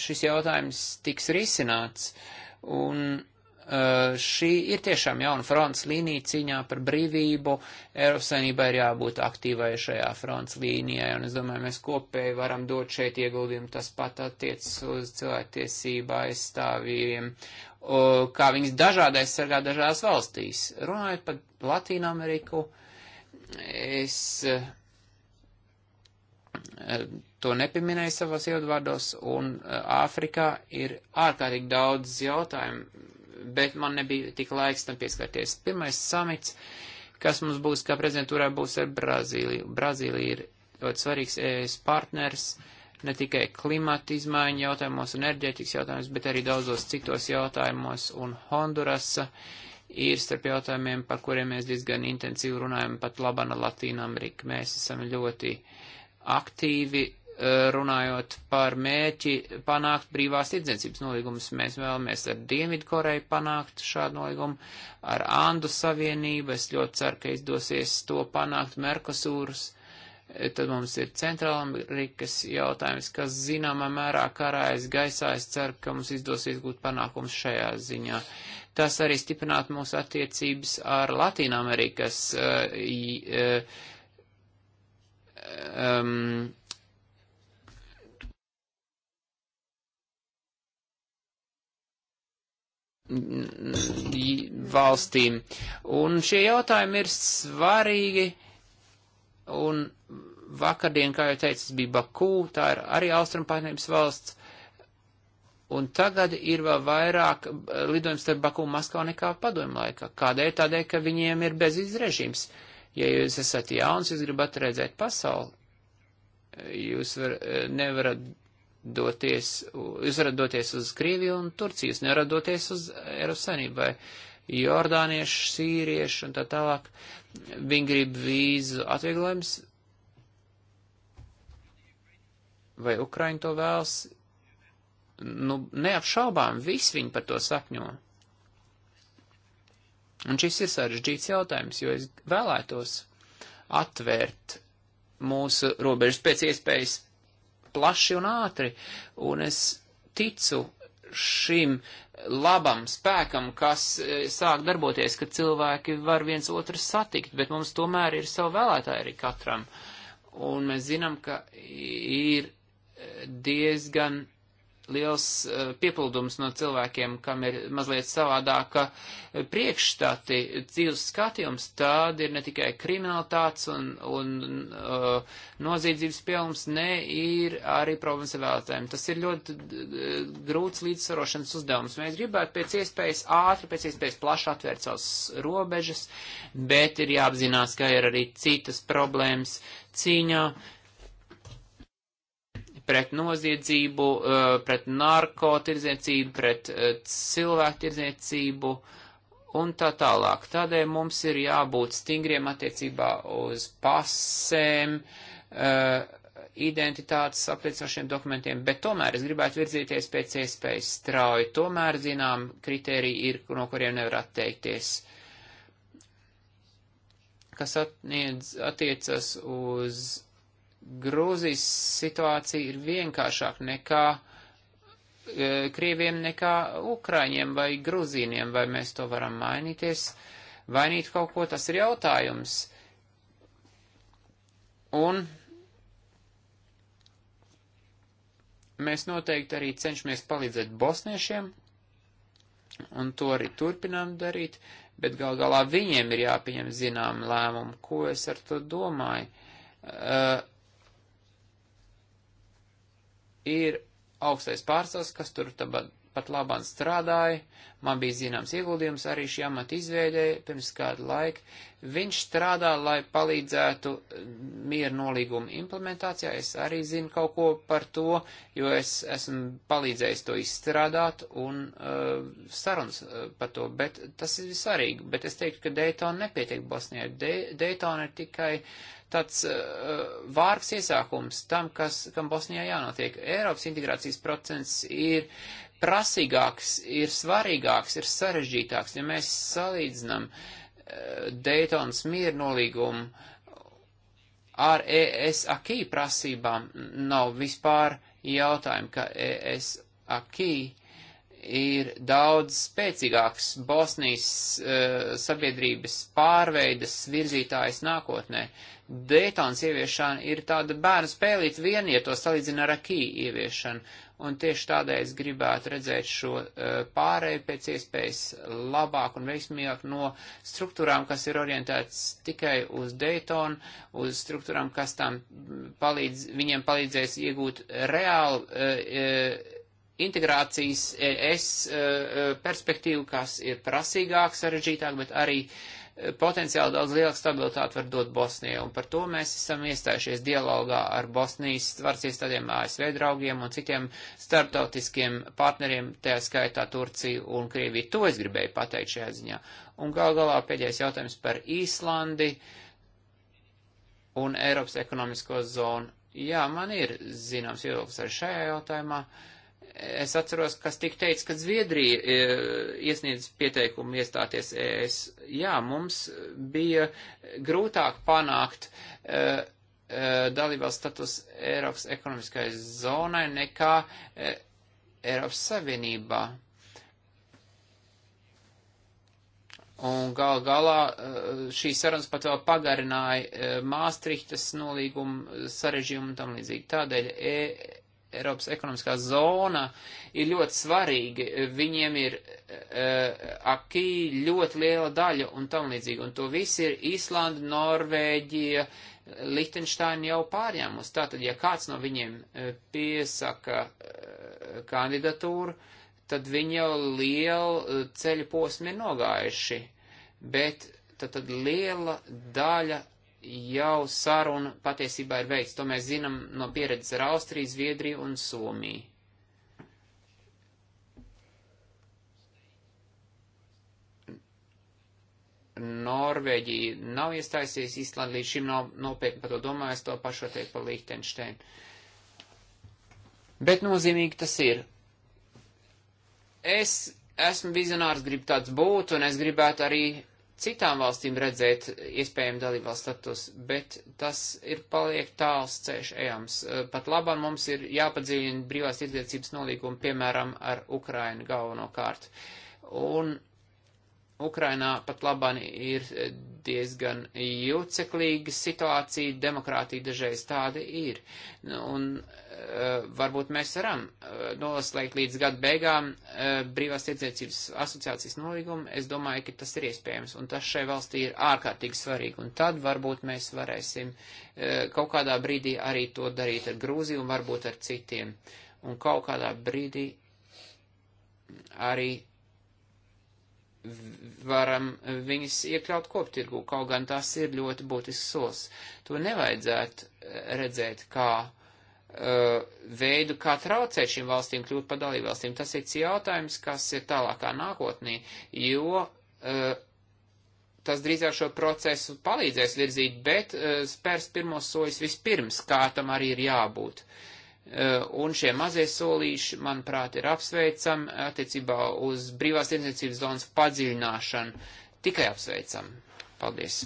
šis jautājums tiks risināts. Un Eh, šī ir tiešām jauna fronts līnija cīņā par brīvību. Eiropas Savienībai ir jābūt aktīvai šajā fronts līnijā, un es domāju, mēs kopēji varam dot šeit ieguldījumu. Tas pat attiecas uz cilvēktiesību aizstāvjiem, kā viņas dažādi aizsargā dažās valstīs. Runājot par Latīnu Ameriku, es eh, to nepieminēju savos ievadvārdos, un eh, Āfrikā ir ārkārtīgi daudz jautājumu bet man nebija tik laiks tam pieskarties. Pirmais samits, kas mums būs kā prezidentūrā, būs ar Brazīliju. Brazīlija ir ļoti svarīgs ES partners, ne tikai klimata izmaiņu jautājumos un enerģētikas jautājumos, bet arī daudzos citos jautājumos, un Hondurasa ir starp jautājumiem, par kuriem mēs diezgan intensīvi runājam, pat Labana Latīna Amerika. Mēs esam ļoti aktīvi Eh, runājot par mērķi panākt brīvās tirdzniecības nolīgumus, mēs vēlamies ar Dienvidkoreju panākt šādu nolīgumu, ar Andu Savienību, es ļoti ceru, ka izdosies to panākt Merkosūras, eh, tad mums ir Centrālamerikas jautājums, kas zināmā mērā karājas gaisā, es ceru, ka mums izdosies gūt panākums šajā ziņā. Tas arī stiprinātu mūsu attiecības ar Latīnamerikas. Uh, um, valstīm. Un šie jautājumi ir svarīgi, un vakardien, kā jau teicu, bija Bakū, tā ir arī austrumpainības valsts, un tagad ir vēl vairāk lidojums starp Bakū un Maskavu nekā padomu laikā. Kādēļ? Tādēļ, ka viņiem ir bezvīz režīms. Ja jūs esat jauns, jūs gribat redzēt pasauli, jūs var, nevarat doties, jūs varat doties uz Krieviju un Turciju, jūs nevarat doties uz Eiropas Savienību vai Jordāniešu, Sīriešu un tā tālāk. Viņi grib vīzu atvieglojums, vai Ukraiņu to vēlas, nu, neapšaubām, visi viņi par to sakņo. Un šis ir sarežģīts jautājums, jo es vēlētos atvērt mūsu robežas pēc iespējas plaši un ātri, un es ticu šim labam spēkam, kas e, sāk darboties, ka cilvēki var viens otru satikt, bet mums tomēr ir savu vēlētāju arī katram. Un mēs zinām, ka ir e, diezgan liels eh, piepildums no cilvēkiem, kam ir mazliet savādāka priekšstati, dzīves skatījums, tāda ir ne tikai kriminalitātes un, un uh, noziedzības pieaugums, ne ir arī problēmas ar vēlētājiem. Tas ir ļoti eh, grūts līdzsvarošanas uzdevums. Mēs gribētu pēc iespējas ātri, pēc iespējas plaši atvērt savas robežas, bet ir jāapzinās, ka ir arī citas problēmas cīņā pret noziedzību, eh, pret narkotirdzniecību, pret eh, cilvēktirdzniecību un tā tālāk. Tādēļ mums ir jābūt stingriem attiecībā uz pasēm, eh, identitātes apliecinošiem dokumentiem, bet tomēr es gribētu virzīties pēc iespējas strauji. Tomēr, zinām, kriteriji ir, no kuriem nevar atteikties. Kas atniedz, attiecas uz Grūzijas situācija ir vienkāršāka nekā e, krieviem nekā ukraiņiem vai grūzīniem, vai mēs to varam mainīties, vainīt kaut ko, tas ir jautājums. Un mēs noteikti arī cenšamies palīdzēt bosniešiem, un to arī turpinām darīt, bet gal galā viņiem ir jāpieņem zinām lēmumu, ko es ar to domāju. Uh, ir augstais pārstāvs, kas tur tabad pat labāk strādāja, man bija zināms ieguldījums arī šī amata izveidē pirms kādu laiku. Viņš strādā, lai palīdzētu mm, mieru nolīgumu implementācijā. Es arī zinu kaut ko par to, jo es esmu palīdzējis to izstrādāt un uh, sarunas uh, par to, bet tas ir svarīgi. Bet es teiktu, ka Daytona nepietiek Bosnijai. De Daytona ir tikai tāds uh, vārgs iesākums tam, kas, kam Bosnijā jānotiek. Eiropas integrācijas procents ir uh, prasīgāks, ir svarīgāks, ir sarežģītāks, ja mēs salīdzinām uh, Daytonas mieru nolīgumu ar ES akī prasībām, nav vispār jautājumu, ka ES akī ir daudz spēcīgāks Bosnijas uh, sabiedrības pārveidas virzītājs nākotnē. Daytonas ieviešana ir tāda bērnu spēlīt vien, ja to salīdzina ar akī ieviešanu un tieši tādēļ es gribētu redzēt šo e, pārēju pēc iespējas labāk un veiksmīgāk no struktūrām, kas ir orientētas tikai uz Dayton, uz struktūrām, kas tam palīdz, viņiem palīdzēs iegūt reālu e, e, integrācijas es perspektīvu, kas ir prasīgāk, sarežģītāk, bet arī uh, potenciāli daudz lielāku stabilitāti var dot Bosnijai, un par to mēs esam iestājušies dialogā ar Bosnijas varas iestādēm, ASV draugiem un citiem starptautiskiem partneriem, tajā skaitā Turciju un Krieviju. To es gribēju pateikt šajā ziņā. Un gal galā pēdējais jautājums par Īslandi un Eiropas ekonomisko zonu. Jā, man ir zināms viedoklis arī šajā jautājumā. Uh, es atceros, kas tik teica, ka Zviedrija e, iesniedz pieteikumu iestāties ES. Jā, mums bija grūtāk panākt uh, uh, dalībvalsts status Eiropas ekonomiskai zonai nekā uh, Eiropas Savienībā. Un gal galā šīs sarunas pat vēl pagarināja Māstrihtas nolīgumu sarežģījumu un tam līdzīgi. Tādēļ e Eiropas ekonomiskā zona ir ļoti svarīga. Viņiem ir uh, akī ļoti liela daļa un tam līdzīgi. Un to viss ir Īslanda, Norvēģija, Lihtenštāina jau pārņēmus. Tātad, ja kāds no viņiem eh, piesaka uh, kandidatūru, tad viņi jau lielu ceļu posmu ir nogājuši. Bet tad, tad liela daļa jau saruna patiesībā ir veikts. To mēs zinām no pieredzes ar Austriju, Zviedriju un Somiju. Norvēģija nav iestājusies, Īslanda līdz šim nav nopietni par to domājis, to pašu teikt par Lihtenšteinu. Bet nozīmīgi tas ir. Es esmu vizionārs, gribu tāds būt, un es gribētu arī citām valstīm redzēt iespējami dalībvalsts status, bet tas ir paliek tāls ceļš ejams. Eh, pat labāk mums ir jāpadziļina brīvās tirdzniecības nolīgumi, piemēram, ar Ukrainu galvenokārt. Un Ukrainā pat labāk ir diezgan juceklīga situācija, demokrātija dažreiz tāda ir. Nu, un Eh, varbūt mēs varam eh, noslēgt līdz gada beigām eh, brīvās tirdzniecības asociācijas nolīgumu. Es domāju, ka tas ir iespējams, un tas šai valstī ir ārkārtīgi svarīgi. Un tad varbūt mēs varēsim kaut kādā brīdī arī to darīt ar Grūziju un varbūt ar citiem. Un kaut kādā brīdī arī varam viņas iekļaut koptirgu, kaut gan tas ir ļoti būtisks solis. To nevajadzētu redzēt kā uh, Uh, veidu, kā traucēt šīm valstīm kļūt par dalībvalstīm. Tas ir jautājums, kas ir tālākā nākotnē, jo uh, tas drīzāk šo procesu palīdzēs virzīt, bet uh, spērs pirmos soļus vispirms, kā tam arī ir jābūt. Un šie mazie solīši, manuprāt, ir apsveicami attiecībā uz brīvās tirdzniecības zonas padziļināšanu. Tikai apsveicam. Paldies!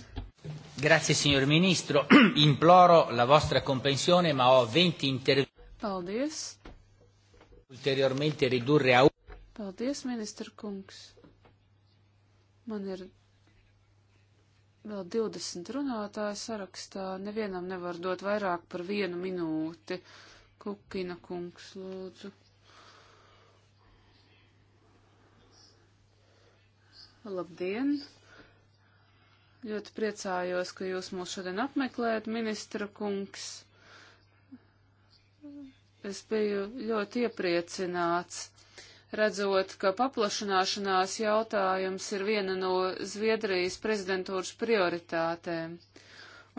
Grazie, signor ministro. Imploro la vostra comprensione, ma ho 20 interventi. Paldies. Ulteriormente ridurre a... Paldies, ministra kungs. Man ir vēl 20 runātāju sarakstā. Nevienam nevar dot vairāk par vienu minūti. Kukina kungs, lūdzu. Labdien! Ļoti priecājos, ka jūs mūs šodien apmeklējat, ministra kungs. Es biju ļoti iepriecināts, redzot, ka paplašanāšanās jautājums ir viena no Zviedrijas prezidentūras prioritātēm.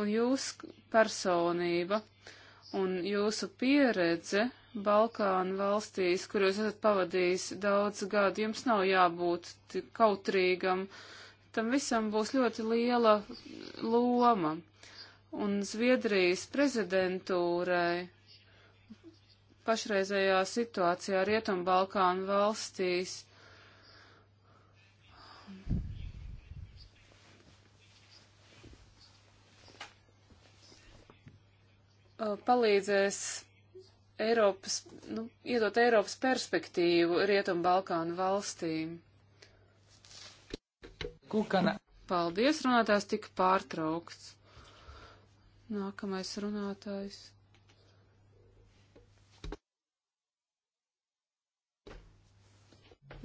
Un jūs personība un jūsu pieredze Balkānu valstīs, kur jūs esat pavadījis daudz gadu, jums nav jābūt kautrīgam. Uh, tam visam būs ļoti liela loma. Un Zviedrijas prezidentūrai pašreizējā situācijā Rietumbalkānu valstīs palīdzēs Eiropas, nu, iedot Eiropas perspektīvu Rietumbalkānu valstīm. Kukana. Paldies, runātājs tika pārtraukts. Nākamais runātājs.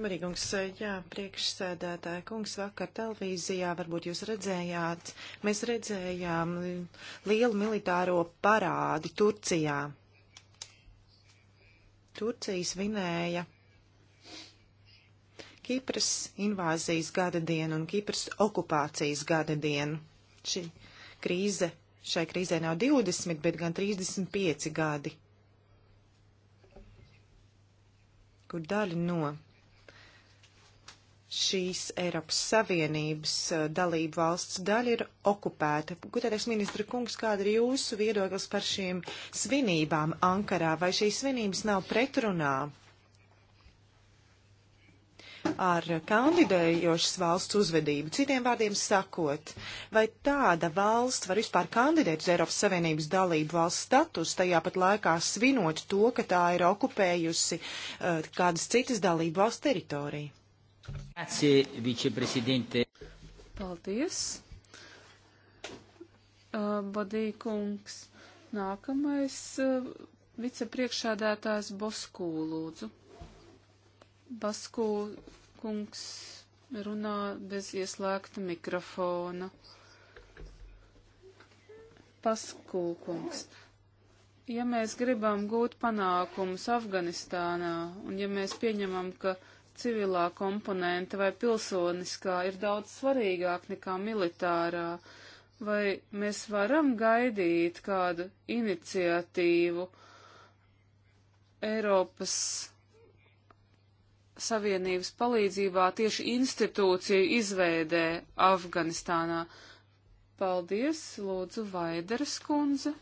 Marīgungs, jā, priekšsēdētāja kungs vakar televīzijā, varbūt jūs redzējāt, mēs redzējām lielu militāro parādi Turcijā. Turcija svinēja Kipras invāzijas gada dienu un Kipras okupācijas gada dienu. Šī krīze, šai krīzē nav 20, bet gan 35 gadi, kur daļa no šīs Eiropas Savienības dalību valsts daļa ir okupēta. Gutēties ministra kungs, kāda ir jūsu viedoklis par šīm svinībām Ankarā? Vai šīs svinības nav pretrunā ar kandidējošas valsts uzvedību. Citiem vārdiem sakot, vai tāda valsts var vispār kandidēt uz Eiropas Savienības dalību valsts status, tajā pat laikā svinot to, ka tā ir okupējusi uh, kādas citas dalību valsts teritoriju? Paldies! Uh, eh, Badīkungs, nākamais uh, eh, vicepriekšādētājs Boskū lūdzu. Basku kungs runā bez ieslēgta mikrofona. Basku kungs. Ja mēs gribam gūt panākumus Afganistānā, un ja mēs pieņemam, ka civilā komponente vai pilsoniskā ir daudz svarīgāk nekā militārā, vai mēs varam gaidīt kādu iniciatīvu Eiropas Savienības palīdzībā tieši institūciju izveidē Afganistānā. Paldies, lūdzu, Vaideras kundze.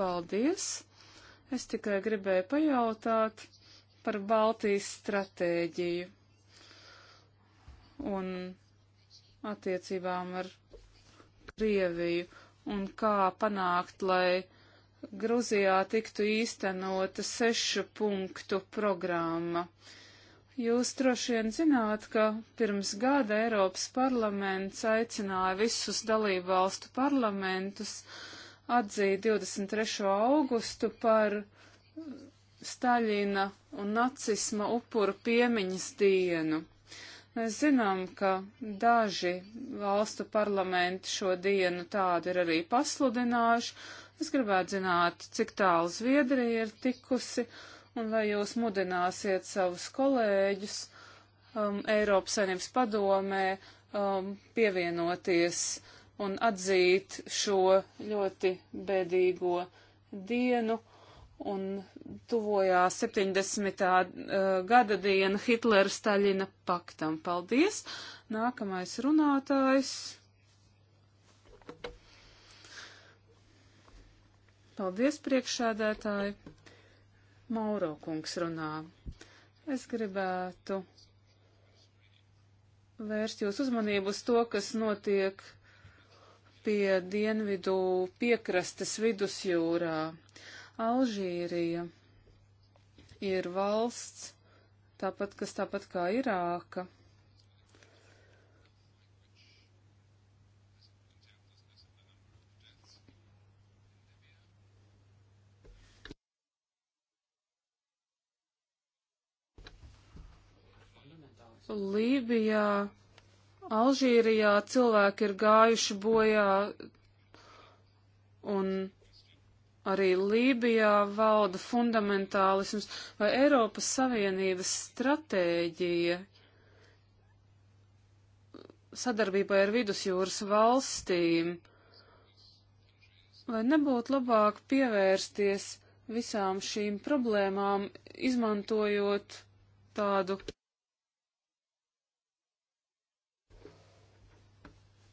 Paldies. Es tikai gribēju pajautāt par Baltijas stratēģiju un attiecībām ar Krieviju un kā panākt, lai Gruzijā tiktu īstenota sešu punktu programma. Jūs droši vien zināt, ka pirms gada Eiropas parlaments aicināja visus dalībvalstu parlamentus atzīt 23. augustu par Staļina un nacisma upuru piemiņas dienu. Mēs zinām, ka daži valstu parlamenti šo dienu tādu ir arī pasludinājuši, Es gribētu zināt, cik tālu Zviedrija ir tikusi un vai jūs mudināsiet savus kolēģus um, Eiropas saimnības padomē um, pievienoties un atzīt šo ļoti bēdīgo dienu un tuvojās 70. Uh, gada diena Hitlera Staļina paktam. Paldies! Nākamais runātājs. Paldies, priekšsēdētāji. Mauro kungs runā. Es gribētu vērst jūs uzmanību uz to, kas notiek pie dienvidu piekrastes vidusjūrā. Alžīrija ir valsts, tāpat kas tāpat kā Irāka, Lībijā, Alžīrijā cilvēki ir gājuši bojā un arī Lībijā valda fundamentālisms vai Eiropas Savienības stratēģija sadarbībai ar vidusjūras valstīm. Vai nebūtu labāk pievērsties visām šīm problēmām, izmantojot tādu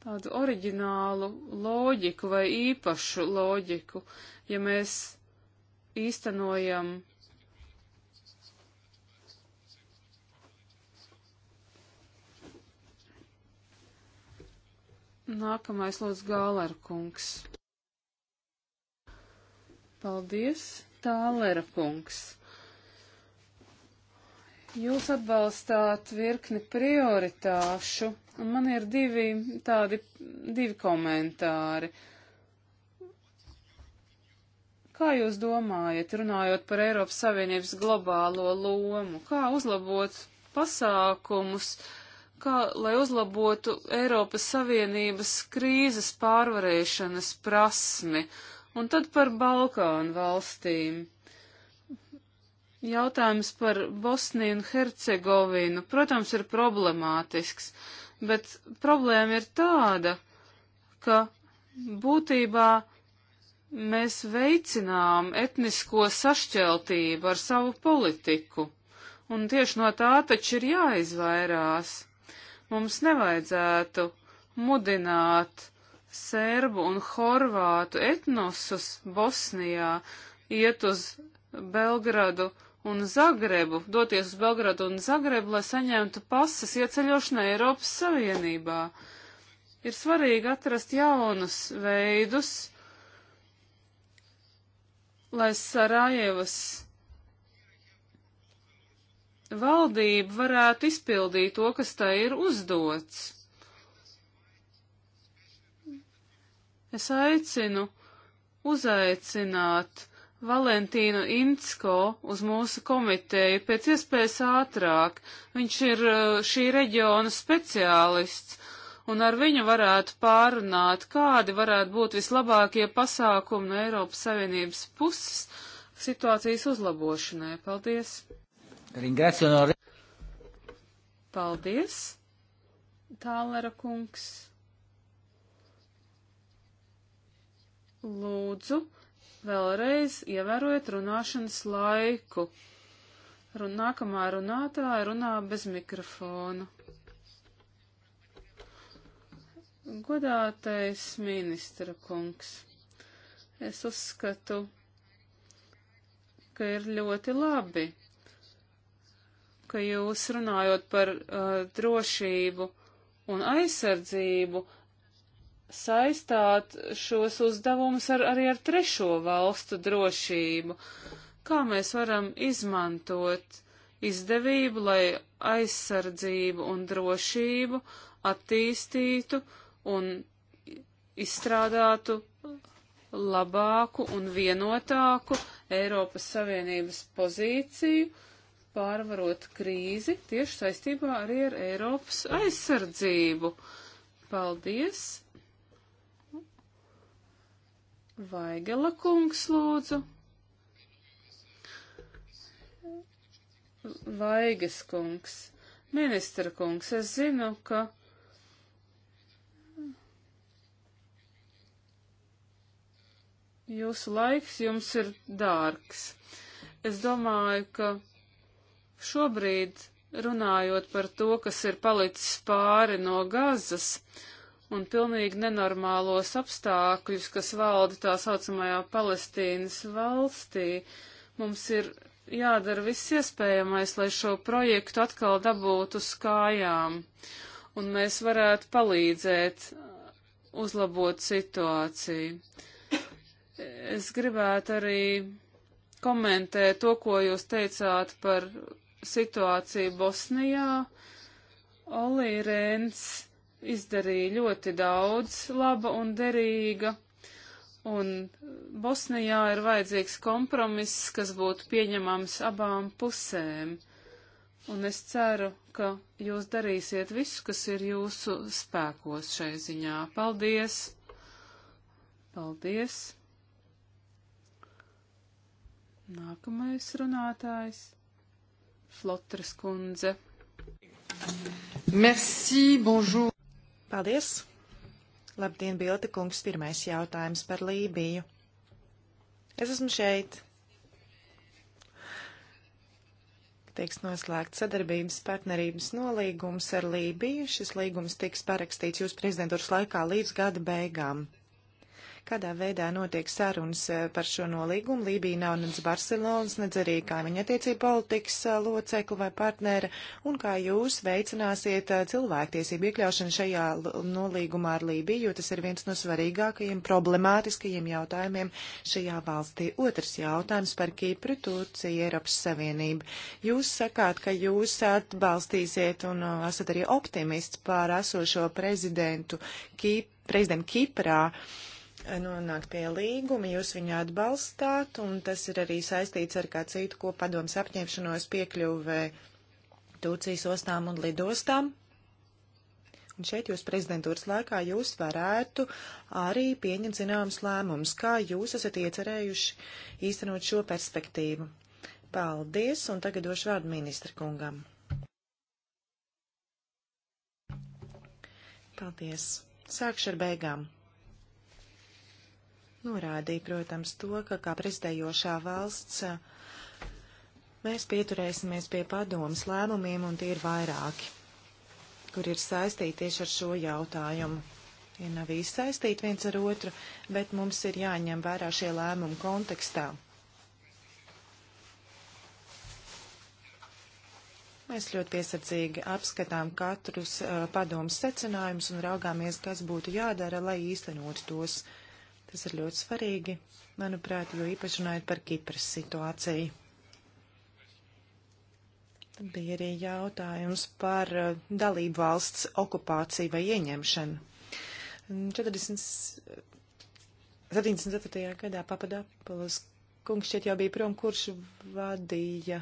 tādu oriģinālu loģiku vai īpašu loģiku, ja mēs īstenojam Nākamais lūdzu Gālerkungs. Paldies, Tālera kungs. Jūs atbalstāt virkni prioritāšu Un man ir divi tādi, divi komentāri. Kā jūs domājat, runājot par Eiropas Savienības globālo lomu, kā uzlabot pasākumus, kā lai uzlabotu Eiropas Savienības krīzes pārvarēšanas prasmi, un tad par Balkānu valstīm? Jautājums par Bosniju un Hercegovinu, protams, ir problemātisks. Uh, bet problēma ir tāda, ka būtībā mēs veicinām etnisko sašķeltību ar savu politiku, un tieši no tā taču ir jāizvairās. Mums nevajadzētu mudināt sērbu un horvātu etnosus Bosnijā iet uz Belgradu un Zagrebu, doties uz Belgradu un Zagrebu, lai saņemtu pasas ieceļošanai Eiropas Savienībā. Ir svarīgi atrast jaunus veidus, lai Sarajevas valdība varētu izpildīt to, kas tai ir uzdots. Es aicinu uzaicināt Valentīnu Incko uz mūsu komiteju pēc iespējas ātrāk. Viņš ir uh, šī reģiona speciālists, un ar viņu varētu pārunāt, kādi varētu būt vislabākie pasākumi no Eiropas Savienības puses situācijas uzlabošanai. Paldies! Paldies! Tālera kungs. Lūdzu Vēlreiz ievērojiet runāšanas laiku. Run, nākamā runātāja runā bez mikrofona. Godātais ministra kungs, es uzskatu, ka ir ļoti labi, ka jūs runājot par uh, drošību un aizsardzību saistāt šos uzdevumus ar, arī ar trešo valstu drošību. Kā mēs varam izmantot izdevību, lai aizsardzību un drošību attīstītu un izstrādātu labāku un vienotāku Eiropas Savienības pozīciju, pārvarot krīzi tieši saistībā arī ar Eiropas aizsardzību. Paldies! Vaigela kungs lūdzu. Vaigas kungs. Ministra kungs, es zinu, ka. Jūsu laiks jums ir dārgs. Es domāju, ka šobrīd runājot par to, kas ir palicis pāri no gazas, uh, un pilnīgi nenormālos apstākļus, kas valda tā saucamajā Palestīnas valstī. Mums ir jādara viss iespējamais, lai šo projektu atkal dabūtu uz kājām, un mēs varētu palīdzēt uzlabot situāciju. Es gribētu arī komentēt to, ko jūs teicāt par situāciju Bosnijā. Olī Rēns izdarīja ļoti daudz laba un derīga. Un Bosnijā ir vajadzīgs kompromiss, kas būtu pieņemams abām pusēm. Un es ceru, ka jūs darīsiet visu, kas ir jūsu spēkos šai ziņā. Paldies! Paldies! Nākamais runātājs - Flotras kundze. Merci, bonjour. Paldies! Labdien, Bilti kungs, pirmais jautājums par Lībiju. Es esmu šeit. Tiks noslēgts sadarbības partnerības nolīgums ar Lībiju. Šis līgums tiks parakstīts jūsu prezidentūras laikā līdz gada beigām kādā veidā notiek sarunas eh, par šo nolīgumu. Lībija nav nedz Barcelonas, nedz arī kaimiņa attiecība politikas eh, locekla vai partnera, un kā jūs veicināsiet eh, cilvēktiesību iekļaušanu šajā nolīgumā ar Lībiju, jo tas ir viens no svarīgākajiem problemātiskajiem jautājumiem šajā valstī. Otrs jautājums par Kipru, Turciju, Eiropas Savienību. Jūs sakāt, ka jūs atbalstīsiet un esat arī optimists pār esošo prezidentu Kip, prezidentu Kiprā. Uh, nonāk tie līgumi, jūs viņu atbalstāt, un tas ir arī saistīts ar kā citu, ko padoms apņemšanos piekļuvē Tūcijas ostām un lidostām. Un šeit jūs prezidentūras laikā jūs varētu arī pieņemt zināmas lēmumus, kā jūs esat iecerējuši īstenot šo perspektīvu. Paldies, un tagad došu vārdu ministra kungam. Paldies. Sākšu ar beigām norādīja, protams, to, ka kā prezidējošā valsts mēs pieturēsimies pie padomas lēmumiem, un tie ir vairāki, kur ir saistīti tieši ar šo jautājumu. Tie nav īsti saistīti viens ar otru, bet mums ir jāņem vērā šie lēmumi kontekstā. Mēs ļoti piesardzīgi apskatām katrus uh, padomus secinājumus un raugāmies, kas būtu jādara, lai īstenotu tos. Uh, Tas ir ļoti svarīgi, manuprāt, jo īpaši runājot par Kipras situāciju. Tad bija arī jautājums par eh, dalību valsts okupāciju vai ieņemšanu. 40, 74. gadā Papadopoulos kungs šķiet jau bija prom, kurš vadīja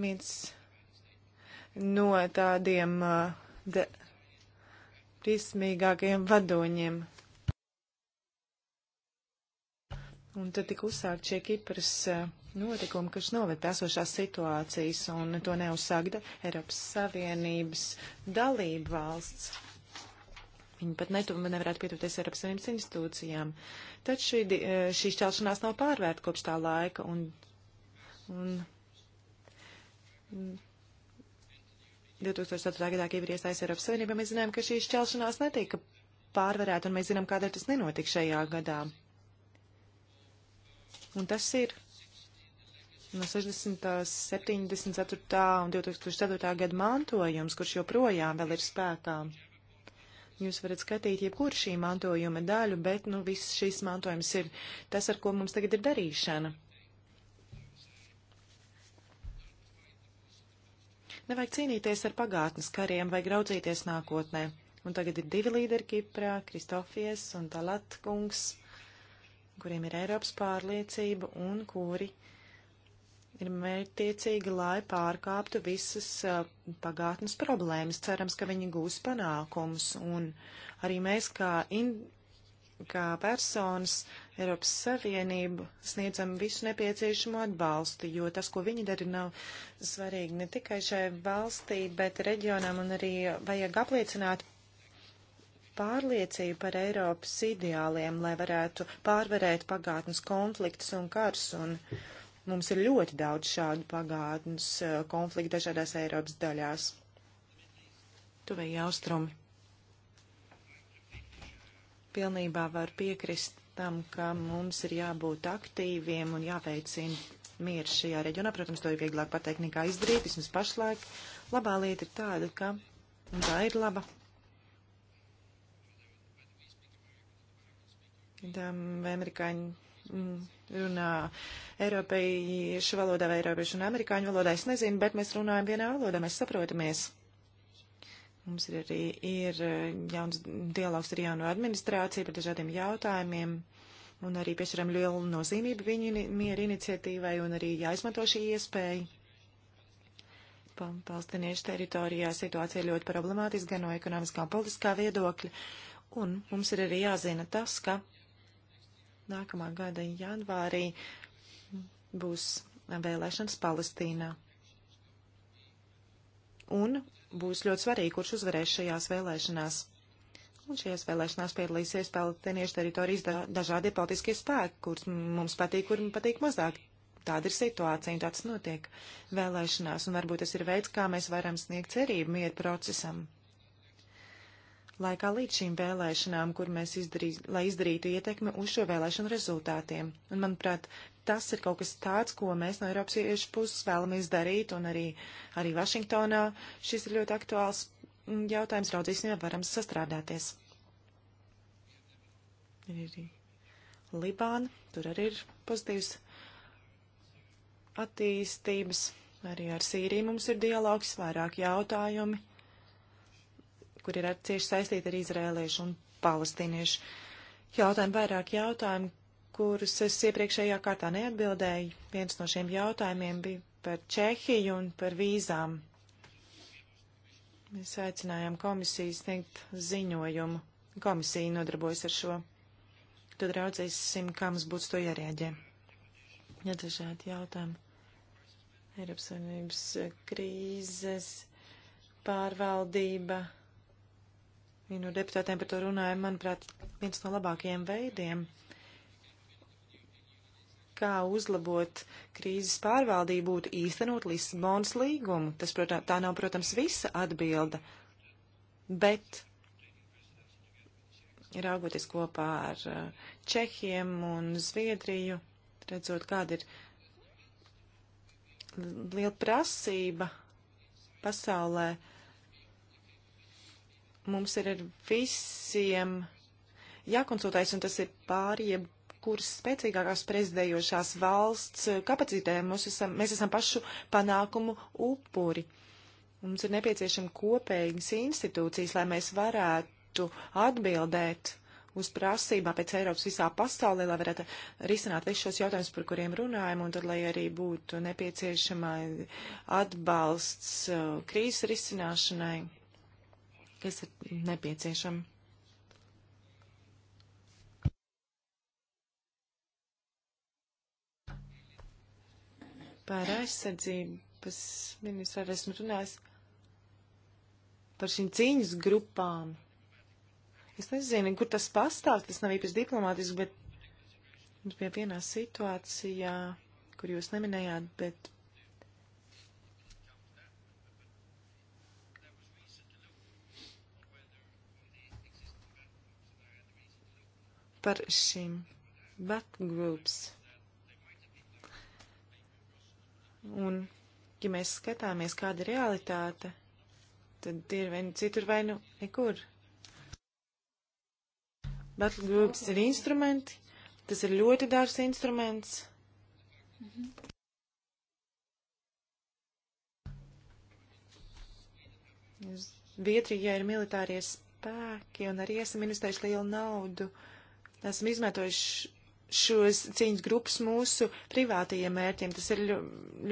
viens no tādiem eh, de, prismīgākajiem vadoņiem. Un tad tika uzsākt šie Kipras eh, notikumi, kas noved esošās situācijas, un to neuzsākta Eiropas Savienības dalība valsts. Viņi pat netu, nevarētu pietuvoties Eiropas Savienības institūcijām. Tad šī, eh, šī šķelšanās nav pārvērta kopš tā laika, un, un 2004. gadā Kipra iestājas Eiropas Savienībā, mēs zinām, ka šī šķelšanās netika pārvarēta, un mēs zinām, kādēļ tas nenotika šajā gadā. Un tas ir no 60. 74. un 2004. gada mantojums, kurš joprojām vēl ir spēkā. Jūs varat skatīt jebkuru šī mantojuma daļu, bet, nu, viss šis mantojums ir tas, ar ko mums tagad ir darīšana. Nevajag cīnīties ar pagātnes kariem, vajag raudzīties nākotnē. Un tagad ir divi līderi Kiprā, Kristofies un Talat kungs, kuriem ir Eiropas pārliecība un kuri ir mērķtiecīgi, lai pārkāptu visas uh, pagātnes problēmas. Cerams, ka viņi gūs panākums un arī mēs kā in kā personas Eiropas Savienību sniedzam visu nepieciešamo atbalstu, jo tas, ko viņi dara, nav svarīgi ne tikai šai valstī, bet reģionam un arī vajag apliecināt pārliecību par Eiropas ideāliem, lai varētu pārvarēt pagātnes konfliktus un kars. Un mums ir ļoti daudz šādu pagātnes eh, konfliktu dažādās Eiropas daļās. Tuvējā austrumi pilnībā var piekrist tam, ka mums ir jābūt aktīviem un jāveicina mieru šajā reģionā. Protams, to ir vieglāk pateikt nekā izdarīt, vismaz pašlaik. Labā lieta ir tāda, ka, un tā ir laba, Tam amerikāņi mm, runā eiropiešu valodā vai eiropiešu un amerikāņu valodā, es nezinu, bet mēs runājam vienā valodā, mēs saprotamies. Mums ir arī ir eh, jauns dialogs ar jauno administrāciju par dažādiem jautājumiem. Un arī piešķiram lielu nozīmību viņu miera iniciatīvai un arī jāizmanto šī iespēja. Palestiniešu teritorijā situācija ļoti problemātiska gan no ekonomiskā un politiskā viedokļa. Un mums ir arī jāzina tas, ka nākamā gada janvārī būs vēlēšanas Palestīnā. Un būs ļoti svarīgi, kurš uzvarēs šajās vēlēšanās. Un šajās vēlēšanās piedalīsies palestiniešu teritorijas da dažādie politiskie spēki, kurus mums patīk, kur patīk mazāk. Tāda ir situācija un tāds notiek vēlēšanās, un varbūt tas ir veids, kā mēs varam sniegt cerību mieru procesam. Laikā līdz šīm vēlēšanām, kur mēs izdarīz, lai izdarītu ietekmi uz šo vēlēšanu rezultātiem. Un, manuprāt, tas ir kaut kas tāds, ko mēs no Eiropas iešu puses vēlamies darīt, un arī, arī Vašingtonā šis ir ļoti aktuāls mm, jautājums. Raudzīsim, ja varam sastrādāties. Ir arī Libāna, tur arī ir pozitīvs attīstības. Arī ar Sīriju mums ir dialogs, vairāk jautājumi, kur ir cieši saistīti ar izrēliešu un palestīniešu jautājumu, vairāk jautājumu, kurus es iepriekšējā kārtā neatbildēju. Viens no šiem jautājumiem bija par Čehiju un par vīzām. Mēs aicinājām komisiju sniegt ziņojumu. Komisija nodarbojas ar šo. Tad raudzēsim, kā mums būs to jārēģē. Ja dažādi jautājumi. Eiropas Savienības krīzes pārvaldība. Vienu deputātiem par to runāja, manuprāt, viens no labākajiem veidiem, kā uzlabot krīzes pārvaldību, būtu īstenot Lisabonas līgumu. Tas, protams, tā nav, protams, visa atbilda, bet raugoties kopā ar uh, Čehiem un Zviedriju, redzot, kāda ir liela prasība pasaulē, mums ir ar visiem jākonsultējas, un tas ir pārjeb kuras spēcīgākās prezidējošās valsts eh, kapacitē mēs esam, mēs esam pašu panākumu upuri. Mums ir nepieciešama kopīgas institūcijas, lai mēs varētu atbildēt uz prasībām pēc Eiropas visā pasaulē, lai varētu risināt visus šos jautājumus, par kuriem runājam, un tad, lai arī būtu nepieciešama atbalsts eh, krīzes risināšanai, kas ir nepieciešama. par aizsardzības ministru arī esmu runājis par šīm cīņas grupām. Es nezinu, kur tas pastāv, tas nav īpaši diplomātiski, bet mums bija vienā situācijā, kur jūs neminējāt, bet par šīm batgroups. Un, ja mēs skatāmies, kāda ir realitāte, tad ir vai nu citur, vai nu nekur. Battle groups ir instrumenti, tas ir ļoti dārs instruments. Mhm. Zviedrijā ir militārie spēki un arī esam investējuši lielu naudu. Esam izmantojuši šos cīņas grupas mūsu privātajiem mērķiem. Tas ir ļo,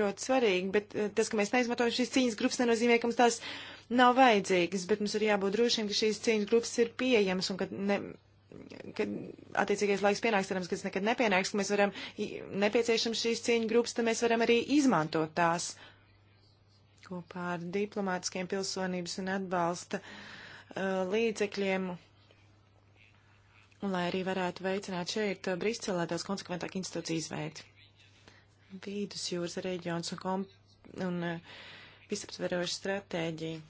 ļoti svarīgi, bet eh, tas, ka mēs neizmantojam šīs cīņas grupas, nenozīmē, ka mums tās nav vajadzīgas, bet mums ir jābūt drošiem, ka šīs cīņas grupas ir pieejamas un ka ne, kad attiecīgais laiks pienāks, cerams, ka tas nekad nepienāks, ka mēs varam, nepieciešams šīs cīņu grupas, tad mēs varam arī izmantot tās kopā ar diplomātiskiem pilsonības un atbalsta uh, līdzekļiem. Uh, un lai arī varētu veicināt šeit eh, Briselē tās konsekventāk institūciju izveidi. Vīdusjūras reģions un, kom, un eh, visaptveroša stratēģija.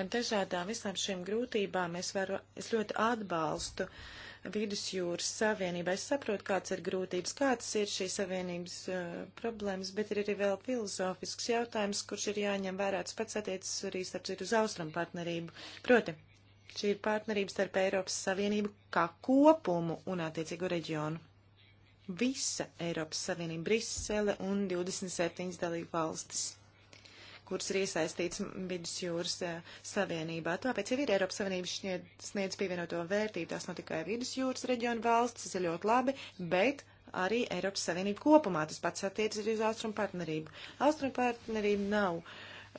Ar dažādām visām šīm grūtībām es, varu, es ļoti atbalstu Vidusjūras savienību. Es saprotu, kāds ir grūtības, kādas ir šīs savienības uh, problēmas, bet ir arī vēl filozofisks jautājums, kurš ir jāņem vērā. Tas pats attiecas arī starp citu uz austrumu partnerību. Proti, Šī ir partnerība starp Eiropas Savienību kā kopumu un attiecīgo reģionu. Visa Eiropas Savienība, Brisele un 27 dalību valstis, kuras ir iesaistīts Vidusjūras eh, Savienībā. Tāpēc jau ir Eiropas Savienība sniedz pievienoto vērtību, tās nav tikai Vidusjūras reģionu valstis, tas ir ļoti labi, bet arī Eiropas Savienība kopumā. Tas pats attiecas arī uz Austrumu partnerību. Austrumu partnerība nav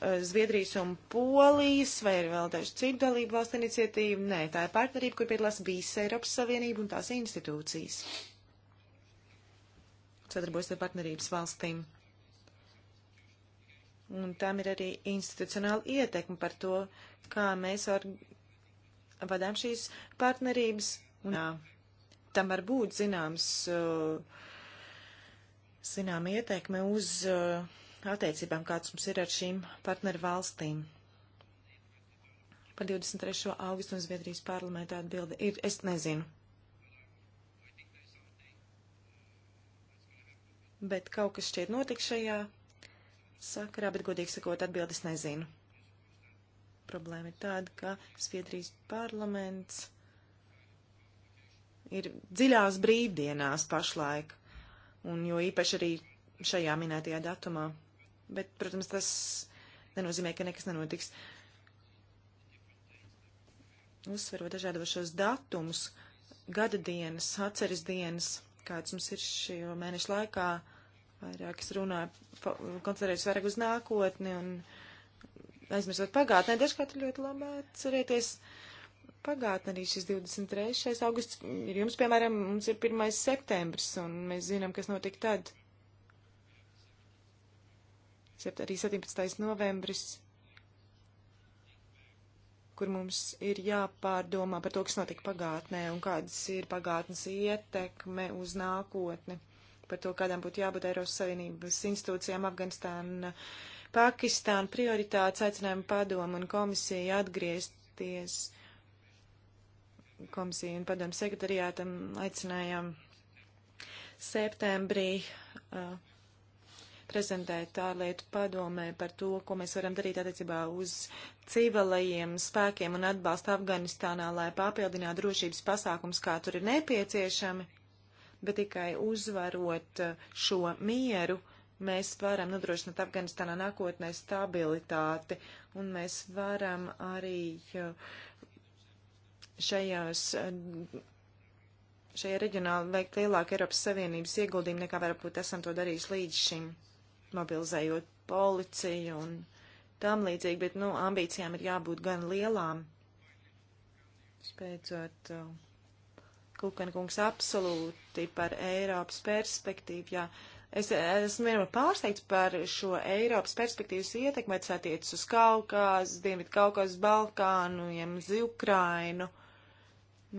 Eh, Zviedrijas un Polijas, vai ir vēl daži citu dalību valstu iniciatīva? Nē, tā ir partnerība, kur piedalās visa Eiropas Savienība un tās institūcijas. Sadarbojas ar partnerības valstīm. Un tam ir arī institucionāla ietekme par to, kā mēs ar... vadām šīs partnerības. Un, jā, tam var būt zināms, eh, zinām ietekme uz uh, attiecībām, kāds mums ir ar šīm partneru valstīm. Par 23. augustu un Zviedrijas parlamentu atbildi ir, es nezinu. Bet kaut kas šķiet notiks šajā sakarā, bet godīgi sakot, atbildes nezinu. Problēma ir tāda, ka Zviedrijas parlaments ir dziļās brīvdienās pašlaik, un jo īpaši arī šajā minētajā datumā. Bet, protams, tas nenozīmē, ka nekas nenotiks. Uzsverot dažādos šos datumus, gada dienas, atceres dienas, kāds mums ir šī mēneša laikā, vairāk es runāju, koncentrējos vairāk uz nākotni un aizmirstot pagātnē. Dažkārt ir ļoti labi atcerēties pagātnē arī šis 23. augusts ir jums, piemēram, mums ir 1. septembris un mēs zinām, kas notika tad arī 17. novembris, kur mums ir jāpārdomā par to, kas notika pagātnē un kādas ir pagātnes ietekme uz nākotni, par to, kādām būtu jābūt Eiropas Savienības institūcijām Afganistāna, Pakistāna, prioritātes aicinājumu padomu un komisiju atgriezties. Komisija un padomu sekretariātam aicinājām septembrī uh, prezentēt ārlietu padomē par to, ko mēs varam darīt attiecībā uz civilajiem spēkiem un atbalstu Afganistānā, lai papildinātu drošības pasākums, kā tur ir nepieciešami, bet tikai uzvarot uh, šo mieru mēs varam nodrošināt Afganistānā nākotnē stabilitāti, un mēs varam arī uh, šajās, uh, šajā reģionā veikt lielāku Eiropas Savienības ieguldījumu, nekā varbūt esam to darījuši līdz šim mobilizējot policiju un tam līdzīgi, bet, nu, ambīcijām ir jābūt gan lielām. Spēcot, uh, Kukankungs absolūti par Eiropas perspektīvu, jā. Es esmu vienmēr pārsteigts par šo Eiropas perspektīvas ietekmi, kas attiecas uz Kaukās, Dienvidu Kaukās, Balkānu, Jemzi Ukrainu.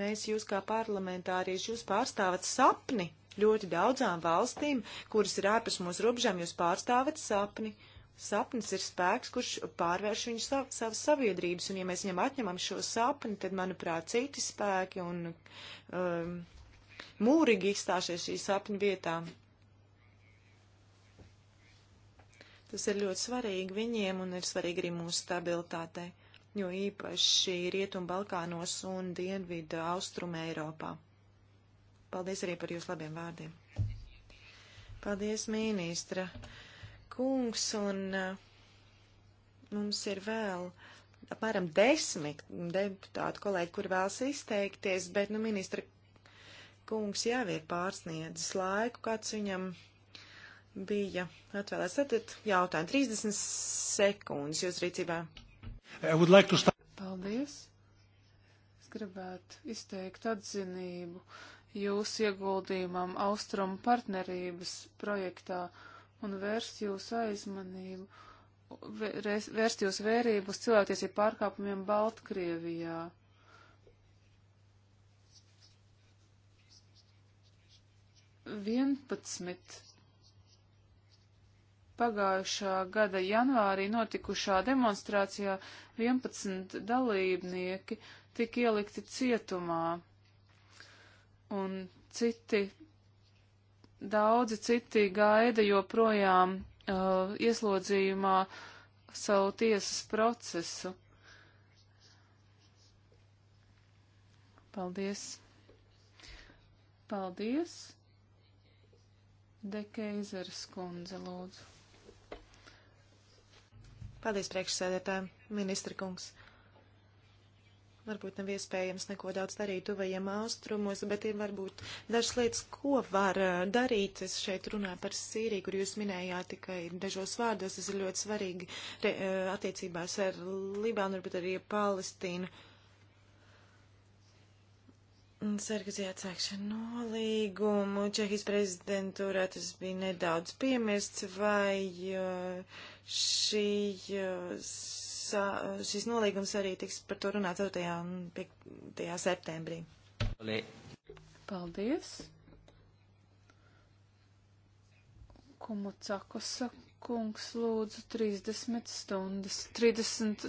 Mēs jūs kā parlamentārieši, jūs pārstāvat sapni, Ļoti daudzām valstīm, kuras ir ārpus mūsu robežām, jūs pārstāvat sapni. Sapnis ir spēks, kurš pārvērš viņu sav, savas saviedrības, un ja mēs viņam atņemam šo sapni, tad, manuprāt, citi spēki un um, mūrīgi izstāšies šī sapņa vietā. Tas ir ļoti svarīgi viņiem un ir svarīgi arī mūsu stabilitātei, jo īpaši Rietumbalkānos un Dienvidu Austrum Eiropā. Paldies arī par jūsu labiem vārdiem. Paldies, ministra kungs, un uh, mums ir vēl apmēram desmit deputātu kolēģi, kur vēlas izteikties, bet, nu, ministra kungs jau ir pārsniedzis laiku, kāds viņam bija atvēlēts. Tad jautājumu 30 sekundes jūs rīcībā. Like Paldies! Es gribētu izteikt atzinību jūsu ieguldījumam austrumu partnerības projektā un vērst jūsu aizmanību, vērst jūsu vērību uz cilvēktiesību pārkāpumiem Baltkrievijā. Vienpadsmit pagājušā gada janvārī notikušā demonstrācijā 11 dalībnieki tika ielikti cietumā un citi, daudzi citi gaida joprojām uh, ieslodzījumā savu tiesas procesu. Paldies! Paldies! Dekeizeres kundze, lūdzu. Paldies, priekšsēdētāji, ministra kungs varbūt nav iespējams neko daudz darīt tuvajiem austrumos, bet ir varbūt dažas lietas, ko var eh, darīt. Es šeit runāju par Sīriju, kur jūs minējāt tikai dažos vārdos. Tas ir ļoti svarīgi re, eh, attiecībās ar Libānu, varbūt arī Palestīnu. Sargas jāatsākšana nolīgumu. Čehijas prezidentūrā tas bija nedaudz piemirsts, vai eh, šī šis nolīgums arī tiks par to runāt 4. un 5. septembrī. Paldies! Komucakas kungs lūdzu 30 stundas, 30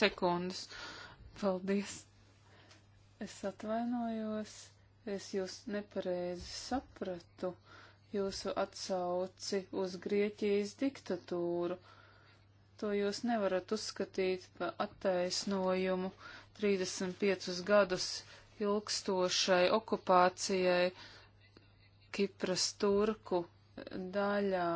sekundes. Paldies! Es atvainojos, es jūs nepareizi sapratu jūsu atsauci uz Grieķijas diktatūru To jūs nevarat uzskatīt par attaisnojumu 35 gadus ilgstošai okupācijai Kipras turku daļā.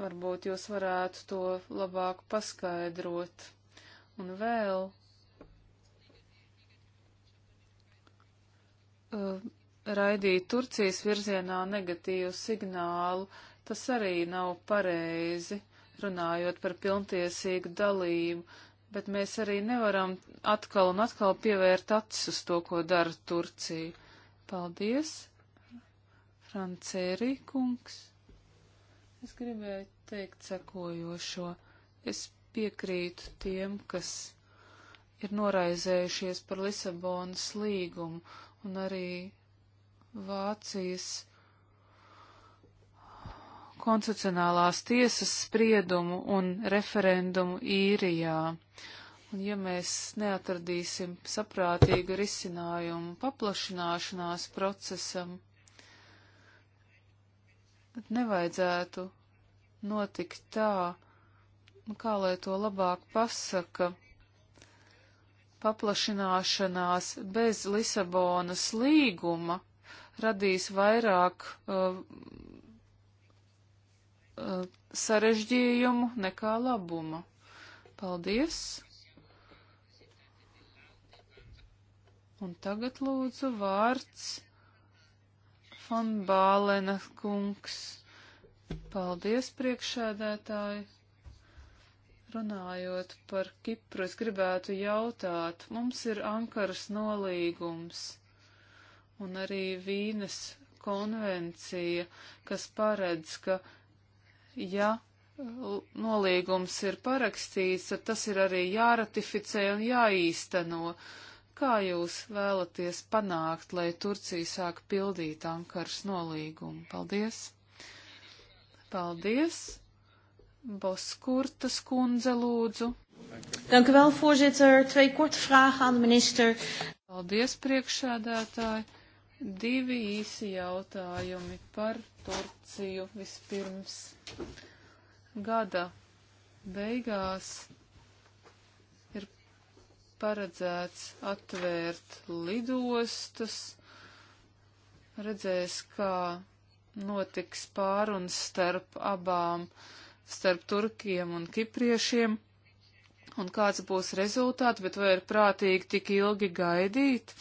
Varbūt jūs varētu to labāk paskaidrot. Un vēl uh, raidīt Turcijas virzienā negatīvu signālu Tas arī nav pareizi, runājot par pilntiesīgu dalību, bet mēs arī nevaram atkal un atkal pievērt acis uz to, ko dara Turcija. Paldies, Francērī kungs. Es gribēju teikt sekojošo. Es piekrītu tiem, kas ir noraizējušies par Lisabonas līgumu un arī Vācijas konstitucionālās tiesas spriedumu un referendumu īrijā. Un ja mēs neatradīsim saprātīgu risinājumu paplašināšanās procesam, tad nevajadzētu notikt tā, nu kā lai to labāk pasaka, paplašināšanās bez Lisabonas līguma radīs vairāk uh, sarežģījumu nekā labumu. Paldies! Un tagad lūdzu vārds von Bālena kungs. Paldies, priekšēdētāji! Runājot par Kipru, es gribētu jautāt, mums ir Ankaras nolīgums un arī Vīnes konvencija, kas paredz, ka ja nolīgums ir parakstīts, tad tas ir arī jāratificē un jāīsteno. Kā jūs vēlaties panākt, lai Turcija sāk pildīt Ankaras nolīgumu? Paldies! Paldies! Boskurtas kundze lūdzu. Dank u wel, voorzitter. Twee korte vragen aan de minister. Paldies, priekšsēdētāji. Divi īsi jautājumi par Turciju vispirms. Gada beigās ir paredzēts atvērt lidostas, redzēs, kā notiks pārunas starp abām, starp turkiem un kipriešiem, un kāds būs rezultāts, bet vai ir prātīgi tik ilgi gaidīt?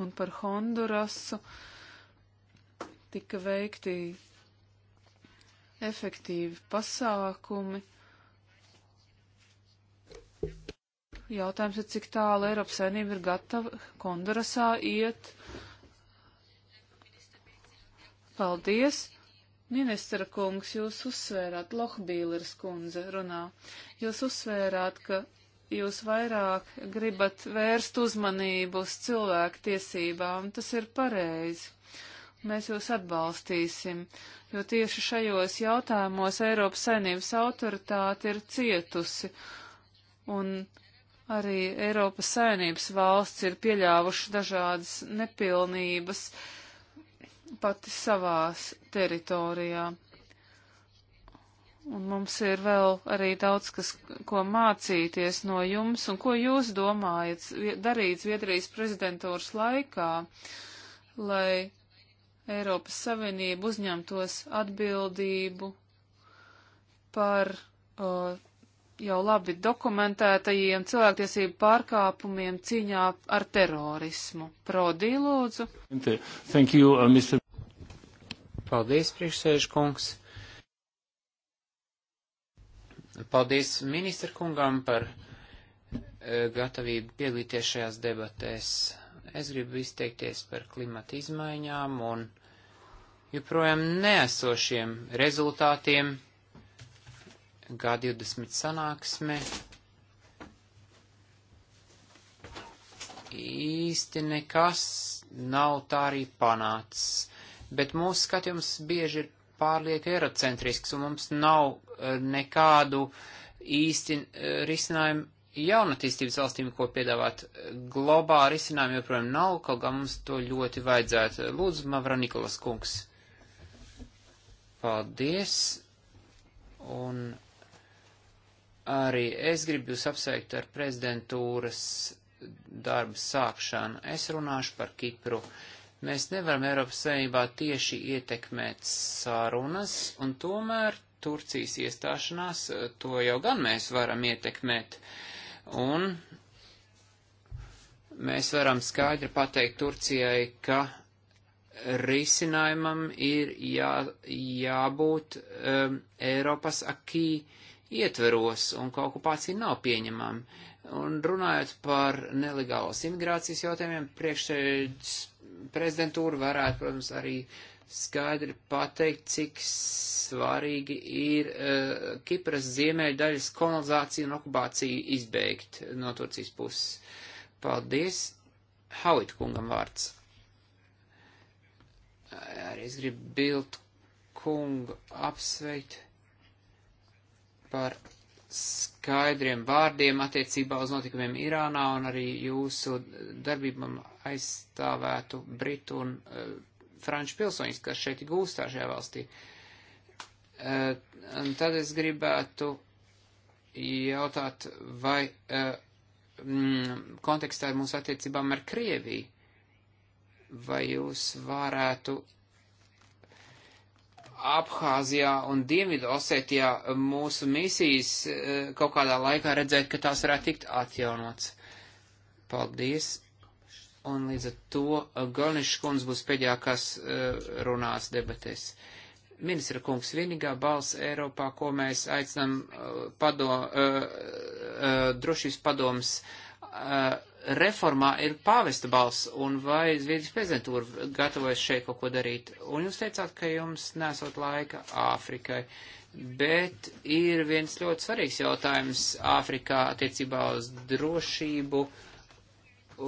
un par Hondurasu tika veikti efektīvi pasākumi. Jautājums ir, cik tālu Eiropas saimnība ir gatava Hondurasā iet. Paldies! Ministra kungs, jūs uzsvērāt, Lohbīlers kundze runā, jūs uzsvērāt, ka jūs vairāk gribat vērst uzmanību uz cilvēku tiesībām, tas ir pareizi. Mēs jūs atbalstīsim, jo tieši šajos jautājumos Eiropas saimnības autoritāte ir cietusi, un arī Eiropas saimnības valsts ir pieļāvuši dažādas nepilnības pati savās teritorijā. Un mums ir vēl arī daudz, kas, ko mācīties no jums, un ko jūs domājat darīt Zviedrijas prezidentūras laikā, lai Eiropas Savienība uzņemtos atbildību par uh, jau labi dokumentētajiem cilvēktiesību pārkāpumiem cīņā ar terorismu. Prodī, lūdzu. Thank you, uh, Mr. Paldies, priekšsēžkungs. Paldies ministra kungam par e, gatavību piedalīties šajās debatēs. Es gribu izteikties par klimata izmaiņām un joprojām neesošiem rezultātiem G20 sanāksme. Īsti nekas nav tā arī panācis, bet mūsu skatījums bieži ir pārlieku eirocentrisks, un mums nav e, nekādu īsti e, risinājumu jaunatīstības valstīm, ko piedāvāt. Globāli risinājumu joprojām nav, kaut kā mums to ļoti vajadzētu. Lūdzu, Mavra Nikolas kungs. Paldies. Un arī es gribu jūs apsveikt ar prezidentūras darba sākšanu. Es runāšu par Kipru. Uh, Mēs nevaram Eiropas Savienībā tieši ietekmēt sarunas, un tomēr Turcijas iestāšanās eh, to jau gan mēs varam ietekmēt. Un mēs varam skaidri pateikt Turcijai, ka risinājumam ir jā, jābūt um, Eiropas akī ietveros, un ka okupācija nav pieņemama. Un runājot par nelegālas imigrācijas jautājumiem, priekšsēdus prezidentūra varētu, protams, arī skaidri pateikt, cik svarīgi ir uh, Kipras ziemeļdaļas kolonizācija un okupācija izbeigt no Turcijas puses. Paldies! Hauit kungam vārds. Arī es gribu Bilt kungu apsveikt par skaidriem vārdiem attiecībā uz notikumiem Irānā un arī jūsu darbībam aizstāvētu Britu un uh, Franču pilsoņus, kas šeit gūstā šajā valstī. Uh, un tad es gribētu jautāt, vai uh, mm, kontekstā ar mūsu attiecībām ar Krieviju, vai jūs varētu Abhāzijā un Dienvidu Osetijā mūsu misijas eh, kaut kādā laikā redzēt, ka tās varētu tikt atjaunots. Paldies! Un līdz ar to eh, Galnišs kundze būs pēdējā, kas eh, runās debatēs. Ministra kungs, vienīgā balss Eiropā, ko mēs aicinām padom, drošības padoms reformā ir pāvesta balss, un vai Zviedrijas prezidentūra gatavojas šeit kaut ko darīt? Un jūs teicāt, ka jums nesot laika Āfrikai, bet ir viens ļoti svarīgs jautājums Āfrikā attiecībā uz drošību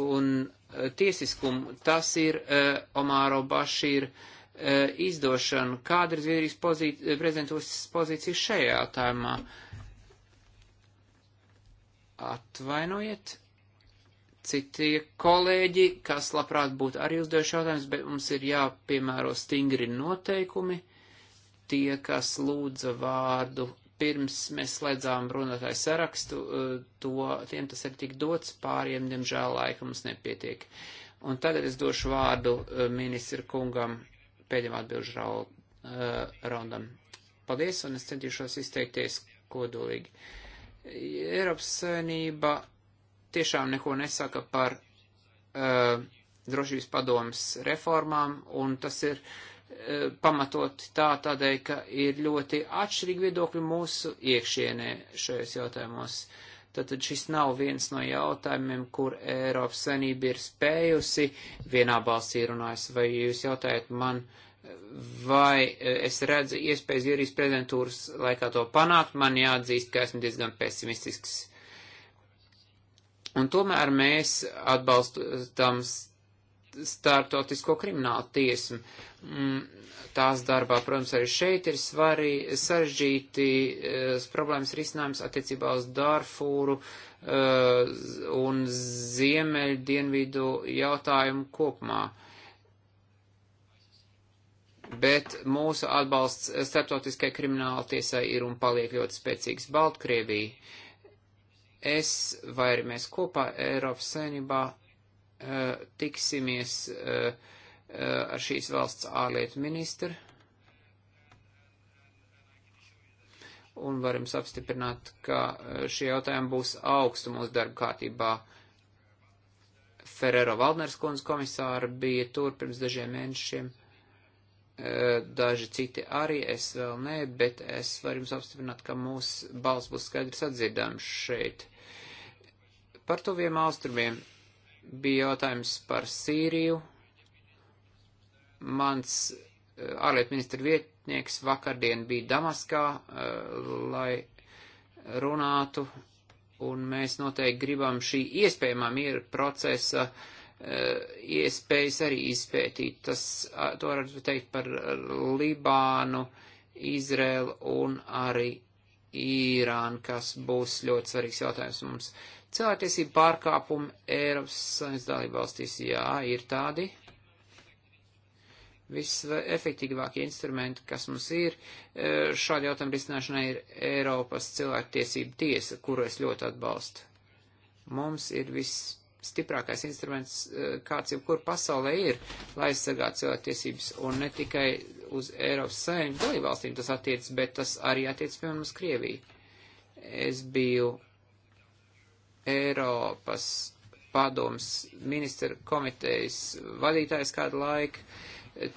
un eh, tiesiskumu. Tas ir uh, Omāro Bašīra uh, eh, izdošana. Kāda ir Zviedrijas pozīt, prezidentūras pozīcija šajā jautājumā? Atvainojiet citi kolēģi, kas labprāt būtu arī uzdevuši jautājumus, bet mums ir jāpiemēro stingri noteikumi. Tie, kas lūdza vārdu pirms mēs slēdzām runātāju sarakstu, eh, to, tiem tas ir tik dots, pāriem, diemžēl, laika mums nepietiek. Un tagad es došu vārdu eh, ministra kungam pēdējiem atbilžu eh, raundam. Paldies, un es centīšos izteikties kodolīgi. Eiropas Savienība tiešām neko nesaka par uh, drošības padomas reformām, un tas ir uh, pamatot tā tādēļ, ka ir ļoti atšķirīgi viedokļi mūsu iekšienē šajos jautājumos. Tātad šis nav viens no jautājumiem, kur Eiropas Savienība ir spējusi vienā balsī runājas, vai jūs jautājat man, vai eh, es redzu iespējas Jūrijas prezidentūras laikā to panākt, man jāatzīst, ka esmu diezgan pesimistisks Un tomēr mēs atbalstam startautisko kriminālu tiesmu. Mm, tās darbā, protams, arī šeit ir svarī, sarežģīti eh, problēmas risinājums attiecībā uz Darfūru eh, un Ziemeļu dienvidu jautājumu kopumā. Bet mūsu atbalsts eh, starptautiskai krimināla tiesai ir un paliek ļoti spēcīgs Baltkrievijai es vai arī mēs kopā Eiropas saimnībā eh, tiksimies eh, eh, ar šīs valsts ārlietu ministru un varam apstiprināt, ka šie jautājumi būs augstu mūsu darba kārtībā. Ferrero Valdners kundze komisāra bija tur pirms dažiem mēnešiem, daži citi arī, es vēl nē, bet es varu jums apstiprināt, ka mūsu balss būs skaidrs atdzirdams šeit. Par tuviem austrumiem bija jautājums par Sīriju. Mans eh, ārlietu ministra vietnieks vakardien bija Damaskā, eh, lai runātu, un mēs noteikti gribam šī iespējamā miera procesa eh, iespējas arī izpētīt. Tas, to varētu teikt par Libānu, Izrēlu un arī Īrānu, kas būs ļoti svarīgs jautājums mums. Cilvēktiesība pārkāpumi Eiropas Savienības dalībvalstīs, jā, ir tādi. Visefektīvākie instrumenti, kas mums ir, e, šādi jautājumi risināšanai ir Eiropas cilvēktiesība tiesa, kuru es ļoti atbalstu. Mums ir viss stiprākais instruments, e, kāds jebkur pasaulē ir, lai aizsargātu cilvēktiesības, un ne tikai uz Eiropas saimnības dalībvalstīm tas attiecas, bet tas arī attiecas, piemēram, uz Krieviju. Es biju Eiropas padoms ministra komitejas vadītājs kādu laiku,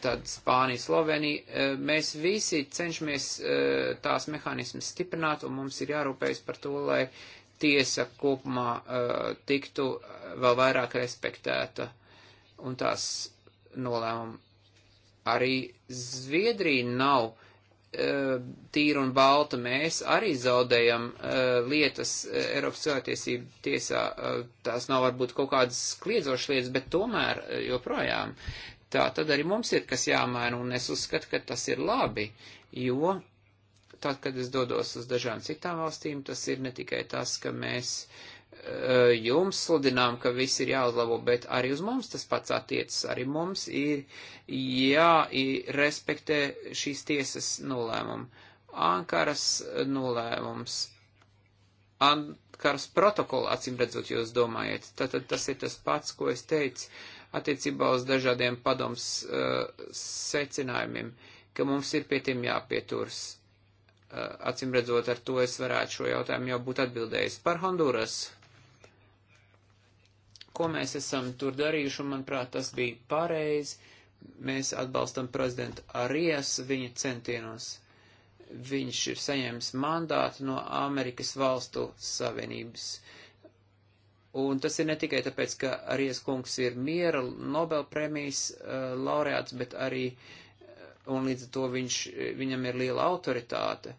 tad Spānija, Slovenija. E, mēs visi cenšamies e, tās mehānismas stiprināt, un mums ir jārūpējas par to, lai tiesa kopumā e, tiktu vēl vairāk respektēta un tās nolēmumi. Arī Zviedrija nav Eh, tīru un baltu mēs arī zaudējam uh, lietas eh, Eiropas cilvēktiesību tiesā. Uh, tās nav varbūt kaut kādas kliedzošas lietas, bet tomēr uh, joprojām. Tā tad arī mums ir kas jāmaina, un es uzskatu, ka tas ir labi, jo tad, kad es dodos uz dažām citām valstīm, tas ir ne tikai tas, ka mēs uh, Eh, jums sludinām, ka viss ir jāuzlabo, bet arī uz mums tas pats attiecas. Arī mums ir jārespektē šīs tiesas nolēmumu. Ankaras nolēmums. Ankaras protokola, acīm redzot, jūs domājat. Tātad tas ir tas pats, ko es teicu attiecībā uz dažādiem padoms uh, secinājumiem, ka mums ir pie tiem jāpieturs eh, acīm redzot, ar to es varētu šo jautājumu jau būt atbildējis par Honduras ko mēs esam tur darījuši, un manuprāt, tas bija pareizi. Mēs atbalstam prezidentu Arijas viņa centienos. Viņš ir saņēmis mandātu no Amerikas valstu savienības. Un tas ir ne tikai tāpēc, ka Arijas kungs ir miera Nobelpremijas uh, eh, laureāts, bet arī, eh, un līdz ar to viņš, eh, viņam ir liela autoritāte,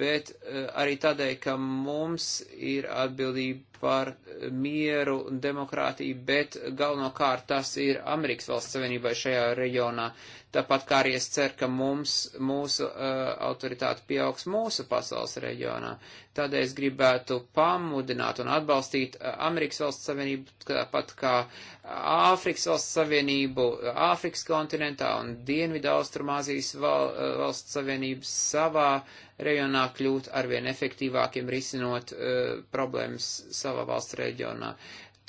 bet uh, arī tādēļ, ka mums ir atbildība par mieru un demokrātiju, bet galvenokārt tas ir Amerikas valsts savienībai šajā reģionā. Tāpat kā arī es ceru, ka mums, mūsu uh, autoritāte pieaugs mūsu pasaules reģionā. Tādēļ es gribētu pamudināt un atbalstīt uh, Amerikas valsts savienību, tāpat kā uh, Āfrikas valsts savienību, uh, Āfrikas kontinentā un Dienvidu Austrumāzijas val, valsts savienību savā reģionā kļūt arvien efektīvākiem risinot uh, problēmas savā savā valsts reģionā.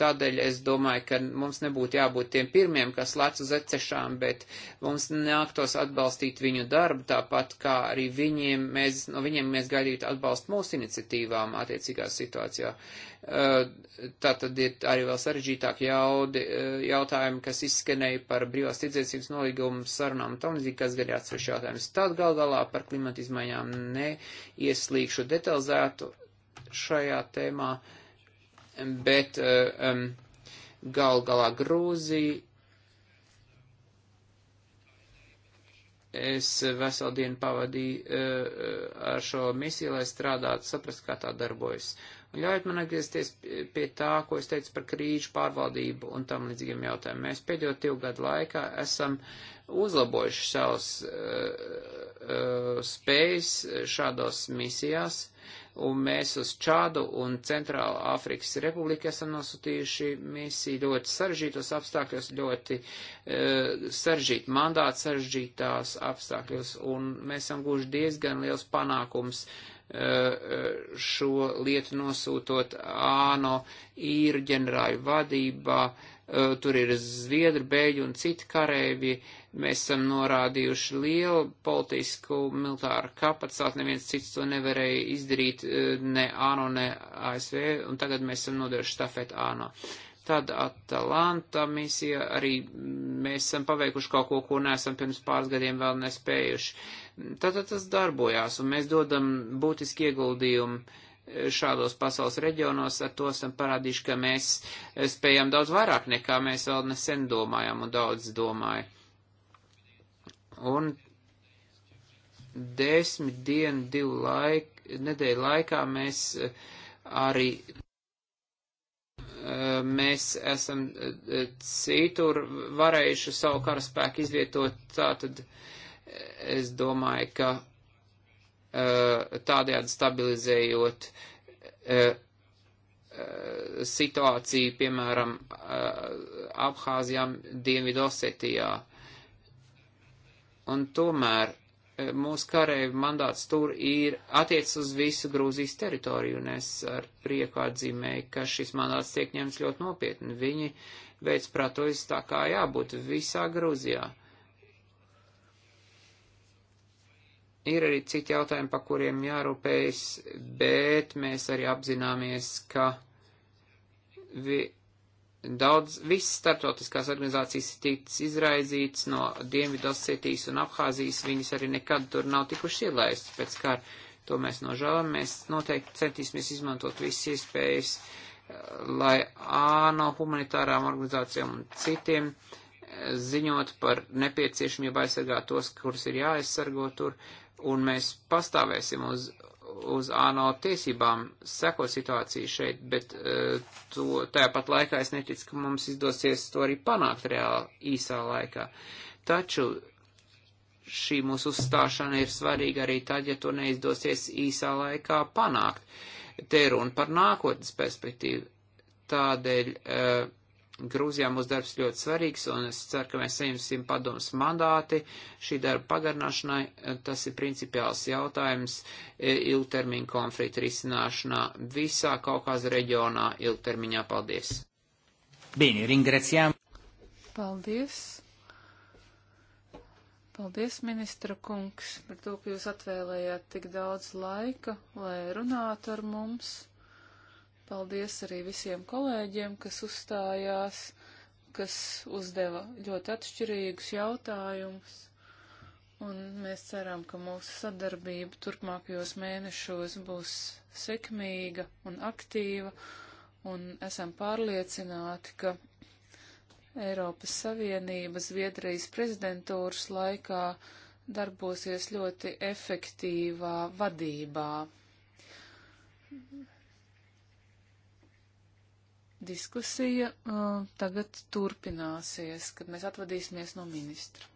Tādēļ es domāju, ka mums nebūtu jābūt tiem pirmiem, kas lec uz ecešām, bet mums nāktos atbalstīt viņu darbu, tāpat kā arī viņiem mēs, no viņiem mēs gaidītu atbalstu mūsu iniciatīvām attiecīgā situācijā. Uh, tā tad ir arī vēl sarežģītāk jaudi, uh, jautājumi, kas izskanēja par brīvās tirdzniecības nolīgumu sarunām un tam līdzīgi, kas gan ir atsevišķi jautājums. Tad gal galā par klimata izmaiņām neieslīgšu detalizētu šajā tēmā. Uh, bet um, gal galā Grūzija. Es veselu dienu pavadīju uh, ar šo misiju, lai strādātu, saprast, kā tā darbojas. Un ļaujiet man atgriezties pie tā, ko es teicu par krīžu pārvaldību un tam līdzīgiem jautājumiem. Mēs pēdējo divu gadu laikā esam uh, uzlabojuši savus uh, uh, spējas šādos misijās, un mēs uz Čādu un Centrālu Āfrikas Republiku esam nosūtījuši misiju ļoti sarežģītos apstākļos, ļoti uh, sarežģīt mandāts sarežģītās apstākļos, un mēs esam guši diezgan liels panākums uh, šo lietu nosūtot āno īru ģenerāļu vadībā. Uh, Eh, tur ir zviedri, beļi un citi karēvi. Mēs esam norādījuši lielu politisku militāru kapacitāti, neviens cits to nevarēja izdarīt eh, ne ANO, ne ASV, un tagad mēs esam nodevuši stafetu ANO. Tad Atalanta misija arī mēs esam paveikuši kaut ko, ko neesam pirms pāris gadiem vēl nespējuši. Tātad tas darbojās, un mēs dodam būtiski ieguldījumu uh, šādos pasaules reģionos, ar to esam parādījuši, ka mēs spējam daudz vairāk nekā mēs vēl nesen domājām un daudz domāju. Un desmit dienu, divu laik, nedēļu laikā mēs arī mēs esam eh, citur varējuši savu karaspēku izvietot, tātad eh, es domāju, ka Eh, tādējādi stabilizējot eh, eh, situāciju, piemēram, Abhāzijām, Dienvidosetijā. Un tomēr mūsu karēju mandāts tur ir attiec uz visu Grūzijas teritoriju, un es ar prieku atzīmēju, ka šis mandāts tiek ņemts ļoti nopietni. Viņi veids pratojas tā kā jābūt visā Grūzijā. Uh, Ir arī citi jautājumi, pa kuriem jārūpējas, bet mēs arī apzināmies, ka vi, daudz, visas startautiskās organizācijas ir ticis izraizīts no Dienvidosetijas un Abhāzijas, viņas arī nekad tur nav tikuši ielaistas pēc kā. To mēs nožēlam, mēs noteikti centīsimies izmantot visas iespējas, eh, lai ANO humanitārām organizācijām un citiem eh, ziņot par nepieciešamību aizsargāt tos, kurus ir jāaizsargo tur. Uh, un mēs pastāvēsim uz, uz ANO tiesībām, seko situāciju šeit, bet eh, to, tāpat laikā es neticu, ka mums izdosies to arī panākt reāli īsā laikā. Taču šī mūsu uzstāšana ir svarīga arī tad, ja to neizdosies īsā laikā panākt. Te ir runa par nākotnes perspektīvu. Tādēļ uh, Grūzijā mūsu darbs ļoti svarīgs, un es ceru, ka mēs saņemsim padomus mandāti šī darba pagarināšanai. Tas ir principiāls jautājums e, ilgtermiņa konflikta risināšanā visā Kaukāza reģionā ilgtermiņā. Paldies! Bīni, ringracijām! Paldies! Paldies, ministra kungs, par to, ka jūs atvēlējāt tik daudz laika, lai runātu ar mums. Paldies arī visiem kolēģiem, kas uzstājās, kas uzdeva ļoti atšķirīgus jautājumus. Un mēs ceram, ka mūsu sadarbība turpmākajos mēnešos būs sekmīga un aktīva, un esam pārliecināti, ka Eiropas Savienības Zviedrijas prezidentūras laikā darbosies ļoti efektīvā vadībā. Diskusija uh, tagad turpināsies, kad mēs atvadīsimies no ministra.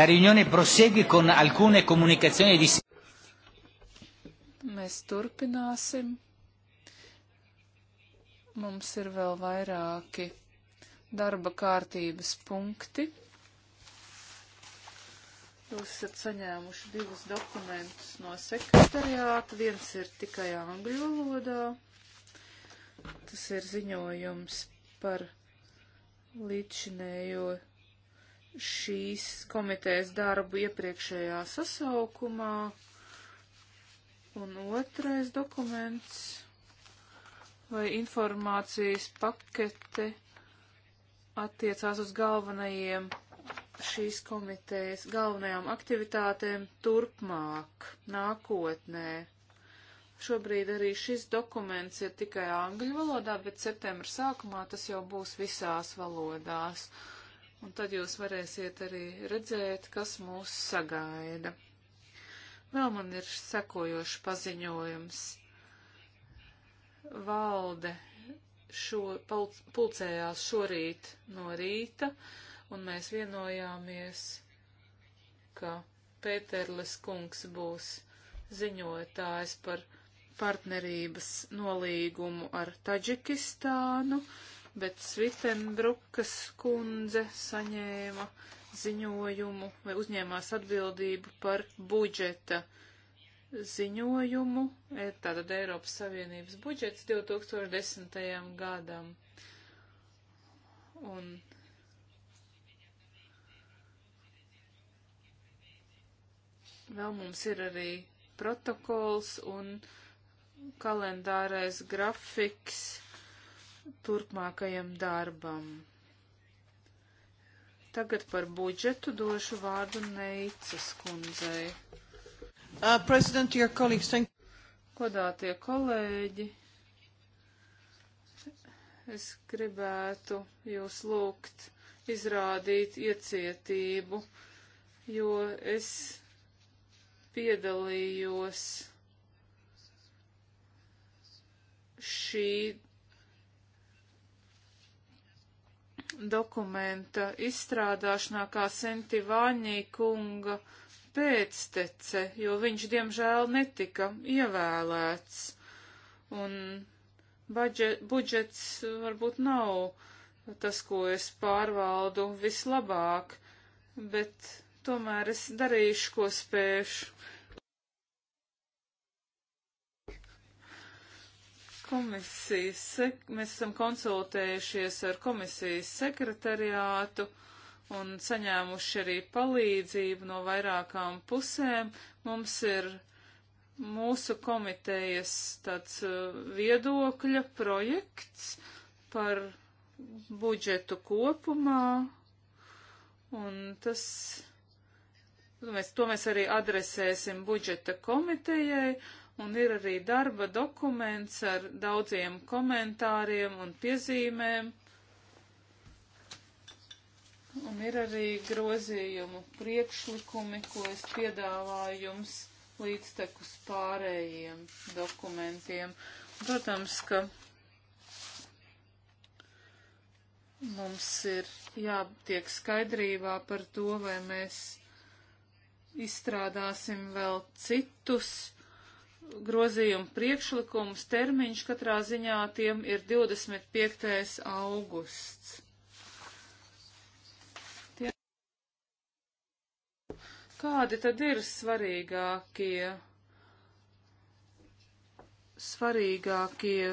La riunione prosegue con alcune comunicazioni di. Mēs turpināsim. Mums ir vēl vairāki darba kārtības punkti. Jūs esat saņēmuši divus dokumentus no sekretariāta. Viens ir tikai angļu valodā. Tas ir ziņojums par līdzinējo šīs komitejas darbu iepriekšējā sasaukumā. Un otrais dokuments vai informācijas pakete attiecās uz galvenajiem šīs komitejas galvenajām aktivitātēm turpmāk, nākotnē. Šobrīd arī šis dokuments ir tikai angļu valodā, bet septembra sākumā tas jau būs visās valodās. Uh, un tad jūs varēsiet arī redzēt, kas mūs sagaida. Vēl man ir sekojošs paziņojums. Valde šo, pulcējās šorīt no rīta, un mēs vienojāmies, ka Pēterles kungs būs ziņotājs par partnerības nolīgumu ar Taģikistānu bet Svitenbrukas kundze saņēma ziņojumu vai uzņēmās atbildību par budžeta ziņojumu, e, tātad Eiropas Savienības budžets 2010. gadam. Un vēl mums ir arī protokols un kalendārais grafiks turpmākajam darbam. Tagad par budžetu došu vārdu Neicas kundzei. Uh, President, your colleagues, thank you. Godātie kolēģi, es gribētu jūs lūgt izrādīt iecietību, jo es piedalījos šī dokumenta izstrādāšanā kā Sentivāņī kunga pēctece, jo viņš diemžēl netika ievēlēts. Un budžet, budžets varbūt nav tas, ko es pārvaldu vislabāk, bet tomēr es darīšu, ko spēšu. Komisijas, mēs esam konsultējušies ar komisijas sekretariātu un saņēmuši arī palīdzību no vairākām pusēm. Mums ir mūsu komitejas tāds uh, viedokļa projekts par budžetu kopumā, un tas, mēs, to mēs arī adresēsim budžeta komitejai, un ir arī darba dokuments ar daudziem komentāriem un piezīmēm, un ir arī grozījumu priekšlikumi, ko es piedāvāju jums līdztekus pārējiem dokumentiem. Protams, ka mums ir jātiek skaidrībā par to, vai mēs izstrādāsim vēl citus grozījumu priekšlikums termiņš katrā ziņā tiem ir 25. augusts. Tie... Kādi tad ir svarīgākie, svarīgākie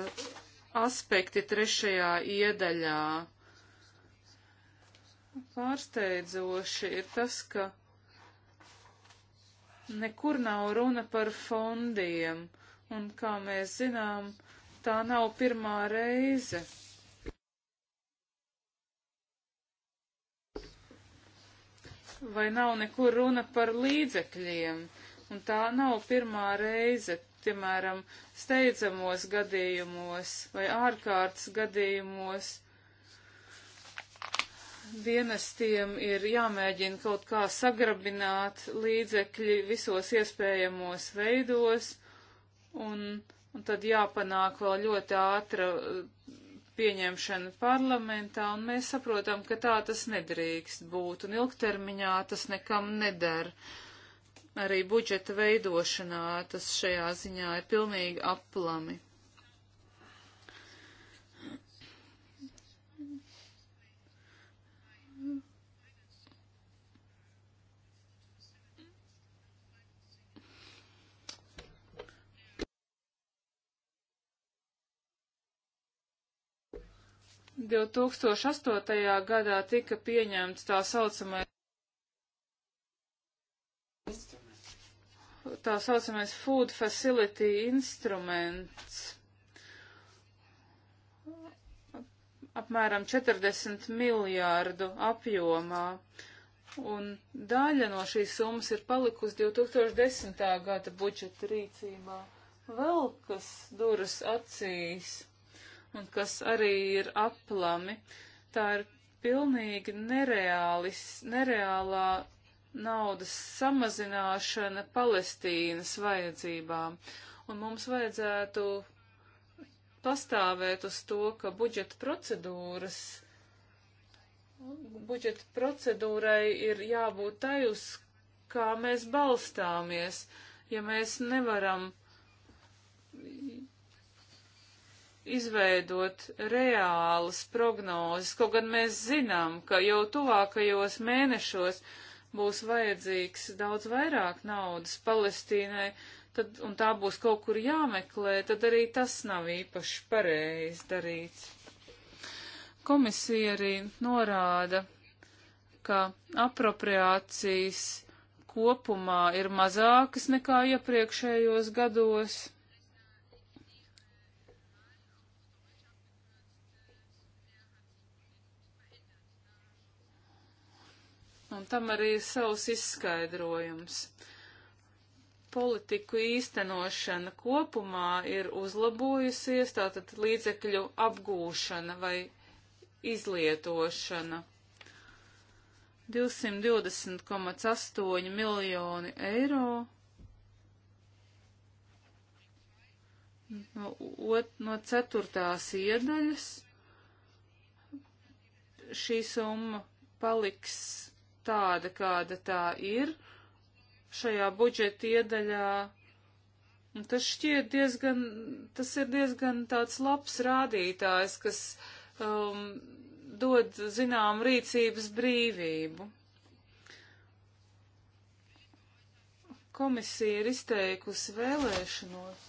aspekti trešajā iedaļā? Pārsteidzoši ir tas, ka nekur nav runa par fondiem, un kā mēs zinām, tā nav pirmā reize. Vai nav nekur runa par līdzekļiem, un tā nav pirmā reize, piemēram, steidzamos gadījumos vai ārkārtas gadījumos dienestiem ir jāmēģina kaut kā sagrabināt līdzekļi visos iespējamos veidos, un, un tad jāpanāk vēl ļoti ātra uh, pieņemšana parlamentā, un mēs saprotam, ka tā tas nedrīkst būt, un ilgtermiņā tas nekam neder. Arī budžeta veidošanā tas šajā ziņā ir pilnīgi aplami. 2008. gadā tika pieņemts tā saucamais. Tā saucamais Food Facility instruments. Apmēram 40 miljārdu apjomā. Un daļa no šīs summas ir palikusi 2010. gada budžeta rīcībā. Vēl kas duras acīs un kas arī ir aplami. Tā ir pilnīgi nereālis, nereālā naudas samazināšana Palestīnas vajadzībām. Un mums vajadzētu pastāvēt uz to, ka budžeta procedūras, budžeta procedūrai ir jābūt tai, uz kā mēs balstāmies, ja mēs nevaram uh, izveidot reālas prognozes, kaut gan mēs zinām, ka jau tuvākajos mēnešos būs vajadzīgs daudz vairāk naudas Palestīnai, tad, un tā būs kaut kur jāmeklē, tad arī tas nav īpaši pareizi darīts. Komisija arī norāda, ka apropriācijas kopumā ir mazākas nekā iepriekšējos gados un tam arī ir savs izskaidrojums. Politiku īstenošana kopumā ir uzlabojusies, tātad līdzekļu apgūšana vai izlietošana. 220,8 miljoni eiro no, ot, no ceturtās iedaļas šī summa paliks tāda, kāda tā ir šajā budžeta iedaļā. Un tas šķiet diezgan, tas ir diezgan tāds labs rādītājs, kas um, dod zinām rīcības brīvību. Komisija ir izteikusi vēlēšanos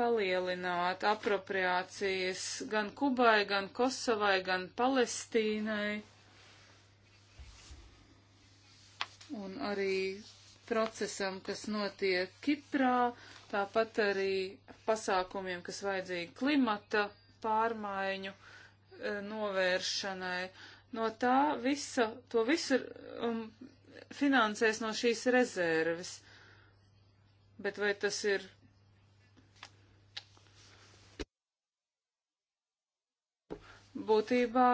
palielināt apropriācijas gan Kubai, gan Kosovai, gan Palestīnai. Un arī procesam, kas notiek Kiprā, tāpat arī pasākumiem, kas vajadzīgi klimata pārmaiņu e, novēršanai. No tā visa, to visu um, finansēs no šīs rezerves. Bet vai tas ir Būtībā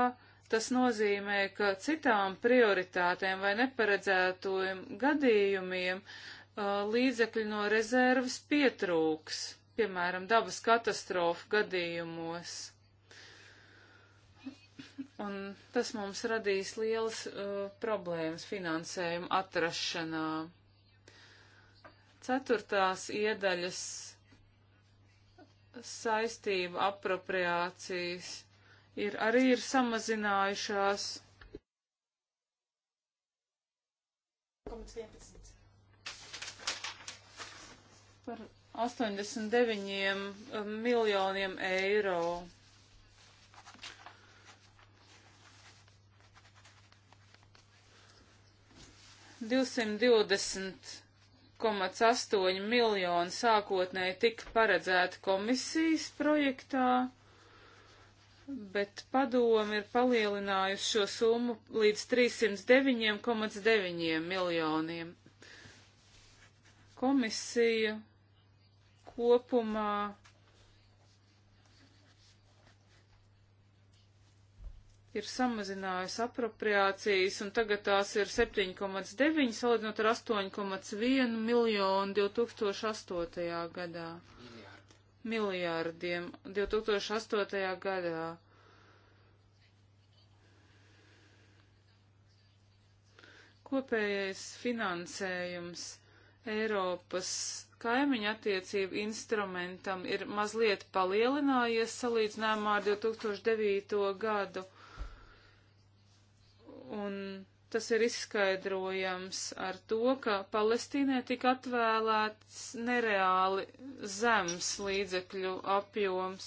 tas nozīmē, ka citām prioritātēm vai neparedzētojiem gadījumiem uh, līdzekļi no rezerves pietrūks, piemēram, dabas katastrofu gadījumos. Un tas mums radīs lielas uh, problēmas finansējuma atrašanā. Ceturtās iedaļas saistība apropriācijas ir arī ir samazinājušās. Par 89 eh, miljoniem eiro. Divsimt divdesmit 1,8 miljoni sākotnēji tika paredzēti komisijas projektā bet padomi ir palielinājusi šo summu līdz 309,9 miljoniem. Komisija kopumā ir samazinājusi apropriācijas, un tagad tās ir 7,9 salīdzinot ar 8,1 miljonu 2008. gadā miljārdiem 2008. gadā. Kopējais finansējums Eiropas kaimiņa attiecību instrumentam ir mazliet palielinājies salīdzinājumā ar 2009. gadu. Un Tas ir izskaidrojams ar to, ka Palestīnai tika atvēlēts nereāli zems līdzekļu apjoms.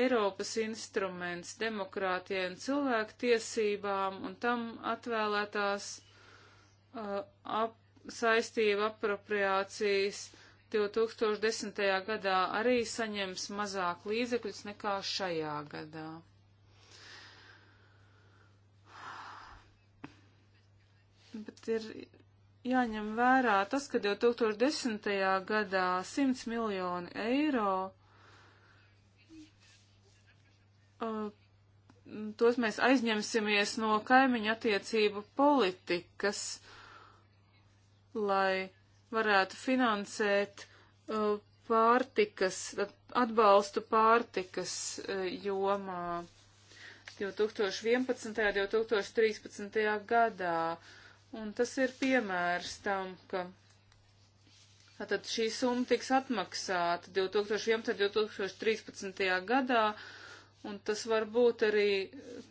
Eiropas instruments demokrātijai un cilvēktiesībām un tam atvēlētās uh, ap, saistība apropriācijas 2010. gadā arī saņems mazāk līdzekļus nekā šajā gadā. noteikti ir jāņem vērā tas, ka 2010. gadā 100 miljoni eiro, uh, tos mēs aizņemsimies no kaimiņa attiecību politikas, lai varētu finansēt uh, pārtikas, atbalstu pārtikas uh, jomā 2011. un 2013. gadā Un tas ir piemērs tam, ka tātad šī summa tiks atmaksāta 2011. 2013. gadā, un tas var būt arī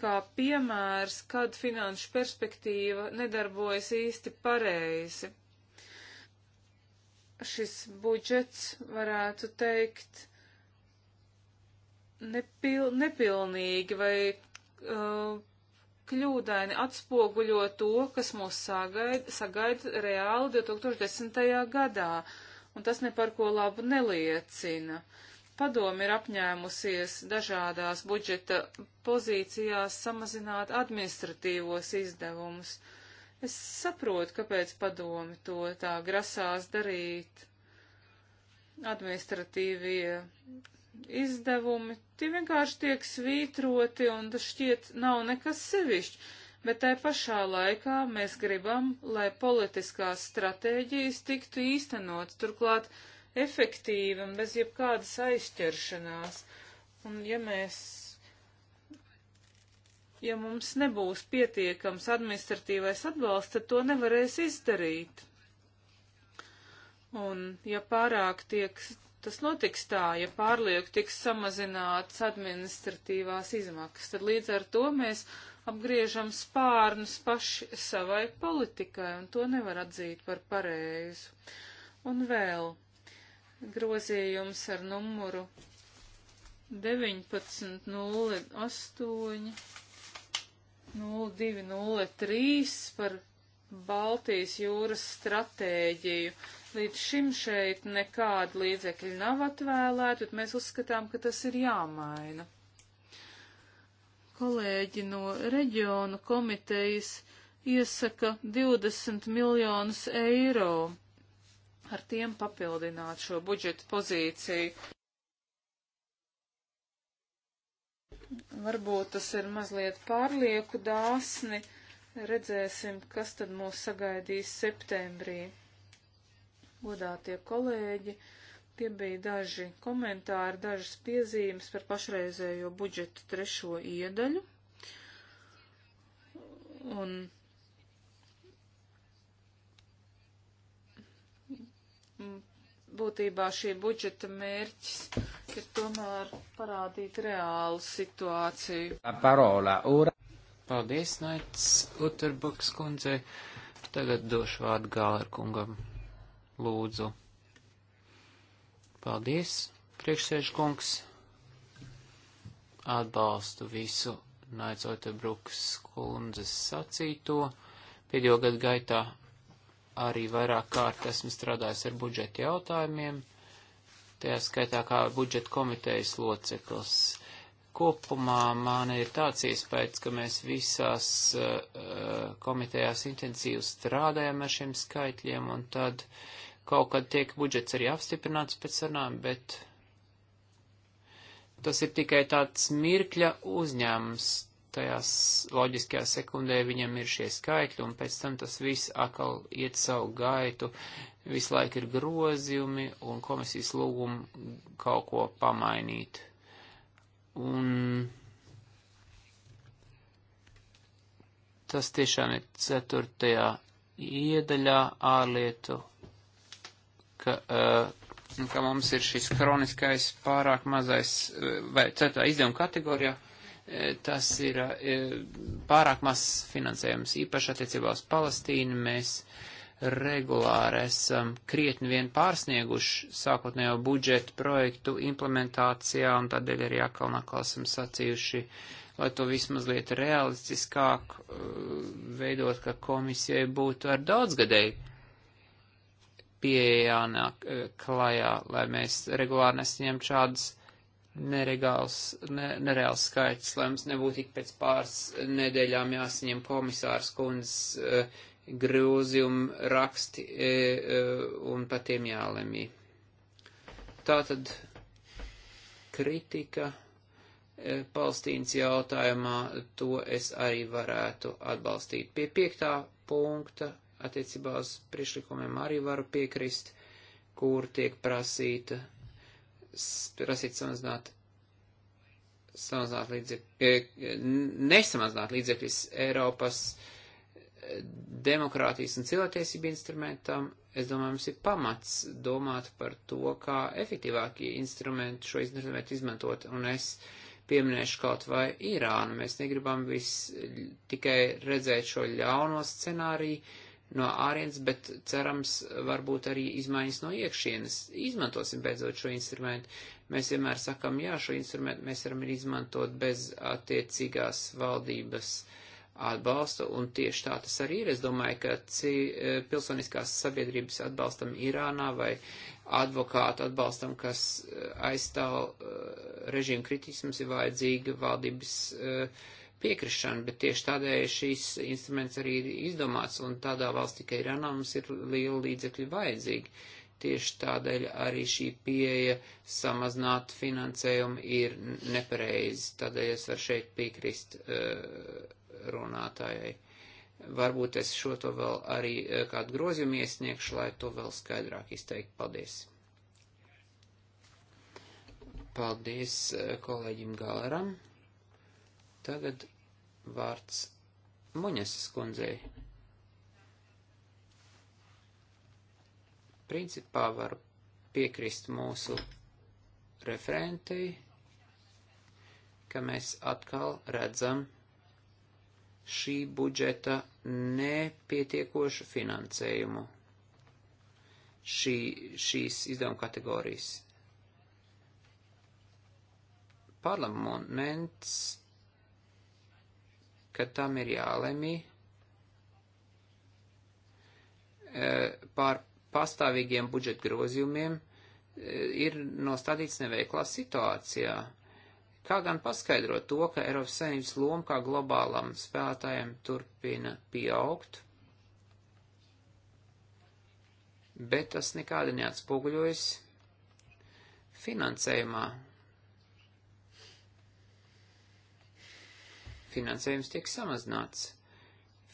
kā piemērs, kad finanšu perspektīva nedarbojas īsti pareizi. Šis budžets, varētu teikt, nepil, nepilnīgi vai uh, kļūdaini atspoguļo to, kas mūs sagaida, sagaida reāli 2010. gadā, un tas ne par ko labu neliecina. Padomi ir apņēmusies dažādās budžeta pozīcijās samazināt administratīvos izdevumus. Es saprotu, kāpēc padomi to tā grasās darīt. Administratīvie izdevumi, tie vienkārši tiek svītroti un tas šķiet nav nekas sevišķi, bet tai pašā laikā mēs gribam, lai politiskās stratēģijas tiktu īstenotas turklāt efektīvi un bez jebkādas aizķeršanās. Un ja mēs, ja mums nebūs pietiekams administratīvais atbalsts, tad to nevarēs izdarīt. Un ja pārāk tiek Tas notiks tā, ja pārlieku tiks samazināts administratīvās izmaksas, tad līdz ar to mēs apgriežam spārnus paši savai politikai, un to nevar atzīt par pareizu. Un vēl grozījums ar numuru 1908 0203 par Baltijas jūras stratēģiju. Līdz šim šeit nekāda līdzekļa nav atvēlēta, bet mēs uzskatām, ka tas ir jāmaina. Kolēģi no reģionu komitejas iesaka 20 miljonus eiro ar tiem papildināt šo budžeta pozīciju. Varbūt tas ir mazliet pārlieku dāsni. Redzēsim, kas tad mūs sagaidīs septembrī godātie kolēģi. Tie bija daži komentāri, dažas piezīmes par pašreizējo budžetu trešo iedaļu. Un būtībā šī budžeta mērķis ir tomēr parādīt reālu situāciju. Parola, ura. Paldies, Naits Uterbuks kundze. Tagad došu vārdu Gāler kungam. Lūdzu. Paldies, priekšsēžkungs. Atbalstu visu Naicote Bruks kundzes sacīto. Pēdējo gadu gaitā arī vairāk kārt esmu strādājis ar budžeta jautājumiem, tajā skaitā kā budžeta komitejas loceklis. Kopumā man ir tāds iespējas, ka mēs visās uh, komitejās intensīvi strādājam ar šiem skaitļiem, un tad kaut kad tiek budžets arī apstiprināts pēc sarunām, bet tas ir tikai tāds mirkļa uzņēmums. Tajās loģiskajā sekundē viņam ir šie skaitļi, un pēc tam tas viss atkal iet savu gaitu. Visu laiku ir grozījumi un komisijas lūgumi kaut ko pamainīt. Un tas tiešām ir ceturtajā iedaļā ārlietu, ka, uh, ka mums ir šis kroniskais pārāk mazais, eh, vai ceturtā izdevuma kategorijā, eh, tas ir uh, pārāk mazs finansējums, īpaši attiecībā uz Palestīnu mēs uh, regulāri esam krietni vien pārsnieguši sākotnējo budžetu projektu implementācijā, un tādēļ arī atkal nakal esam sacījuši, lai to visu mazliet realistiskāk eh, veidot, ka komisijai būtu ar daudzgadēju pieejānā eh, klajā, lai mēs regulāri nesaņem šādas neregāls, ne, nereāls skaits, lai mums nebūtu ik pēc pāris nedēļām jāsaņem komisārs kundzes eh, grūzījumi raksti e, e, un par tiem jālemī. Tātad kritika e, Palestīnas jautājumā to es arī varētu atbalstīt. Pie piektā punkta attiecībā uz priekšlikumiem arī varu piekrist, kur tiek prasīta, prasīt samazināt samazināt līdzekļus, nesamazināt līdzekļus Eiropas uh, demokrātijas un cilvēktiesību instrumentam, es domāju, mums ir pamats domāt par to, kā efektīvākie instrumenti šo instrumentu izmantot, un es pieminēšu kaut vai Irānu. Mēs negribam vis tikai redzēt šo ļauno scenāriju no ārienes, bet cerams, varbūt arī izmaiņas no iekšienes. Izmantosim beidzot šo instrumentu. Mēs vienmēr sakam, jā, šo instrumentu mēs varam izmantot bez attiecīgās valdības uh, atbalsta, un tieši tā tas arī ir. Es domāju, ka ci, e, pilsoniskās sabiedrības atbalstam Irānā vai advokātu atbalstam, kas e, aizstāv uh, režīmu kritismus, ir vajadzīga valdības uh, piekrišana, bet tieši tādēļ šīs instruments arī ir izdomāts, un tādā valstī, kā Irānā, mums ir liela līdzekļa vajadzīga. Tieši tādēļ arī šī pieeja samazināt finansējumu ir nepareizi. Tādēļ es varu šeit piekrist uh, runātājai. Varbūt es šo to vēl arī eh, kādu grozījumu iesniegšu, lai to vēl skaidrāk izteikt. Paldies! Paldies eh, kolēģim Galeram. Tagad vārds Muņasas kundzei. Principā var piekrist mūsu referentei, ka mēs atkal redzam šī budžeta nepietiekošu finansējumu šī, šīs izdevuma kategorijas. Parlaments, kad tam ir jālemj e, pār pastāvīgiem budžeta grozījumiem, e, ir nostādīts neveiklā situācijā. Kā gan paskaidrot to, ka Eiropas Savienības loma kā globālam spēlētājiem turpina pieaugt, bet tas nekādi neatspoguļojas finansējumā. Finansējums tiek samazināts.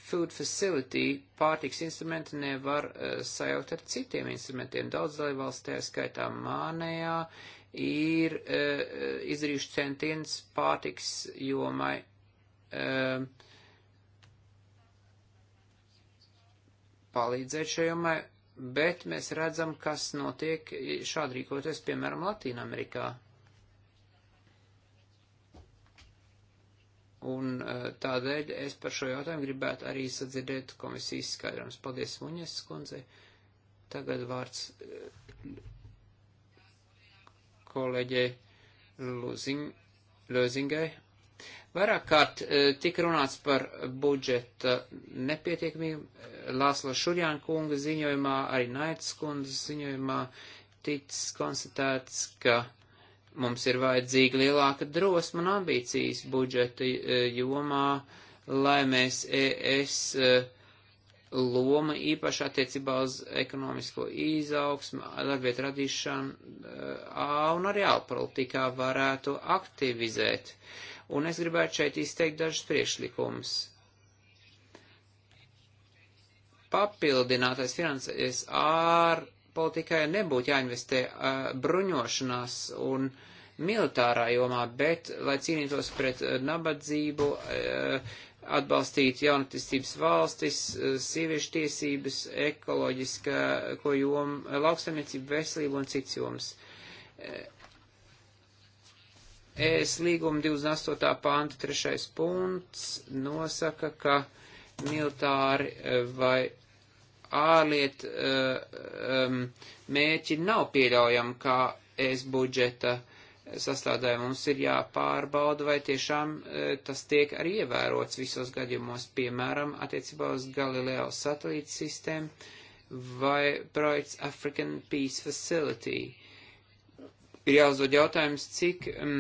Food facility pārtiks instrumenti nevar uh, sajaukt ar citiem instrumentiem. Daudz dalībvalsts, tajā skaitā mānējā, uh, ir e, izdarījuši centiens pārtiks jomai. E, palīdzēt šajomai, bet mēs redzam, kas notiek šādi rīkoties, piemēram, Latīnamerikā. Un eh, tādēļ es par šo jautājumu gribētu arī sadzirdēt komisijas skaidrums. Paldies, Muņas kundze. Tagad vārds kolēģei Lozingai. Vairāk kārt e, tika runāts par budžeta nepietiekamību. Lāsla Šurjāna kunga ziņojumā, arī Naits kundas ziņojumā ticis konstatēts, ka mums ir vajadzīga lielāka drosma un ambīcijas budžeta e, jomā, lai mēs ES. Es, loma īpaši attiecībā uz ekonomisko izaugsmu, darbvietu radīšanu ā, un arī ārpolitikā varētu aktivizēt. Un es gribētu šeit izteikt dažus priekšlikumus. Papildinātais finansējums ārpolitikai nebūtu jāinvestē bruņošanās un militārā jomā, bet, lai cīnītos pret nabadzību, ā, atbalstīt jaunatīstības valstis, eh, sieviešu tiesības, ekoloģiskā, ko joma, eh, lauksaimniecība, veselība un cits joms. Eh, ES līguma 28. pānta 3. punkts nosaka, ka militāri vai ārliet mērķi nav pieļaujami kā ES budžeta uh, sastādāja, mums ir jāpārbauda, vai tiešām e, tas tiek arī ievērots visos gadījumos, piemēram, attiecībā uz Galileo satelīta sistēmu vai projekts African Peace Facility. Ir jāuzdod jautājums, cik um,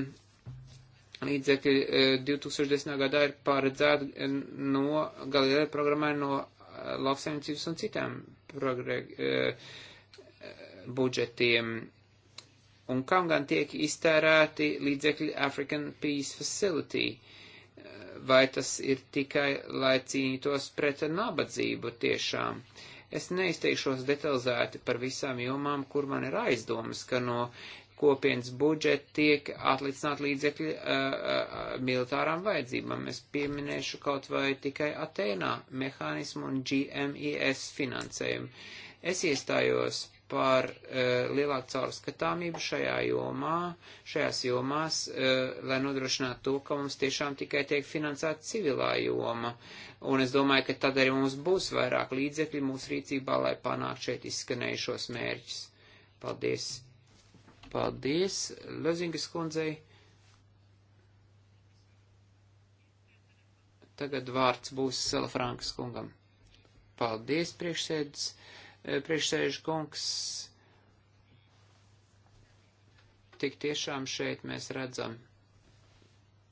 līdzekļi uh, e, 2010. gadā ir paredzēti e, no Galileo programmai no uh, lauksaimniecības un citām progr, uh, budžetiem. Uh, un kam gan tiek iztērēti līdzekļi African Peace Facility. Vai tas ir tikai, lai cīnītos pret nabadzību tiešām? Es neizteikšos detalizēti par visām jomām, kur man ir aizdomas, ka no kopienas budžeta tiek atlicināt līdzekļi uh, uh, uh, militārām vajadzībām. Es pieminēšu kaut vai tikai Atēnā mehānismu un GMES finansējumu. Es iestājos par e, lielāku caurskatāmību šajā jomā, šajās jomās, e, lai nodrošinātu to, ka mums tiešām tikai tiek finansēta civilā joma. Un es domāju, ka tad arī mums būs vairāk līdzekļi mūsu rīcībā, lai panāktu šeit izskanējušos mērķus. Paldies! Paldies, Lezingas kundzei! Tagad vārds būs Selafrankas kungam. Paldies, priekšsēdus! Eh, priekšsēžu kungs. Tik tiešām šeit mēs redzam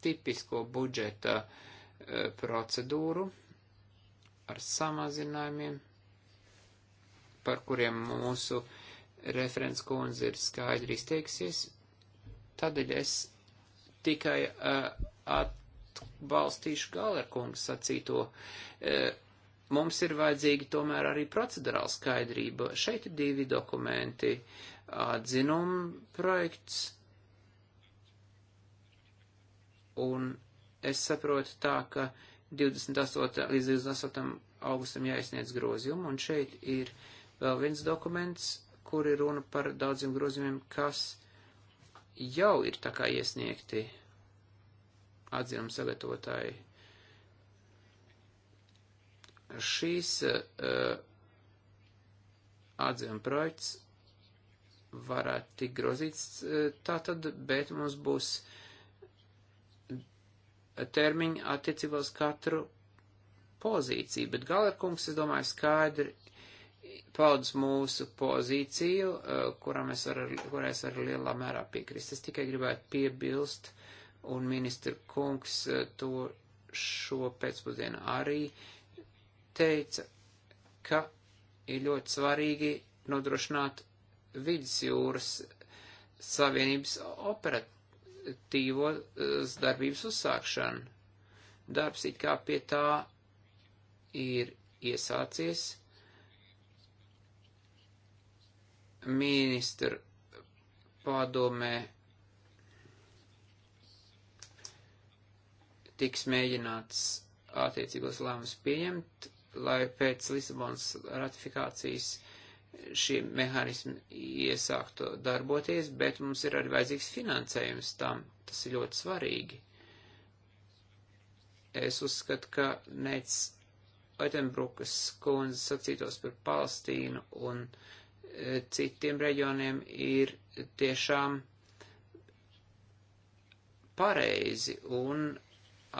tipisko budžeta eh, procedūru ar samazinājumiem, par kuriem mūsu referents kundze ir skaidri izteiksies. Tādēļ es tikai uh, atbalstīšu Galerkungs sacīto. Uh, mums ir vajadzīga tomēr arī procedurāla skaidrība. Šeit ir divi dokumenti - atzinuma projekts, un es saprotu tā, ka 28. līdz 28. augustam jāizsniedz grozījumu, un šeit ir vēl viens dokuments, kur ir runa par daudziem grozījumiem, kas jau ir tā kā iesniegti atzinuma sagatavotāji Šīs uh, eh, atzīme projekts varētu tik grozīts uh, tātad, bet mums būs termiņi attiecībā uz katru pozīciju, bet Galerkungs, es domāju, skaidri paudz mūsu pozīciju, eh, kurām es ar, kurai es ar lielā mērā piekrīstu. Es tikai gribētu piebilst, un ministra kungs to šo pēcpusdienu arī teica, ka ir ļoti svarīgi nodrošināt vidus jūras savienības operatīvo eh, darbības uzsākšanu. Darbs it kā pie tā ir iesācies. Ministru padomē tiks mēģināts attiecīgos lēmumus pieņemt lai pēc Lisabonas ratifikācijas šie mehānismi iesāktu darboties, bet mums ir arī vajadzīgs finansējums tam. Tas ir ļoti svarīgi. Es uzskatu, ka nec Oitenbrukas kundze sacītos par Palestīnu un e, citiem reģioniem ir tiešām pareizi un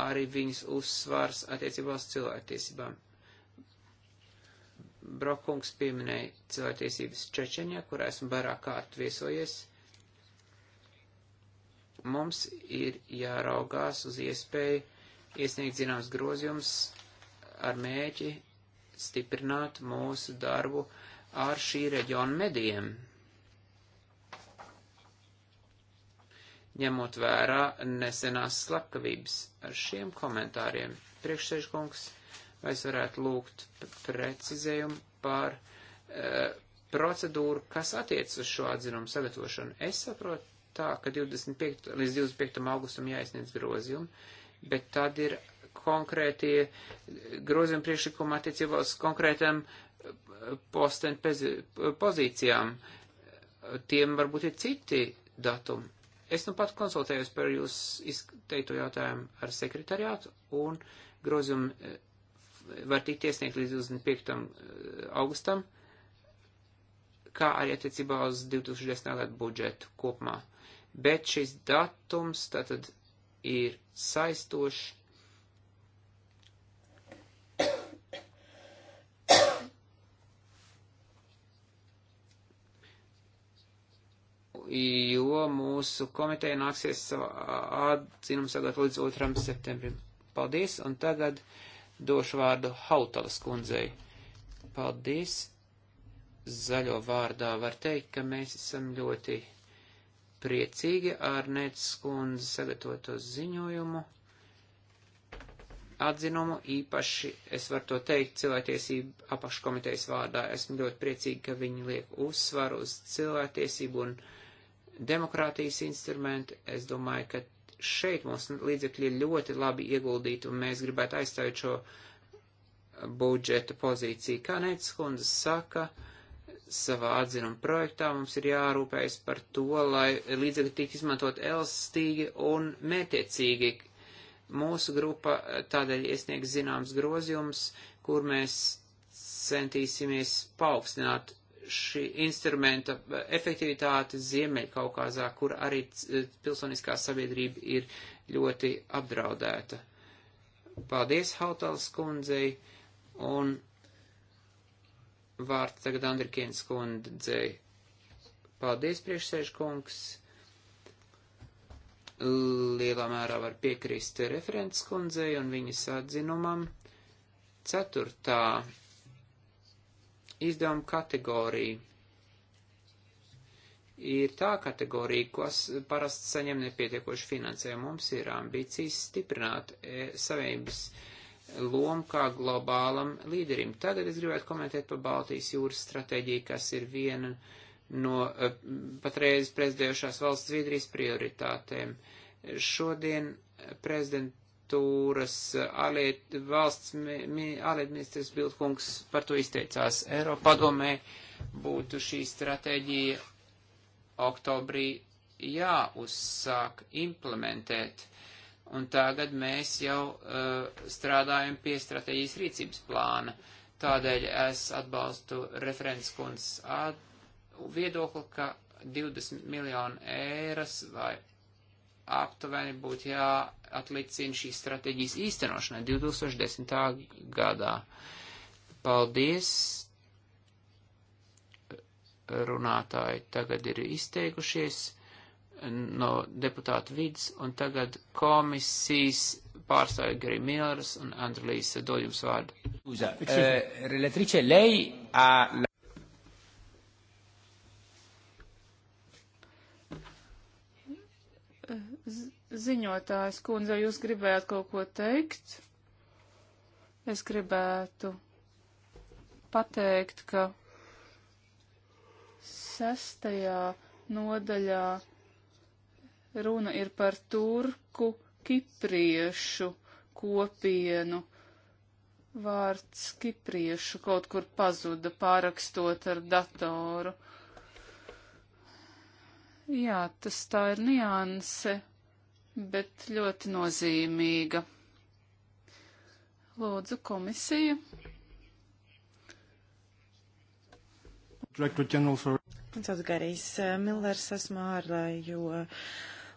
arī viņas uzsvars attiecībā uz cilvēktiesībām. Brokungs pieminēja cilvēktiesības Čečenijā, kurā esmu vairāk kārt viesojies. Mums ir jāraugās uz iespēju iesniegt zināms grozījums ar mēķi stiprināt mūsu darbu ar šī reģiona medijiem. Ņemot vērā nesenās slepkavības ar šiem komentāriem, priekšsēžkungs vai es varētu lūgt precizējumu par e, procedūru, kas attiec uz šo atzinumu sagatavošanu. Es saprotu tā, ka 25, līdz 25. augustam jāizniedz grozījumi, bet tad ir konkrētie grozījumi priekšlikumi attiecībā uz konkrētam e, posten e, pozīcijām. Tiem varbūt ir citi datumi. Es nu pat konsultējos par jūs izteikto jautājumu ar sekretariātu un grozījumu e, var tikt iesniegt līdz 25. Eh, augustam, kā arī attiecībā uz 2010. gadu budžetu kopumā. Bet šis datums tātad ir saistošs. jo mūsu komiteja nāksies savu atzinumu sagatavot līdz 2. septembrim. Paldies, un tagad uh, Došu vārdu Hautalas kundzei. Paldies! Zaļo vārdā var teikt, ka mēs esam ļoti priecīgi ar Nētas kundzi sagatavoto ziņojumu atzinumu, īpaši es varu to teikt cilvēktiesību apakškomitejas vārdā. Esmu ļoti priecīgi, ka viņi liek uzsvaru uz cilvēktiesību un demokrātijas instrumentu. Es domāju, ka šeit mums līdzekļi ir ļoti labi ieguldīti, un mēs gribētu aizstāvēt šo budžeta pozīciju. Kā Nētas kundze saka, savā atzinuma projektā mums ir jārūpējas par to, lai līdzekļi tik izmantot elastīgi un mētiecīgi. Mūsu grupa tādēļ iesniegs zināms grozījums, kur mēs centīsimies paaugstināt šī instrumenta efektivitāte Ziemeļkaukāzā, kur arī eh, pilsoniskā sabiedrība ir ļoti apdraudēta. Paldies Hautals kundzei un vārds tagad Andrikienas kundzei. Paldies priekšsēž kungs. Lielā mērā var piekrist referents kundzei un viņas atzinumam. Ceturtā izdevumu kategorija. Ir tā kategorija, kas parasti saņem nepietiekoši finansējumu. Mums ir ambīcijas stiprināt e, savienības lomu kā globālam līderim. Tagad es gribētu komentēt par Baltijas jūras stratēģiju, kas ir viena no e, patreiz prezidējušās valsts Zviedrijas prioritātēm. Šodien prezidenta aģentūras eh, aliet, valsts mi, aliet ministrs Bildkungs par to izteicās. Eiropadomē būtu šī stratēģija oktobrī jāuzsāk implementēt. Un tagad mēs jau uh, strādājam pie stratēģijas rīcības plāna. Tādēļ es atbalstu referents kundzes viedokli, ka 20 miljonu eiras vai aptuveni būtu jāatlicina šīs stratēģijas īstenošanai 2010. gadā. Paldies! Runātāji tagad ir izteikušies no deputāta vidas, un tagad komisijas pārstāvja Gary Millers un Andrelīs dod jums vārdu. Scusa, eh, relatrice, lei ha la... priekšsādātājs kundze, jūs gribējāt kaut ko teikt? Es gribētu pateikt, ka sestajā nodaļā runa ir par turku kipriešu kopienu. Vārds kipriešu kaut kur pazuda pārakstot ar datoru. Jā, tas tā ir nianse, bet ļoti nozīmīga. Lūdzu, komisija. Mans Garīs eh, Millers esmu ārā, jo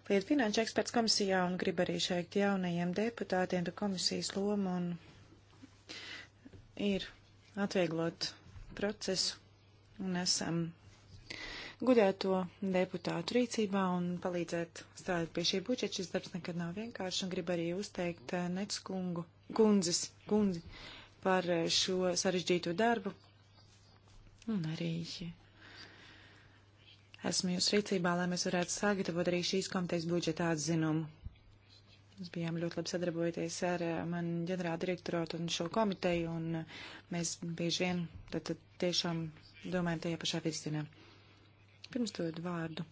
lietu finanšu eksperts komisijā un grib arī šeit jaunajiem deputātiem, ka komisijas loma un ir atvieglot procesu un esam gudēto deputātu rīcībā un palīdzēt strādāt pie šī budžeta. Šis darbs nekad nav vienkāršs un gribu arī uzteikt eh, Nets kungu, kundzes, kundzi par eh, šo sarežģīto darbu. Un arī esmu jūs rīcībā, lai mēs varētu sagatavot arī šīs komitejas budžeta atzinumu. Mēs bijām ļoti labi sadarbojoties ar eh, manu ģenerālu direktorātu un šo komiteju, un mēs bieži vien tad, tad tiešām domājam tajā pašā virzienā. Pirms dod vārdu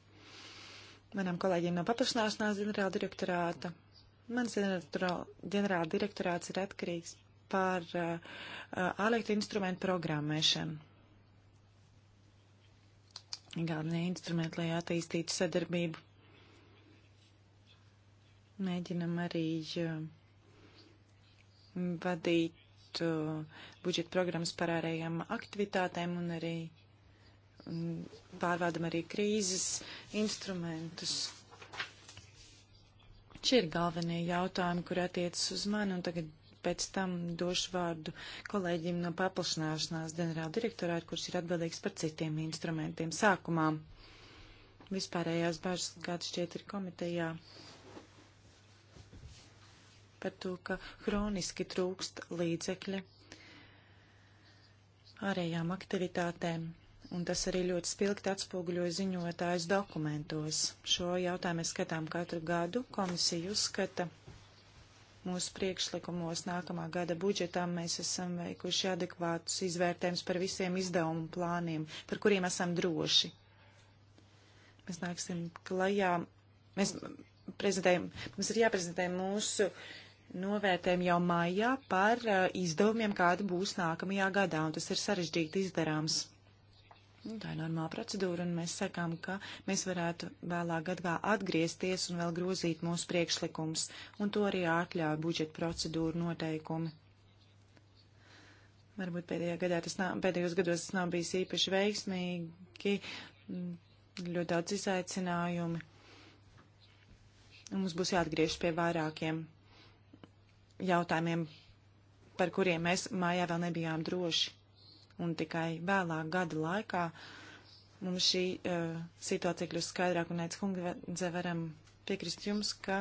manam kolēģiem no paplašanāšanās ģenerāla direktorāta. Mans ģenerāla direktorāts ir atkarīgs par uh, ārlietu uh, instrumentu programmēšanu. Galvenie instrumenti, lai attīstītu sadarbību. Mēģinam arī uh, vadīt uh, budžeta programmas par ārējām aktivitātēm un arī pārvaldam arī krīzes instrumentus. Šie ir galvenie jautājumi, kur attiecas uz mani, un tagad pēc tam došu vārdu kolēģim no paplašanāšanās ģenerāla direktorāta, kurš ir atbildīgs par citiem instrumentiem sākumā. Vispārējās bažas, kāds šķiet ir komitejā, par to, ka hroniski trūkst līdzekļi ārējām aktivitātēm un tas arī ļoti spilgti atspoguļoja ziņotājas dokumentos. Šo jautājumu mēs skatām katru gadu. Komisija uzskata mūsu priekšlikumos nākamā gada budžetām. Mēs esam veikuši adekvātus izvērtējums par visiem izdevumu plāniem, par kuriem esam droši. Mēs nāksim klajā. Mēs prezentējam, mums ir jāprezentē mūsu novērtējumu jau maijā par izdevumiem, kāda būs nākamajā gadā, un tas ir sarežģīti izdarāms Nu, tā ir normāla procedūra, un mēs sakām, ka mēs varētu vēlāk gadā atgriezties un vēl grozīt mūsu priekšlikums, un to arī atļauj budžeta procedūra noteikumi. Varbūt pēdējā gadā tas nav, pēdējos gados tas nav bijis īpaši veiksmīgi, ļoti daudz izaicinājumi. Un mums būs jāatgriežas pie vairākiem jautājumiem, par kuriem mēs mājā vēl nebijām droši un tikai vēlāk gada laikā mums šī uh, situācija kļūst skaidrāk, un Nēc kundze varam piekrist jums, ka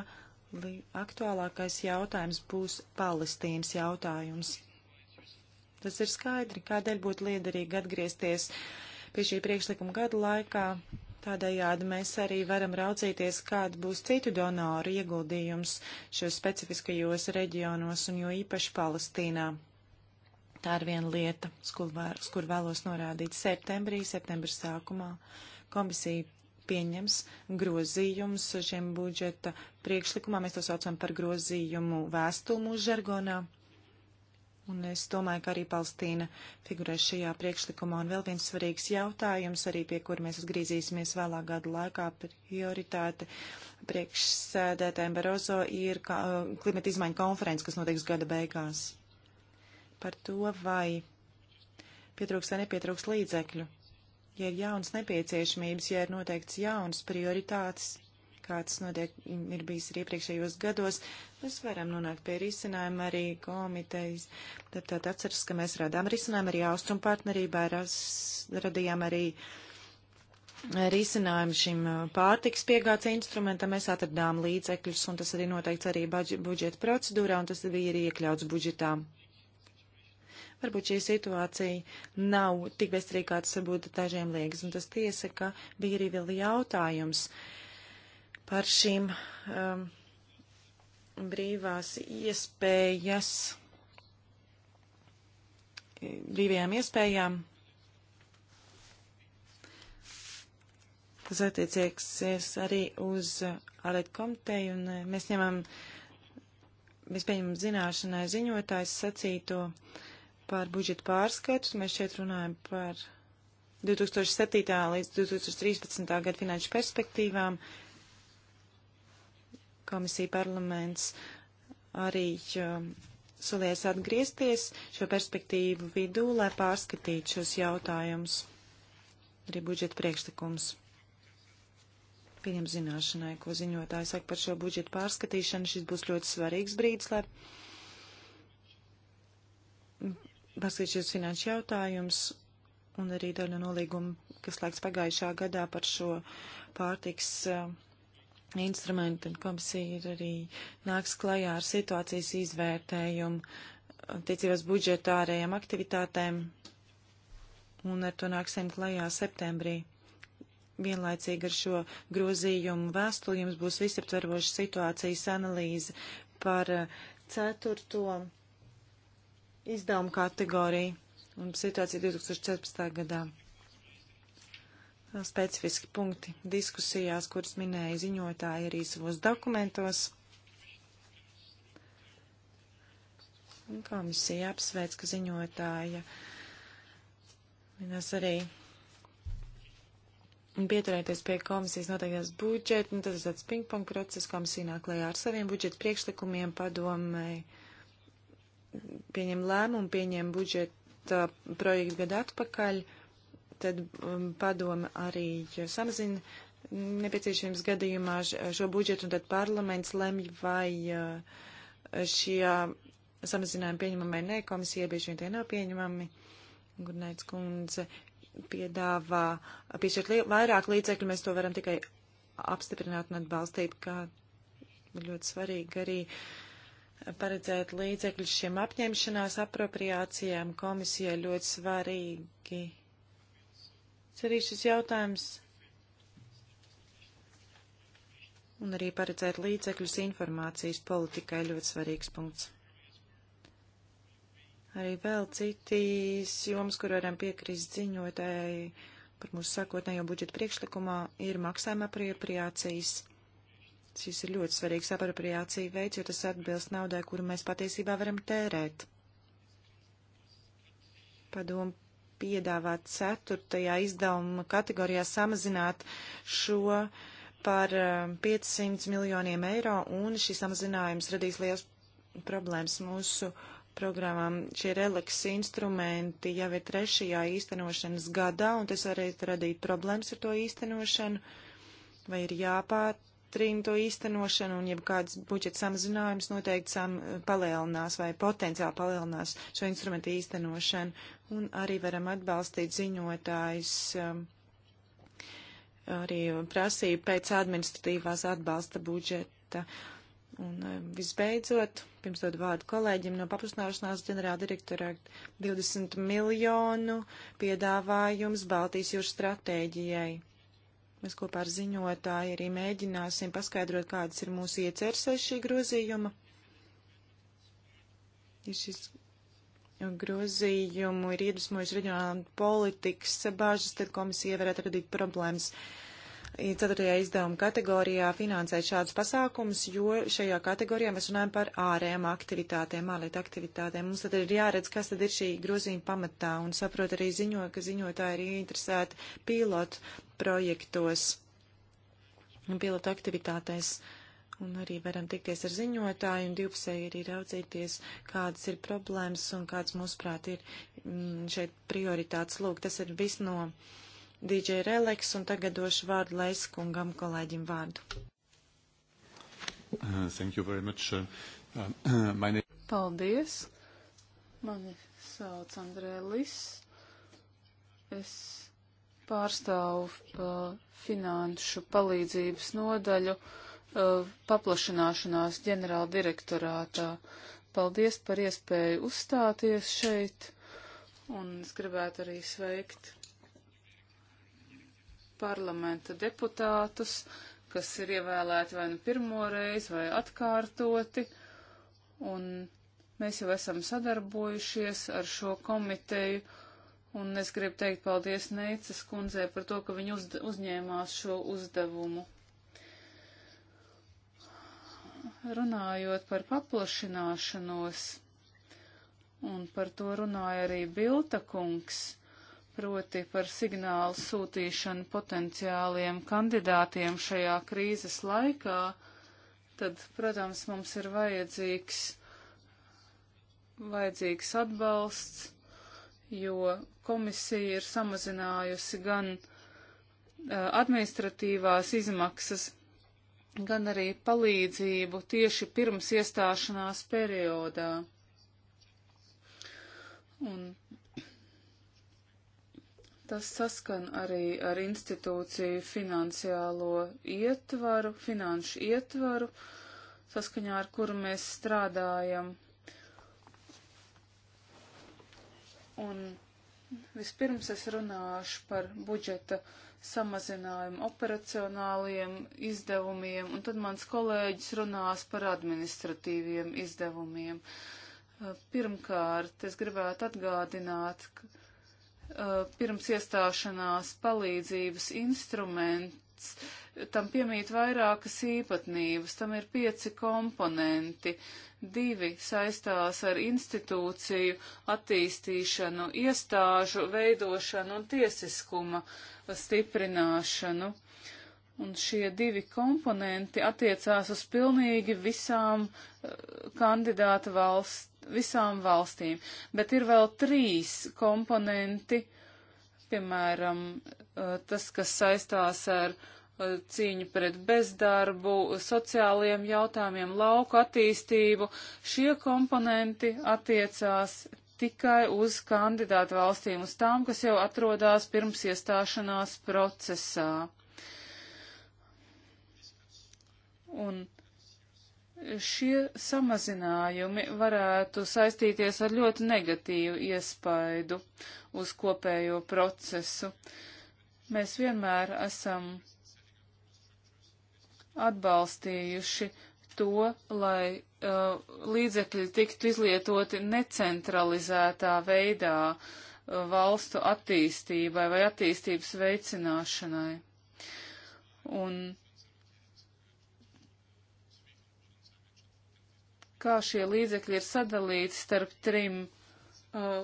aktuālākais jautājums būs Palestīnas jautājums. Tas ir skaidri, kādēļ būtu liederīgi atgriezties pie šī priekšlikuma gada laikā. Tādējādi mēs arī varam raudzīties, kāda būs citu donoru ieguldījums šos specifiskajos reģionos un jo īpaši Palestīnā. Tā ir viena lieta, uz kur vēlos norādīt. Septembrī, septembra sākumā komisija pieņems grozījumus šiem budžeta priekšlikumā. Mēs to saucam par grozījumu vēstumu žargonā. Un es domāju, ka arī Palestīna figurē šajā priekšlikumā. Un vēl viens svarīgs jautājums, arī pie kur mēs atgriezīsimies vēlāk gadu laikā, prioritāte priekšsēdētājiem Barozo ir klimata izmaiņa konferences, kas notiks gada beigās par to, vai pietrūks vai nepietrūks līdzekļu. Ja ir jaunas nepieciešamības, ja ir noteikts jaunas prioritātes, kāds notiek, ir bijis arī iepriekšējos gados, mēs varam nonākt pie risinājuma arī komitejas. Tātad atceras, ka mēs radām risinājumu arī austrumu partnerībā, ras, radījām arī risinājumu šim uh, pārtiks piegādes instrumentam, mēs atradām līdzekļus, un tas arī noteikts arī budžeta procedūrā, un tas bija arī iekļauts budžetām. Varbūt šī situācija nav tik bezcerīga, kāds varbūt dažiem liekas, un tas tiesa, ka bija arī vēl jautājums par šīm um, brīvās iespējas, brīvajām iespējām. Tas attiecies arī uz ārlietu komiteju, un uh, mēs ņemam, mēs pieņemam zināšanai ziņotājs sacīto. Uh, par budžetu pārskatu. Mēs šeit runājam par 2007. līdz 2013. gada finanšu perspektīvām. Komisija parlaments arī um, solies atgriezties šo perspektīvu vidū, lai pārskatītu šos jautājumus. Arī budžeta priekšlikums. Pieņem zināšanai, ko ziņotāji saka par šo budžetu pārskatīšanu. Šis būs ļoti svarīgs brīdis, lai Baskatījums finanšu jautājums un arī daļa nolīguma, kas slēgts pagājušā gadā par šo pārtiks uh, instrumentu, un komisija ir arī nāks klajā ar situācijas izvērtējumu tiecībās budžeta ārējām aktivitātēm, un ar to nāksim klajā septembrī. Vienlaicīgi ar šo grozījumu vēstuli jums būs visaptveroša situācijas analīze par eh, ceturto izdevumu kategoriju un situācija 2014. gadā. Specifiski punkti diskusijās, kuras minēja ziņotāji arī savos dokumentos. Komisija apsveic, ka ziņotāja minēs arī pieturēties pie komisijas noteiktās budžeta, un nu, tas ir tāds pingpong process, komisija nāk lejā ar saviem budžeta priekšlikumiem padomēji pieņem lēmumu, pieņem budžeta projektu gadu atpakaļ, tad um, padome arī samazina nepieciešams gadījumā šo budžetu, un tad parlaments lemj, vai uh, šie samazinājumi pieņemami vai nē, komisija bieži vien tie nav pieņemami. Gurnaits kundze piedāvā piešķirt li vairāk līdzekļu, mēs to varam tikai apstiprināt un atbalstīt, kā ļoti svarīgi arī uh, paredzēt līdzekļus šiem apņemšanās apropriācijām komisijai ļoti svarīgi. Es arī šis jautājums. Un arī paredzēt līdzekļus informācijas politikai ļoti svarīgs punkts. Arī vēl citīs jomas, kur varam piekrist ziņotēji par mūsu sākotnējo budžetu priekšlikumā, ir maksājuma apropriācijas. Apri Šis ir ļoti svarīgs apropriācija veids, jo tas atbilst naudai, kuru mēs patiesībā varam tērēt. Padomu piedāvāt ceturtajā izdevuma kategorijā samazināt šo par 500 um, miljoniem eiro, un šis samazinājums radīs liels problēmas mūsu programmām. Šie relaks instrumenti jau ir trešajā īstenošanas gadā, un tas arī radīt problēmas ar to īstenošanu, vai ir jāpār doktrīnu to īstenošanu un jebkādas budžeta samazinājums noteikti sam, palielinās vai potenciāli palielinās šo instrumentu īstenošanu. Un arī varam atbalstīt ziņotājus um, arī prasību pēc administratīvās atbalsta budžeta. Un um, visbeidzot, pirms dod vārdu kolēģim no paplašināšanās ģenerāla direktorā 20 miljonu piedāvājums Baltijas jūras stratēģijai. Mēs kopā ar ziņotāju arī mēģināsim paskaidrot, kādas ir mūsu ieceres aiz šī grozījuma. Ir šis grozījumu ir iedvesmojuši reģionāla politikas bažas, tad komisija varētu radīt problēmas. Uh, ceturtajā izdevuma kategorijā finansēt šādus pasākumus, jo šajā kategorijā mēs runājam par ārējām aktivitātēm, ārlietu aktivitātēm. Mums tad ir jāredz, kas tad ir šī grozījuma pamatā, un saprot arī ziņo, ka ziņotāji ir interesēti pilotu projektos un pilotu aktivitātēs. Un arī varam tikties ar ziņotāju un divpusēji arī raudzīties, kādas ir problēmas un kāds, mūsuprāt, ir mm, šeit prioritātes. Lūk, tas ir viss no. Uh, DJ Releks, un tagad došu vārdu Leiskungam kolēģim vārdu. Uh, thank you very much. Uh, uh, my name... Paldies. Mani sauc Andrē Lis. Es pārstāvu uh, finanšu palīdzības nodaļu uh, paplašināšanās ģenerāla direktorātā. Paldies par iespēju uzstāties šeit, un es gribētu arī sveikt parlamenta deputātus, kas ir ievēlēti vai nu pirmoreiz, vai atkārtoti, un mēs jau esam sadarbojušies ar šo komiteju, un es gribu teikt paldies Neicas kundzē par to, ka viņa uz, uzņēmās šo uzdevumu. Runājot par paplašināšanos, un par to runāja arī Bilta kungs proti par signālu sūtīšanu potenciāliem kandidātiem šajā krīzes laikā, tad, protams, mums ir vajadzīgs, vajadzīgs atbalsts, jo komisija ir samazinājusi gan eh, administratīvās izmaksas, gan arī palīdzību tieši pirms iestāšanās periodā. Un Tas saskan arī ar institūciju finansiālo ietvaru, finanšu ietvaru, saskaņā ar kuru mēs strādājam. Un vispirms es runāšu par budžeta samazinājumu operacionāliem izdevumiem, un tad mans kolēģis runās par administratīviem izdevumiem. Pirmkārt, es gribētu atgādināt, ka Uh, pirms iestāšanās palīdzības instruments, tam piemīt vairākas īpatnības, tam ir pieci komponenti. Divi saistās ar institūciju attīstīšanu, iestāžu veidošanu un tiesiskuma stiprināšanu. Un šie divi komponenti attiecās uz pilnīgi visām uh, kandidāta valsts visām valstīm, bet ir vēl trīs komponenti, piemēram, eh, tas, kas saistās ar eh, cīņu pret bezdarbu, sociāliem jautājumiem, lauku attīstību. Šie komponenti attiecās tikai uz kandidātu valstīm, uz tām, kas jau atrodas pirms iestāšanās procesā. Un šie samazinājumi varētu saistīties ar ļoti negatīvu iespaidu uz kopējo procesu. Mēs vienmēr esam atbalstījuši to, lai uh, līdzekļi tiktu izlietoti necentralizētā veidā uh, valstu attīstībai vai attīstības veicināšanai. Un kā šie līdzekļi ir sadalīti starp trim uh,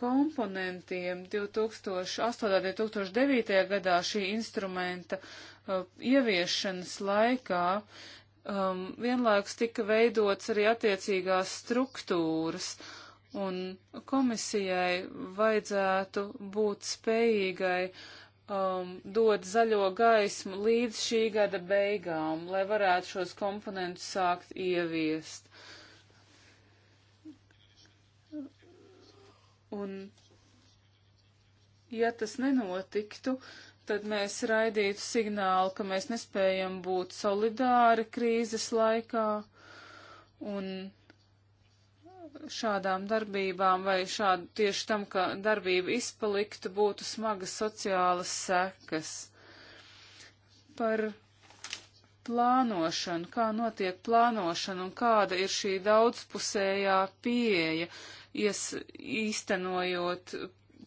komponentiem. 2008. un 2009. gadā šī instrumenta uh, ieviešanas laikā um, vienlaiks tika veidots arī attiecīgās struktūras, un komisijai vajadzētu būt spējīgai uh, um, dod zaļo gaismu līdz šī gada beigām, lai varētu šos komponentus sākt ieviest. Un, ja tas nenotiktu, tad mēs raidītu signālu, ka mēs nespējam būt solidāri krīzes laikā un šādām darbībām vai šādu tieši tam, ka darbība izpaliktu, būtu smagas sociālas sekas. Par plānošanu, kā notiek plānošana un kāda ir šī daudzpusējā pieeja, ies, īstenojot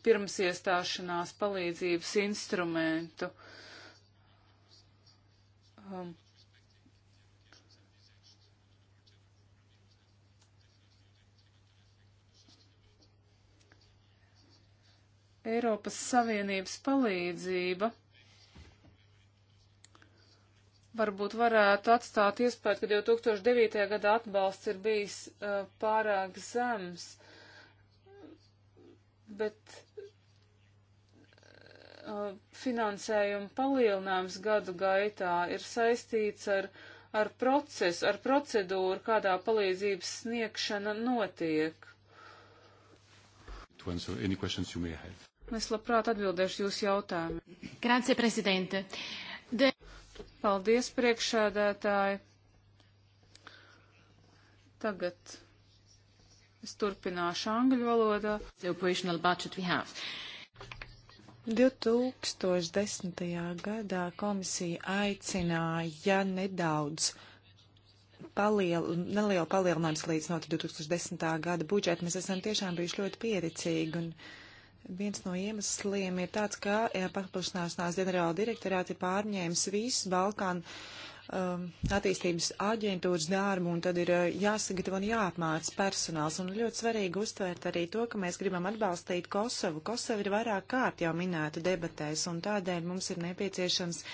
pirms iestāšanās palīdzības instrumentu. Um, Eiropas Savienības palīdzība varbūt varētu atstāt iespēju, ka 2009. gada atbalsts ir bijis uh, pārāk zems, bet uh, finansējuma palielinājums gadu gaitā ir saistīts ar, ar procesu, ar procedūru, kādā palīdzības sniegšana notiek. To answer any questions you may have. Es labprāt atbildēšu jūsu jautājumu. Grācie, prezidente. De... Paldies, priekšādētāji. Tagad es turpināšu angļu valodā. 2010. gadā komisija aicināja nedaudz paliel, nelielu palielinājumu līdz noti 2010. gada budžetu. Mēs esam tiešām bijuši ļoti pieredzīgi un Viens no iemesliem ir tāds, ka e, paplašināšanās ģenerāla direktorāti pārņēmis visu Balkānu um, attīstības aģentūras darbu, un tad ir e, jāsagatavo un jāapmāca personāls. Un ļoti svarīgi uztvērt arī to, ka mēs gribam atbalstīt Kosovu. Kosova ir vairāk kārt jau minēta debatēs, un tādēļ mums ir nepieciešams uh,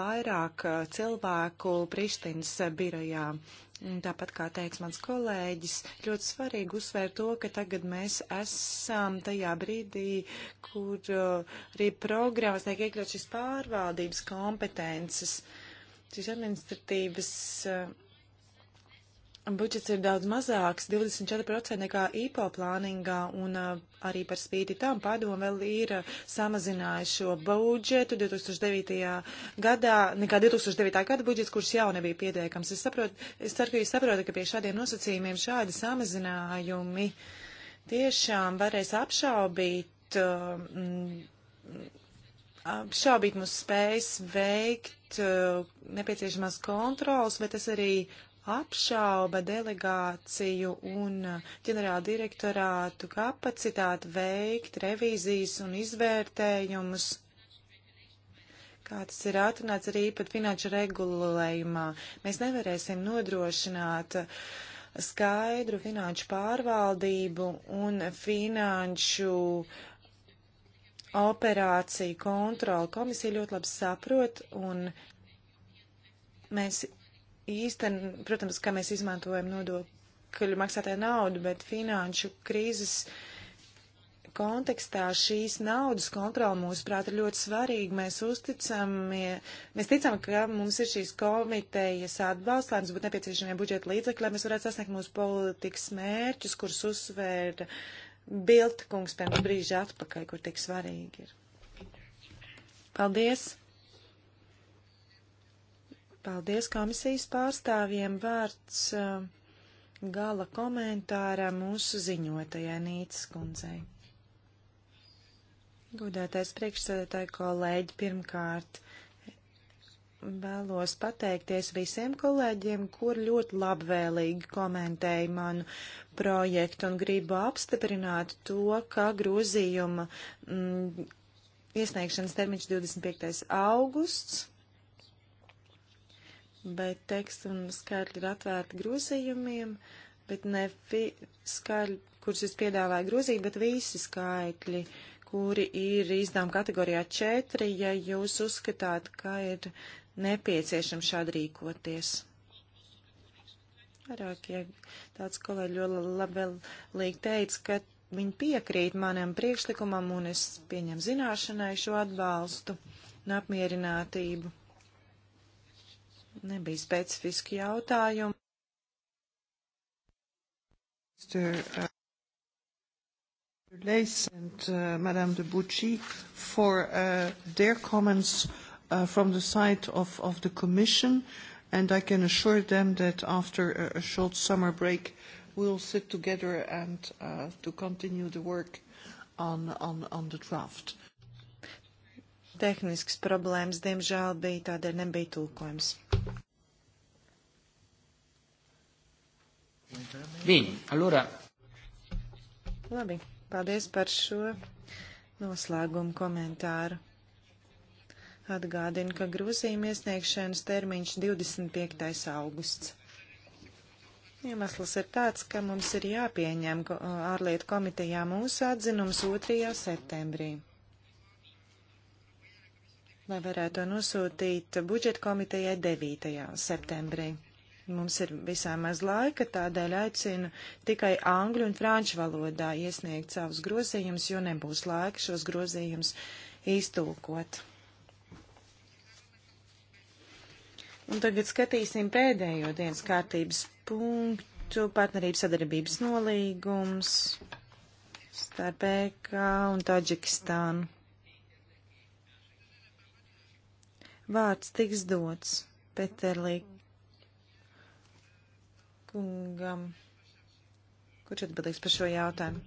vairāk cilvēku Prištins birojā. Uh, Tāpat kā teiks mans kolēģis, ļoti svarīgi uzsvērt to, ka tagad mēs esam tajā brīdī, kur uh, arī programmas tiek iekļaut šīs pārvaldības kompetences, šīs administratīvas uh, budžets ir daudz mazāks, 24% nekā IPO plāningā, un uh, arī par spīti tam padomu vēl ir uh, samazinājuši šo budžetu 2009. gadā, nekā 2009. gada budžets, kurš jau nebija pietiekams. Es saprotu, es ceru, ka jūs saprotat, ka pie šādiem nosacījumiem šādi samazinājumi tiešām varēs apšaubīt, uh, apšaubīt mūsu spējas veikt uh, nepieciešamās kontrolas, bet tas arī apšauba delegāciju un ģenerāla direktorātu kapacitāti veikt revīzijas un izvērtējumus, kā tas ir atrunāts arī pat finanšu regulējumā. Mēs nevarēsim nodrošināt skaidru finanšu pārvaldību un finanšu operāciju kontroli. Komisija ļoti labi saprot un mēs īsten, protams, kā mēs izmantojam nodokļu maksātāju naudu, bet finanšu krīzes kontekstā šīs naudas kontrola mūsuprāt ir ļoti svarīga. Mēs uzticam, mēs ticam, ka mums ir šīs komitejas atbalsts, lai mums būtu nepieciešamie budžeta līdzekļi, lai mēs varētu sasniegt mūsu politikas mērķus, kurus uzsvēra Bilta kungs pirms brīža atpakaļ, kur tik svarīgi ir. Paldies! Paldies komisijas pārstāvjiem vārds uh, gala komentārā mūsu ziņotajai Nīcas kundzei. Godētais priekšsēdētāji kolēģi, pirmkārt, vēlos pateikties visiem kolēģiem, kur ļoti labvēlīgi komentēja manu projektu un gribu apstiprināt to, ka grozījuma mm, iesniegšanas termiņš 25. augusts bet teksts un skaļi ir atvērti grozījumiem, bet ne skaļi, kurus es piedāvāju grozīt, bet visi skaitļi, kuri ir izdām kategorijā 4, ja jūs uzskatāt, ka ir nepieciešams šādi rīkoties. Vairāk, ja tāds kolēģi ļoti labvēlīgi teica, ka viņi piekrīt manam priekšlikumam un es pieņem zināšanai šo atbalstu un apmierinātību. Nebija specifiski jautājumi. Mr. Uh, Leys and uh, Madame de Bucci for uh, their comments uh, from the side of, of the Commission, and I can assure them that after a, a short summer break, we'll sit together and uh, to continue the work on, on, on the draft. Tehnisks problēmas, diemžēl, bija tādēļ nebija tulkojums. Bene, allora. Labi, paldies par šo noslēgumu komentāru. Atgādinu, ka grozījuma iesniegšanas termiņš 25. augusts. Iemesls ir tāds, ka mums ir jāpieņem ārlietu komitejā mūsu atzinums 2. septembrī. Lai varētu to nosūtīt budžeta komitejai 9. septembrī. Mums ir visā maz laika, tādēļ aicinu tikai angļu un franču valodā iesniegt savus grozījumus, jo nebūs laika šos grozījumus iztulkot. Un tagad skatīsim pēdējo dienas kārtības punktu - partnerības sadarbības nolīgums starp EK un Taģikistānu. Vārds tiks dots Peterlīk kungam, kurš atbildīgs par šo jautājumu.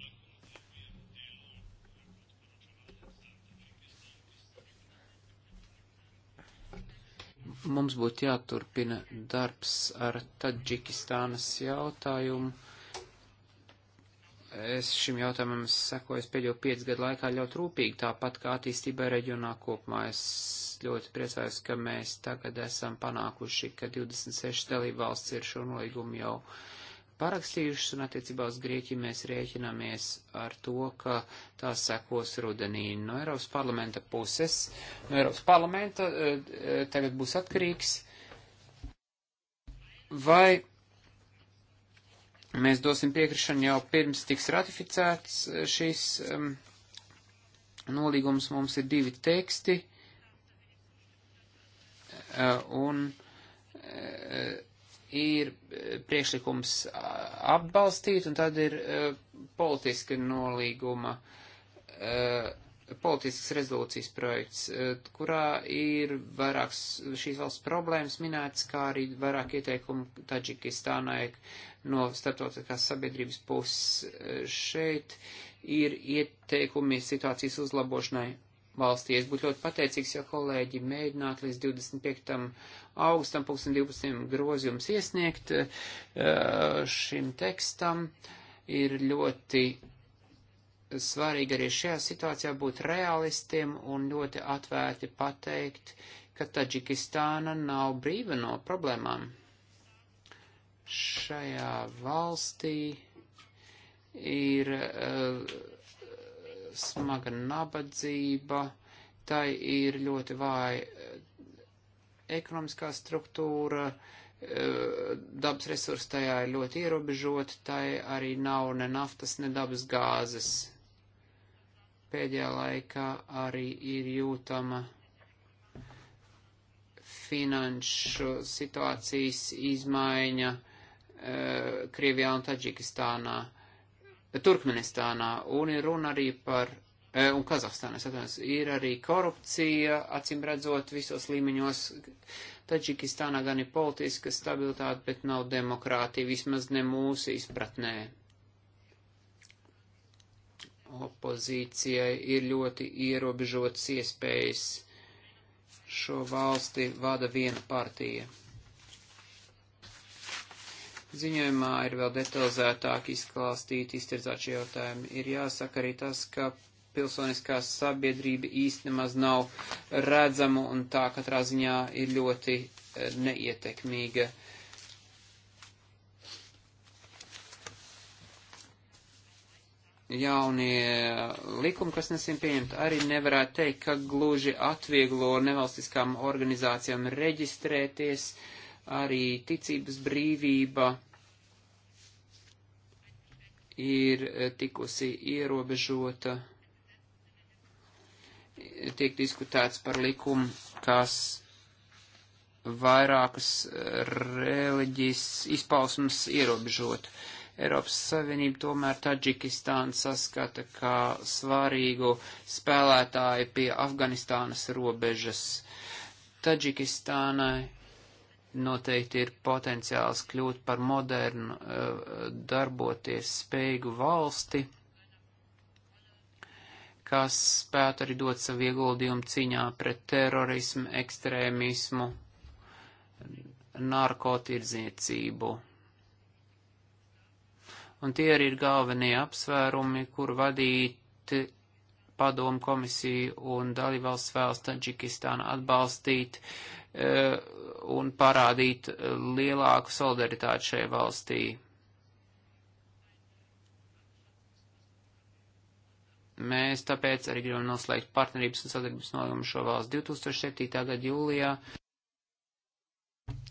Mums būtu jāturpina darbs ar Taģikistānas jautājumu Es šim jautājumam sekoju pēdējo piecu gadu laikā ļoti rūpīgi, tāpat kā attīstībai reģionā kopumā. Es ļoti priecājos, ka mēs tagad esam panākuši, ka 26 dalībvalsts ir šo nolīgumu jau parakstījušas, un attiecībā uz Grieķiju mēs rēķinamies ar to, ka tā sekos rudenī no Eiropas parlamenta puses. No Eiropas parlamenta eh, eh, tagad būs atkarīgs, vai Mēs dosim piekrišanu jau pirms tiks ratificēts eh, šīs um, nolīgums. Mums ir divi teksti. Uh, un uh, ir priekšlikums atbalstīt, un tad ir uh, politiska nolīguma, uh, politisks rezolūcijas projekts, uh, kurā ir vairāks šīs valsts problēmas minētas, kā arī vairāk ieteikumu Taģikistānai, no starptautiskās sabiedrības puses šeit ir ieteikumi situācijas uzlabošanai valstī. Es būtu ļoti pateicīgs, ja kolēģi mēģinātu līdz 25. augustam, 2012. grozījums iesniegt eh, šim tekstam. Ir ļoti svarīgi arī šajā situācijā būt realistiem un ļoti atvērti pateikt, ka Taģikistāna nav brīva no problēmām šajā valstī ir uh, smaga nabadzība, tai ir ļoti vāja eh, ekonomiskā struktūra, uh, dabas resursi tajā ir ļoti ierobežoti, tai arī nav ne naftas, ne dabas gāzes. Pēdējā laikā arī ir jūtama finanšu situācijas izmaiņa, uh, Eh, Krievijā un Taģikistānā, eh, Turkmenistānā, un ir runa arī par, eh, un Kazahstānā, atvainojos, ir arī korupcija, acīm redzot, visos līmeņos. Taģikistānā gan ir politiska stabilitāte, bet nav demokrātija, vismaz ne mūsu izpratnē. Opozīcijai ir ļoti ierobežotas iespējas. Šo valsti vada viena partija. Ziņojumā ir vēl detalizētāk izklāstīt, iztirzāt šie jautājumi. Ir jāsaka arī tas, ka pilsoniskā sabiedrība īsti nemaz nav redzama un tā katrā ziņā ir ļoti eh, neietekmīga. Jaunie eh, likumi, kas nesen pieņemt, arī nevarētu teikt, ka gluži atvieglo nevalstiskām organizācijām reģistrēties. Uh, arī ticības brīvība ir eh, tikusi ierobežota, tiek diskutēts par likumu, kas vairākas eh, reliģijas izpausmas ierobežot. Eiropas Savienība tomēr Taģikistānu saskata kā svarīgu spēlētāju pie Afganistānas robežas. Taģikistānai noteikti ir potenciāls kļūt par modernu, eh, darboties spēju valsti, kas spētu arī dot savu ieguldījumu cīņā pret terorismu, ekstrēmismu, narkotirdzniecību. Un tie arī ir galvenie apsvērumi, kur vadīti padomu komisiju un dalībvalsts vēlas Taģikistānu atbalstīt uh, un parādīt lielāku solidaritāti šai valstī. Mēs tāpēc arī gribam noslēgt partnerības un sadarbības nolīgumu šo valsts 2007. gada jūlijā.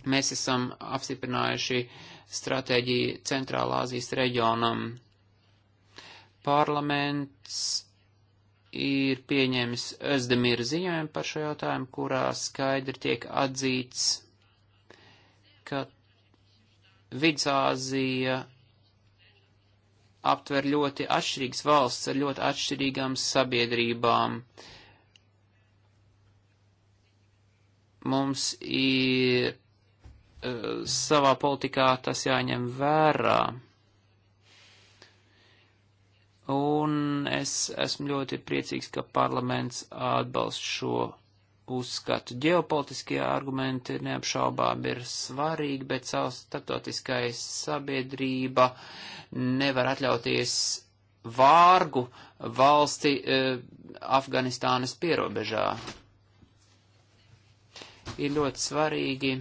Mēs esam apstiprinājuši stratēģiju Centrālā Azijas reģionam. Parlaments ir pieņēmis Özdemira ziņojumu par šo jautājumu, kurā skaidri tiek atzīts, ka Vidzāzija aptver ļoti atšķirīgas valsts ar ļoti atšķirīgām sabiedrībām. Mums ir eh, savā politikā tas jāņem vērā. Un es esmu ļoti priecīgs, ka parlaments atbalst šo uzskatu. Ģeopolitiskie argumenti neapšaubām ir svarīgi, bet savs starptautiskai sabiedrība nevar atļauties vārgu valsti e, Afganistānas pierobežā. Ir ļoti svarīgi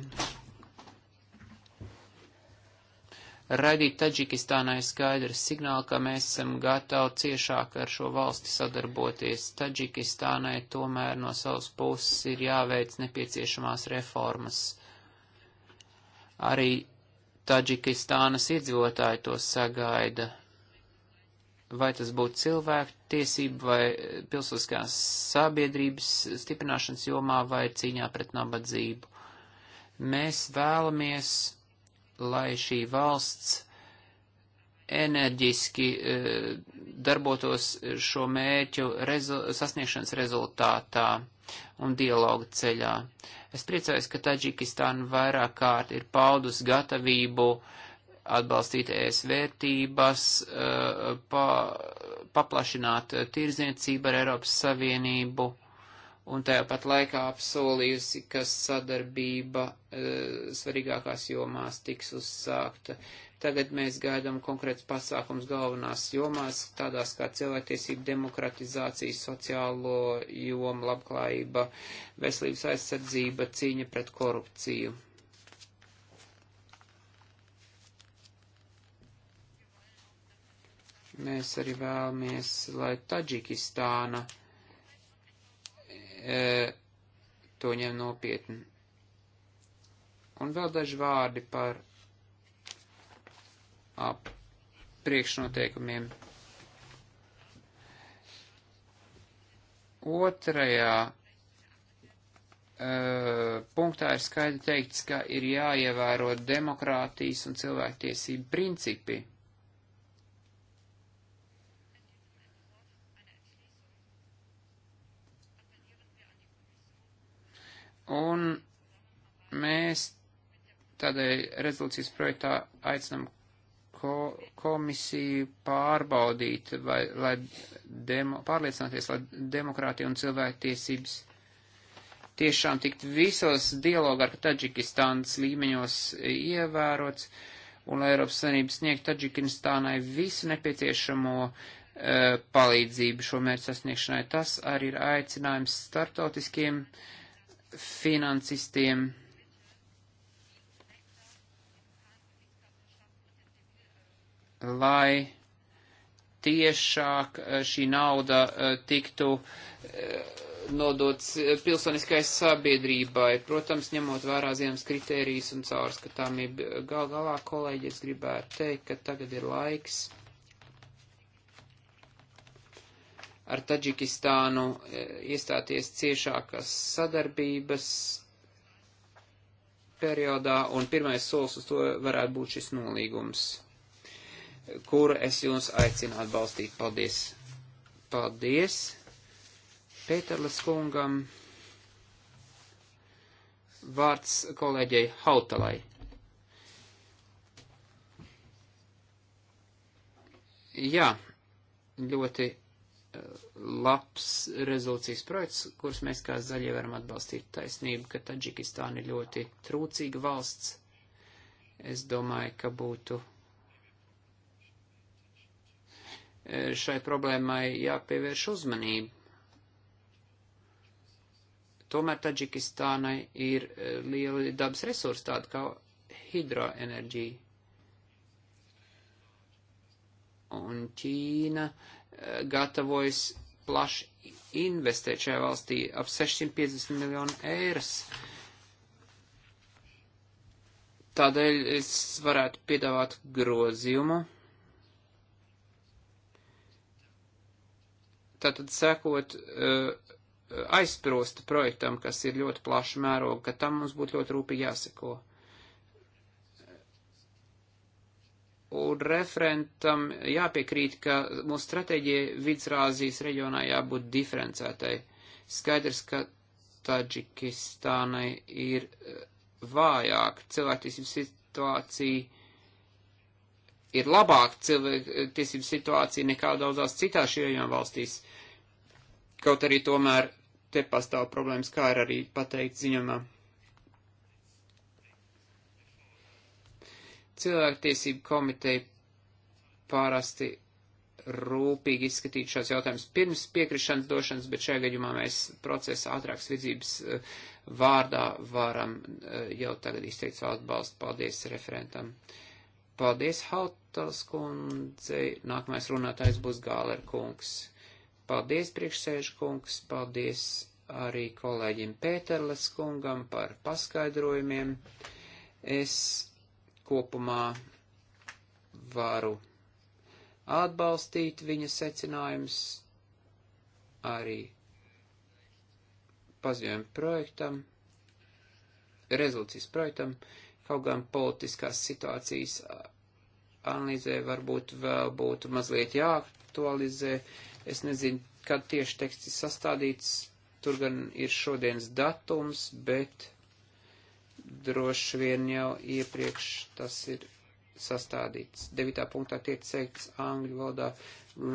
raidīt Taģikistānai skaidru signālu, ka mēs esam gatavi ciešāk ar šo valsti sadarboties. Taģikistānai tomēr no savas puses ir jāveic nepieciešamās reformas. Arī Taģikistānas iedzīvotāji to sagaida. Vai tas būtu cilvēku tiesību vai pilsoniskās sabiedrības stiprināšanas jomā vai cīņā pret nabadzību. Mēs vēlamies lai šī valsts enerģiski eh, darbotos šo mērķu rezu, sasniegšanas rezultātā un dialogu ceļā. Es priecājos, ka Taģikistāna vairāk kārt ir paudus gatavību atbalstīt ES vērtības, eh, pa, paplašināt eh, tirzniecību ar Eiropas Savienību un tāpat laikā apsolījusi, ka sadarbība e, svarīgākās jomās tiks uzsākta. Tagad mēs gaidām konkrēts pasākums galvenās jomās, tādās kā cilvēktiesība, demokratizācija, sociālo jomu, labklājība, veselības aizsardzība, cīņa pret korupciju. Mēs arī vēlamies, lai Taģikistāna Eh, to ņem nopietni. Un vēl daži vārdi par ap priekšnoteikumiem. Otrajā Uh, punktā ir skaidri teikts, ka ir jāievēro demokrātijas un cilvēktiesību principi. Un mēs tādēļ rezolūcijas projektā aicinam ko, komisiju pārbaudīt, vai, lai demo, pārliecināties, lai demokrātija un cilvēktiesības tiešām tikt visos dialogu ar Taģikistānas līmeņos ievērots, un lai Eiropas Savienība sniegt Taģikistānai visu nepieciešamo uh, palīdzību šo mērķu sasniegšanai. Tas arī ir aicinājums startautiskiem uh, finansistiem. Lai tiešāk eh, šī nauda eh, tiktu eh, nodots pilsoniskai sabiedrībai, protams, ņemot vērā ziemas kritērijas un caurskatāmību. Gal galā, kolēģi, es gribētu teikt, ka tagad ir laiks ar Taģikistānu e, iestāties ciešākas sadarbības periodā, un pirmais solis uz to varētu būt šis nolīgums, kuru es jums aicinu atbalstīt. Paldies! Paldies Pēterlas kungam! Vārds kolēģei Hautalai. Jā, ļoti labs rezolūcijas projekts, kurus mēs kā zaļie varam atbalstīt taisnību, ka Taģikistāna ir ļoti trūcīga valsts. Es domāju, ka būtu e, šai problēmai jāpievērš uzmanība. Tomēr Taģikistānai ir e, lieli dabas resursi, tādi kā hidroenerģija. Un Ķīna uh, gatavojas plaši investēt šajā valstī ap 650 miljonu eiras. Tādēļ es varētu piedāvāt grozījumu. Tātad sekot eh, aizsprosta projektam, kas ir ļoti plaša mēroga, ka tam mums būtu ļoti rūpīgi jāseko. Un referentam jāpiekrīt, ka mūsu stratēģija Vidzrāzijas reģionā jābūt diferencētai. Skaidrs, ka Taģikistānai ir eh, vājāk cilvēktiesību situācija, ir labāk cilvēktiesību situācija nekā daudzās citās šī reģiona valstīs. Kaut arī tomēr te pastāv problēmas, kā ir arī pateikt ziņojumā. Cilvēktiesību komiteja pārasti rūpīgi izskatīt šos jautājumus pirms piekrišanas došanas, bet šajā gadījumā mēs procesa ātrākas vidzības eh, vārdā varam eh, jau tagad izteikt savu atbalstu. Paldies referentam. Paldies Hautals kundzei. Nākamais runātājs būs Gāler kungs. Paldies priekšsēžu kungs. Paldies arī kolēģim Pēterles kungam par paskaidrojumiem. Es kopumā varu atbalstīt viņa secinājums arī paziņojumu projektam, rezolūcijas projektam, kaut gan politiskās situācijas analīzē varbūt vēl būtu mazliet jāaktualizē. Es nezinu, kad tieši teksts ir sastādīts, tur gan ir šodienas datums, bet droši vien jau iepriekš tas ir sastādīts. 9. punktā tiek teikts angļu valodā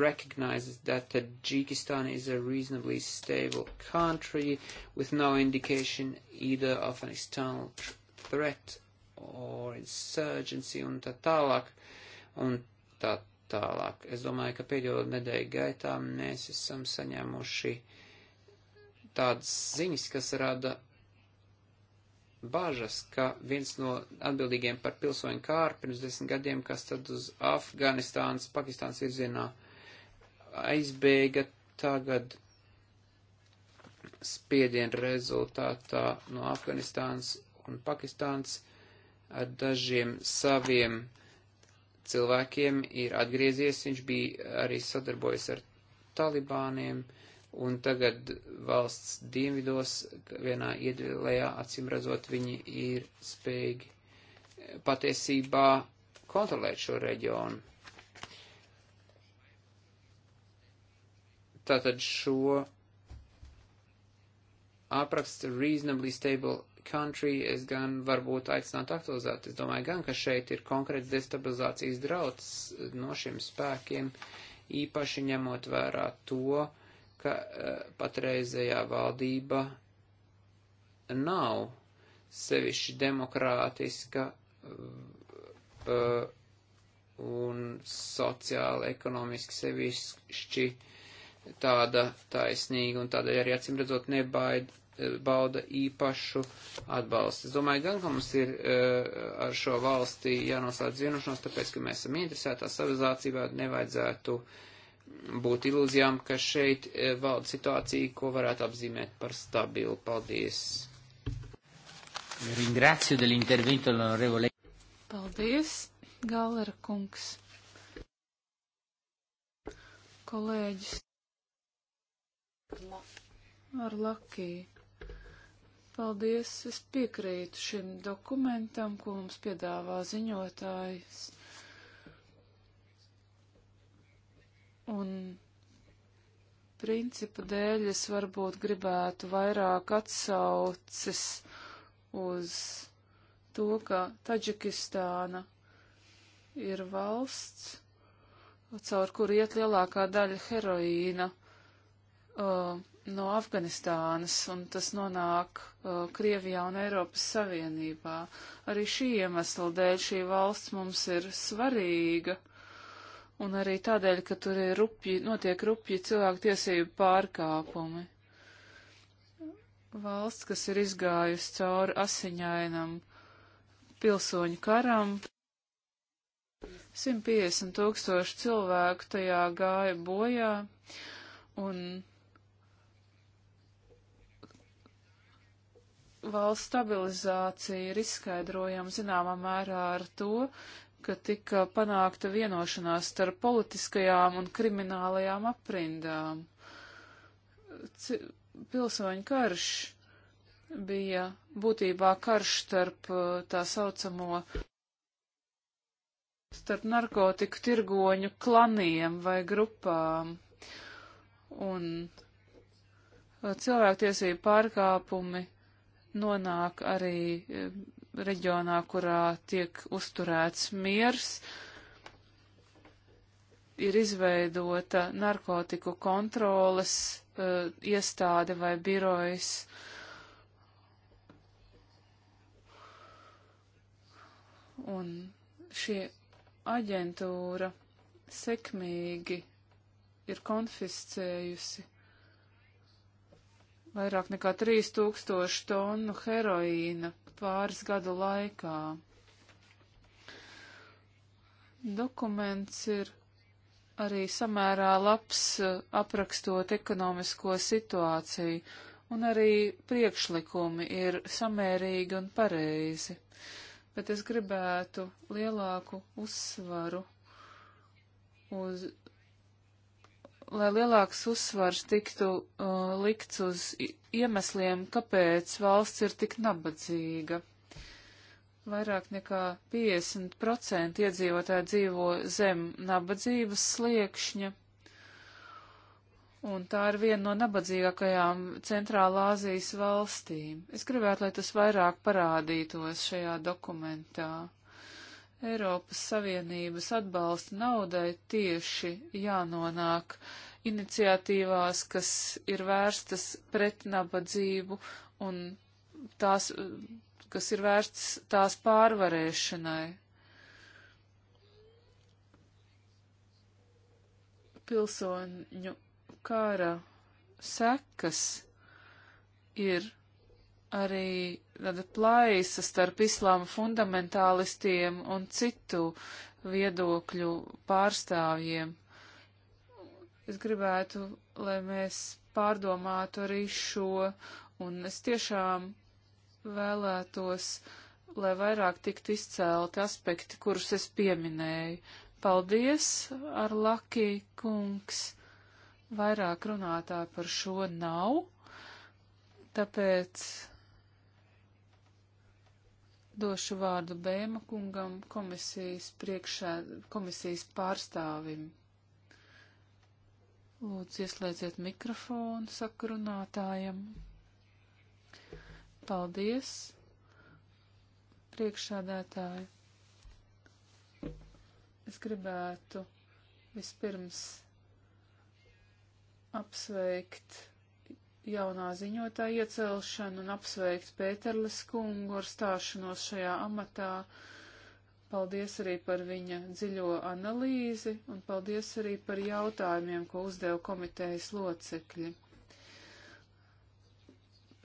recognizes that Tajikistan is a reasonably stable country with no indication either of an external threat or insurgency un tā tālāk. Un tā tālāk. Es domāju, ka pēdējo nedēļu gaitā mēs esam saņēmuši tādas ziņas, kas rada bažas, ka viens no atbildīgiem par pilsoņu kāru pirms desmit gadiem, kas tad uz Afganistānas, Pakistānas virzienā aizbēga tagad spiedienu rezultātā no Afganistānas un Pakistānas ar dažiem saviem cilvēkiem ir atgriezies. Viņš bija arī sadarbojies ar talibāniem. Uh, un tagad valsts dienvidos vienā iedvilējā acīm redzot viņi ir spējīgi eh, patiesībā kontrolēt šo reģionu. Tātad šo aprakstu reasonably stable country es gan varbūt aicinātu aktualizēt. Es domāju gan, ka šeit ir konkrēts destabilizācijas drauds no šiem spēkiem, īpaši ņemot vērā to, uh, ka e, patreizējā valdība nav sevišķi demokrātiska e, un sociāli, ekonomiski sevišķi tāda taisnīga un tādēļ arī acīm redzot nebaida e, bauda īpašu atbalstu. Es domāju, gan, ka mums ir ar šo valsti jānoslēdz vienošanos, tāpēc, ka mēs esam interesētā savizācībā, nevajadzētu uh, būt ilūzijām, ka šeit e, valda situācija, ko varētu apzīmēt par stabilu. Paldies! Ringrazio dell'intervento l'onorevole. Paldies, Galera kungs. Kolēģis. Ar Lakiju. Paldies, es piekrītu šim dokumentam, ko mums piedāvā ziņotājs. Un principa dēļ es varbūt gribētu vairāk atsaucis uz to, ka Taģikistāna ir valsts, caur kur iet lielākā daļa heroīna uh, no Afganistānas, un tas nonāk uh, Krievijā un Eiropas Savienībā. Arī šī iemesla dēļ šī valsts mums ir svarīga un arī tādēļ, ka tur ir rupji, notiek rupji cilvēku tiesību pārkāpumi. Valsts, kas ir izgājusi cauri asiņainam pilsoņu karam, 150 tūkstoši cilvēku tajā gāja bojā, un valsts stabilizācija ir izskaidrojama zināmā mērā ar to, ka tika panākta vienošanās starp politiskajām un kriminālajām aprindām. C pilsoņu karš bija būtībā karš starp uh, tā saucamo starp narkotiku tirgoņu klaniem vai grupām. Un uh, cilvēktiesību pārkāpumi nonāk arī uh, reģionā, kurā tiek uzturēts miers, ir izveidota narkotiku kontroles uh, iestāde vai birojas. Un šī aģentūra sekmīgi ir konfiscējusi vairāk nekā 3000 tonu heroīna pāris gadu laikā. Dokuments ir arī samērā labs eh, aprakstot ekonomisko situāciju, un arī priekšlikumi ir samērīgi un pareizi. Bet es gribētu lielāku uzsvaru uz lai lielāks uzsvars tiktu uh, likts uz iemesliem, kāpēc valsts ir tik nabadzīga. Vairāk nekā 50% iedzīvotāji dzīvo zem nabadzības sliekšņa, un tā ir viena no nabadzīgākajām Centrālā Azijas valstīm. Es gribētu, lai tas vairāk parādītos šajā dokumentā. Eiropas Savienības atbalsta naudai tieši jānonāk iniciatīvās, kas ir vērstas pret nabadzību un tās, kas ir vērsts tās pārvarēšanai. Pilsoņu kara sekas ir arī tāda plaisa starp islāma fundamentālistiem un citu viedokļu pārstāvjiem. Es gribētu, lai mēs pārdomātu arī šo, un es tiešām vēlētos, lai vairāk tiktu izcēlti aspekti, kurus es pieminēju. Paldies, Arlaki kungs! Vairāk runātāju par šo nav, tāpēc Došu vārdu Bēma kungam, komisijas, priekšē, komisijas pārstāvim. Lūdzu, ieslēdziet mikrofonu sakrunātājam. Paldies, priekšādētāji. Es gribētu vispirms apsveikt jaunā ziņotāja iecelšanu un apsveikt Pēterles kungu ar stāšanos šajā amatā. Paldies arī par viņa dziļo analīzi un paldies arī par jautājumiem, ko uzdeva komitejas locekļi.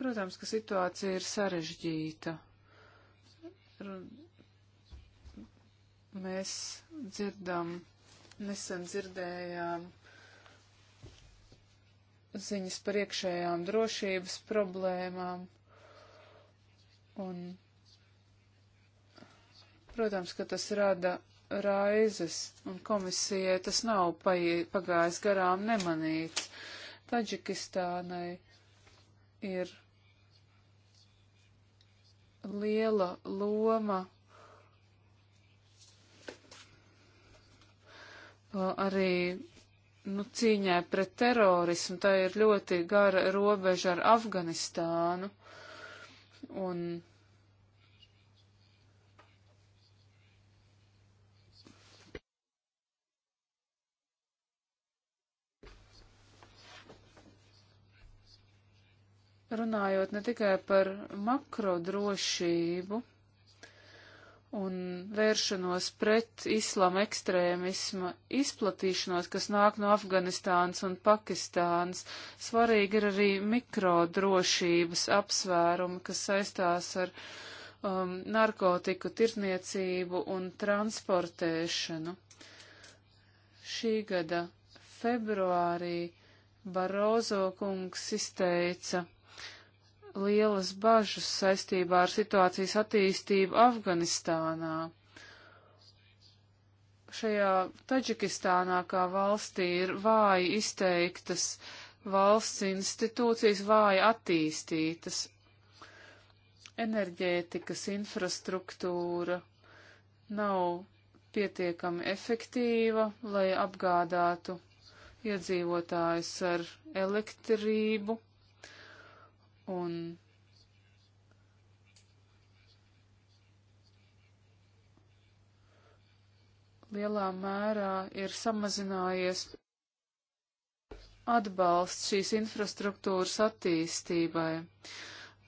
Protams, ka situācija ir sarežģīta. Mēs dzirdam, nesen dzirdējām ziņas par iekšējām drošības problēmām. Un, protams, ka tas rada raizes, un komisijai tas nav pagājis garām nemanīts. Taģikistānai ir liela loma arī nu, cīņai pret terorismu. Tā ir ļoti gara robeža ar Afganistānu. Un Runājot ne tikai par makro drošību, un vēršanos pret islama ekstrēmisma izplatīšanos, kas nāk no Afganistānas un Pakistānas. Svarīgi ir arī mikrodrošības apsvērumi, kas saistās ar um, narkotiku tirzniecību un transportēšanu. Šī gada februārī Barozo kungs izteica lielas bažas saistībā ar situācijas attīstību Afganistānā. Šajā Taģikistānā kā valstī ir vāji izteiktas valsts institūcijas, vāji attīstītas enerģētikas infrastruktūra nav pietiekami efektīva, lai apgādātu iedzīvotājus ar elektrību. Un lielā mērā ir samazinājies atbalsts šīs infrastruktūras attīstībai.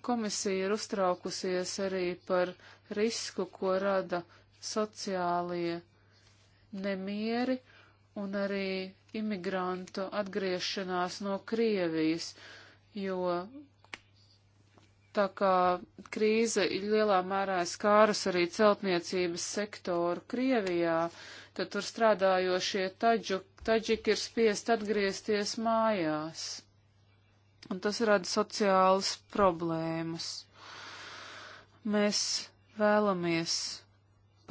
Komisija ir uztraukusies arī par risku, ko rada sociālie nemieri un arī imigrantu atgriešanās no Krievijas, jo tā kā krīze lielā mērā skāras arī celtniecības sektoru Krievijā, tad tur strādājošie taģu, taģiki ir spiest atgriezties mājās. Un tas rada sociālas problēmas. Mēs vēlamies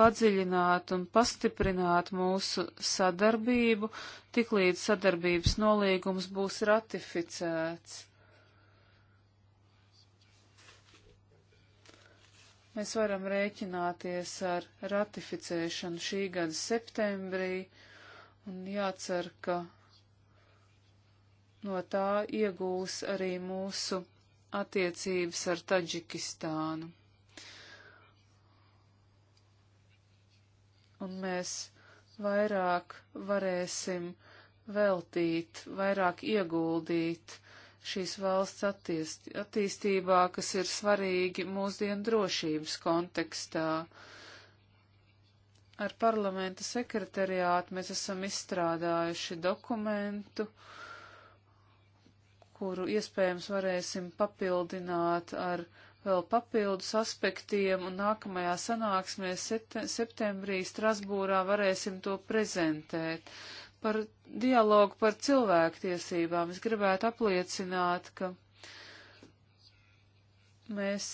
padziļināt un pastiprināt mūsu sadarbību, tiklīdz sadarbības nolīgums būs ratificēts mēs varam rēķināties ar ratificēšanu šī gada septembrī un jācer, ka no tā iegūs arī mūsu attiecības ar Taģikistānu. Un mēs vairāk varēsim veltīt, vairāk ieguldīt šīs valsts attīst, attīstībā, kas ir svarīgi mūsdienu drošības kontekstā. Ar parlamenta sekretariātu mēs esam izstrādājuši dokumentu, kuru iespējams varēsim papildināt ar vēl papildus aspektiem, un nākamajā sanāksmē septembrī Strasbūrā varēsim to prezentēt. Par dialogu par cilvēktiesībām es gribētu apliecināt, ka mēs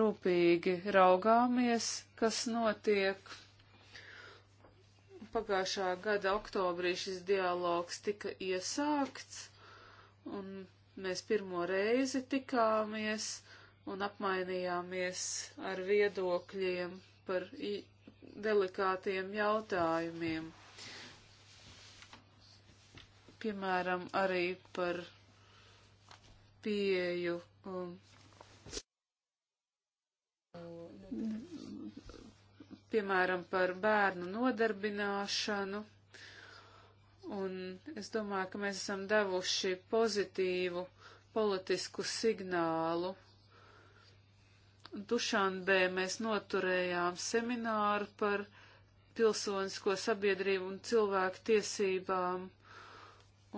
rūpīgi raugāmies, kas notiek. Pagājušā gada oktobrī šis dialogs tika iesākts, un mēs pirmo reizi tikāmies un apmainījāmies ar viedokļiem par delikātiem jautājumiem piemēram, arī par pieju um, piemēram, par bērnu nodarbināšanu. Un es domāju, ka mēs esam devuši pozitīvu politisku signālu. Dušanbē mēs noturējām semināru par pilsonisko sabiedrību un cilvēku tiesībām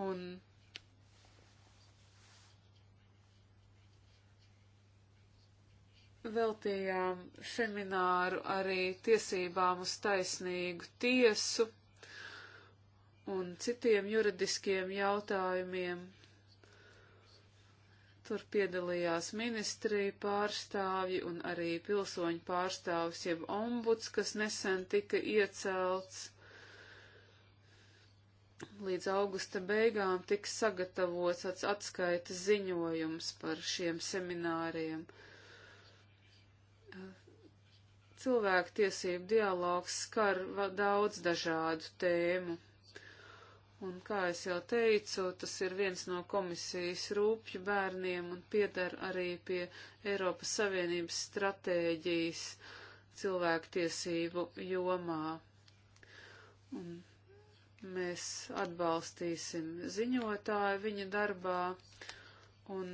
Un veltījām semināru arī tiesībām uz taisnīgu tiesu un citiem juridiskiem jautājumiem. Tur piedalījās ministrija pārstāvji un arī pilsoņu pārstāvis jeb ombuds, kas nesen tika iecelts līdz augusta beigām tiks sagatavots atskaitas ziņojums par šiem semināriem. Cilvēku tiesību dialogs skar daudz dažādu tēmu. Un, kā es jau teicu, tas ir viens no komisijas rūpju bērniem un piedar arī pie Eiropas Savienības stratēģijas cilvēku tiesību jomā. Un Mēs atbalstīsim ziņotāju viņa darbā un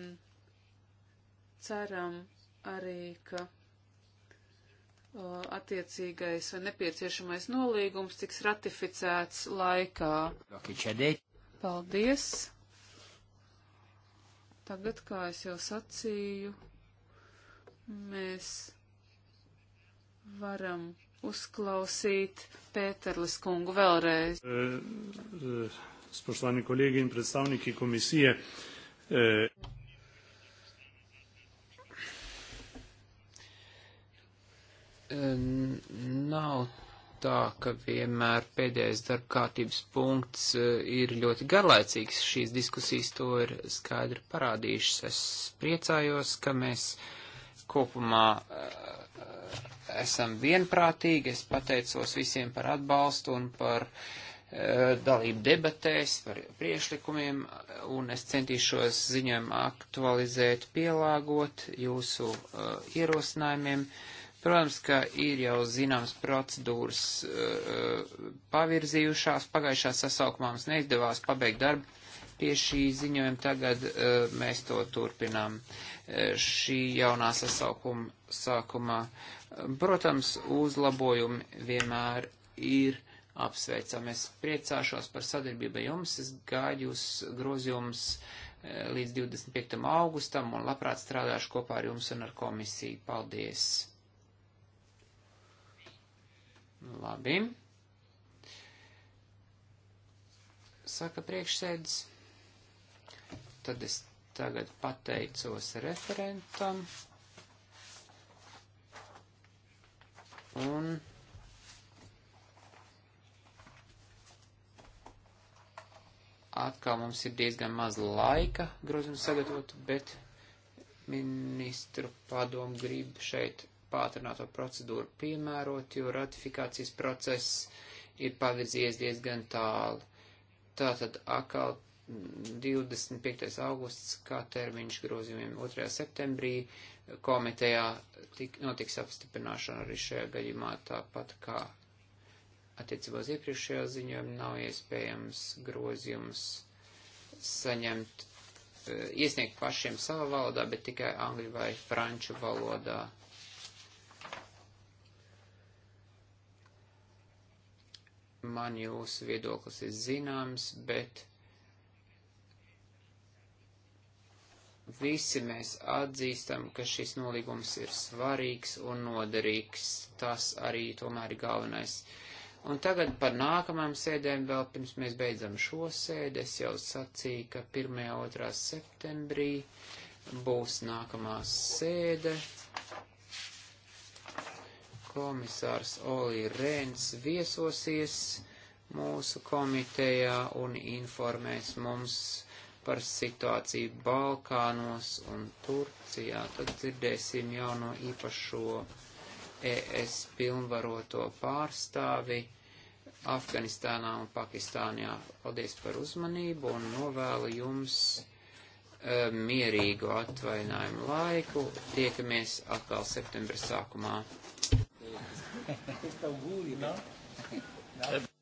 ceram arī, ka attiecīgais vai nepieciešamais nolīgums tiks ratificēts laikā. Paldies! Tagad, kā es jau sacīju, mēs varam uzklausīt Pēterlis kungu vēlreiz. Eh, eh, spoštovani kolēģi un predstavniki komisija. Eh, Nav tā, ka vienmēr pēdējais darba kārtības punkts ir ļoti garlaicīgs. Šīs diskusijas to ir skaidri parādījušas. Es priecājos, ka mēs kopumā uh, esam vienprātīgi. Es pateicos visiem par atbalstu un par e, dalību debatēs, par priešlikumiem, un es centīšos ziņojumu aktualizēt, pielāgot jūsu e, ierosinājumiem. Protams, ka ir jau zināms procedūras e, pavirzījušās. Pagājušā sasaukumā mums neizdevās pabeigt darbu pie šī ziņojuma, tagad e, mēs to turpinām. Uh, E, šī jaunā sasaukuma sākumā. Protams, uzlabojumi vienmēr ir apsveicami. Es priecāšos par sadarbību jums, es gāju uz grozījums e, līdz 25. augustam un labprāt strādāšu kopā ar jums un ar komisiju. Paldies! Labi. Saka priekšsēdis. Tad es tagad pateicos referentam. Un atkal mums ir diezgan maz laika grozījumu sagatavot, bet ministru padomu grib šeit pātrināto procedūru piemērot, jo ratifikācijas process ir pavirzies diezgan tālu. Tātad akal 25. augusts kā termiņš grozījumiem 2. septembrī. Komitejā tik, notiks apstiprināšana arī šajā gadījumā tāpat kā attiecībā uz iepriekšējā ziņojumu nav iespējams grozījums saņemt, e, iesniegt pašiem savā valodā, bet tikai angļu vai franču valodā. Man jūsu viedoklis ir zināms, bet Visi mēs atzīstam, ka šis nolīgums ir svarīgs un noderīgs. Tas arī tomēr ir galvenais. Un tagad par nākamajām sēdēm vēl pirms mēs beidzam šo sēdi. Es jau sacīju, ka 1. un 2. septembrī būs nākamā sēde. Komisārs Olī Rēns viesosies mūsu komitejā un informēs mums par situāciju Balkānos un Turcijā, tad dzirdēsim jauno īpašo ES pilnvaroto pārstāvi Afganistānā un Pakistānā. Paldies par uzmanību un novēlu jums e, mierīgu atvainājumu laiku. Tiekamies atkal septembra sākumā.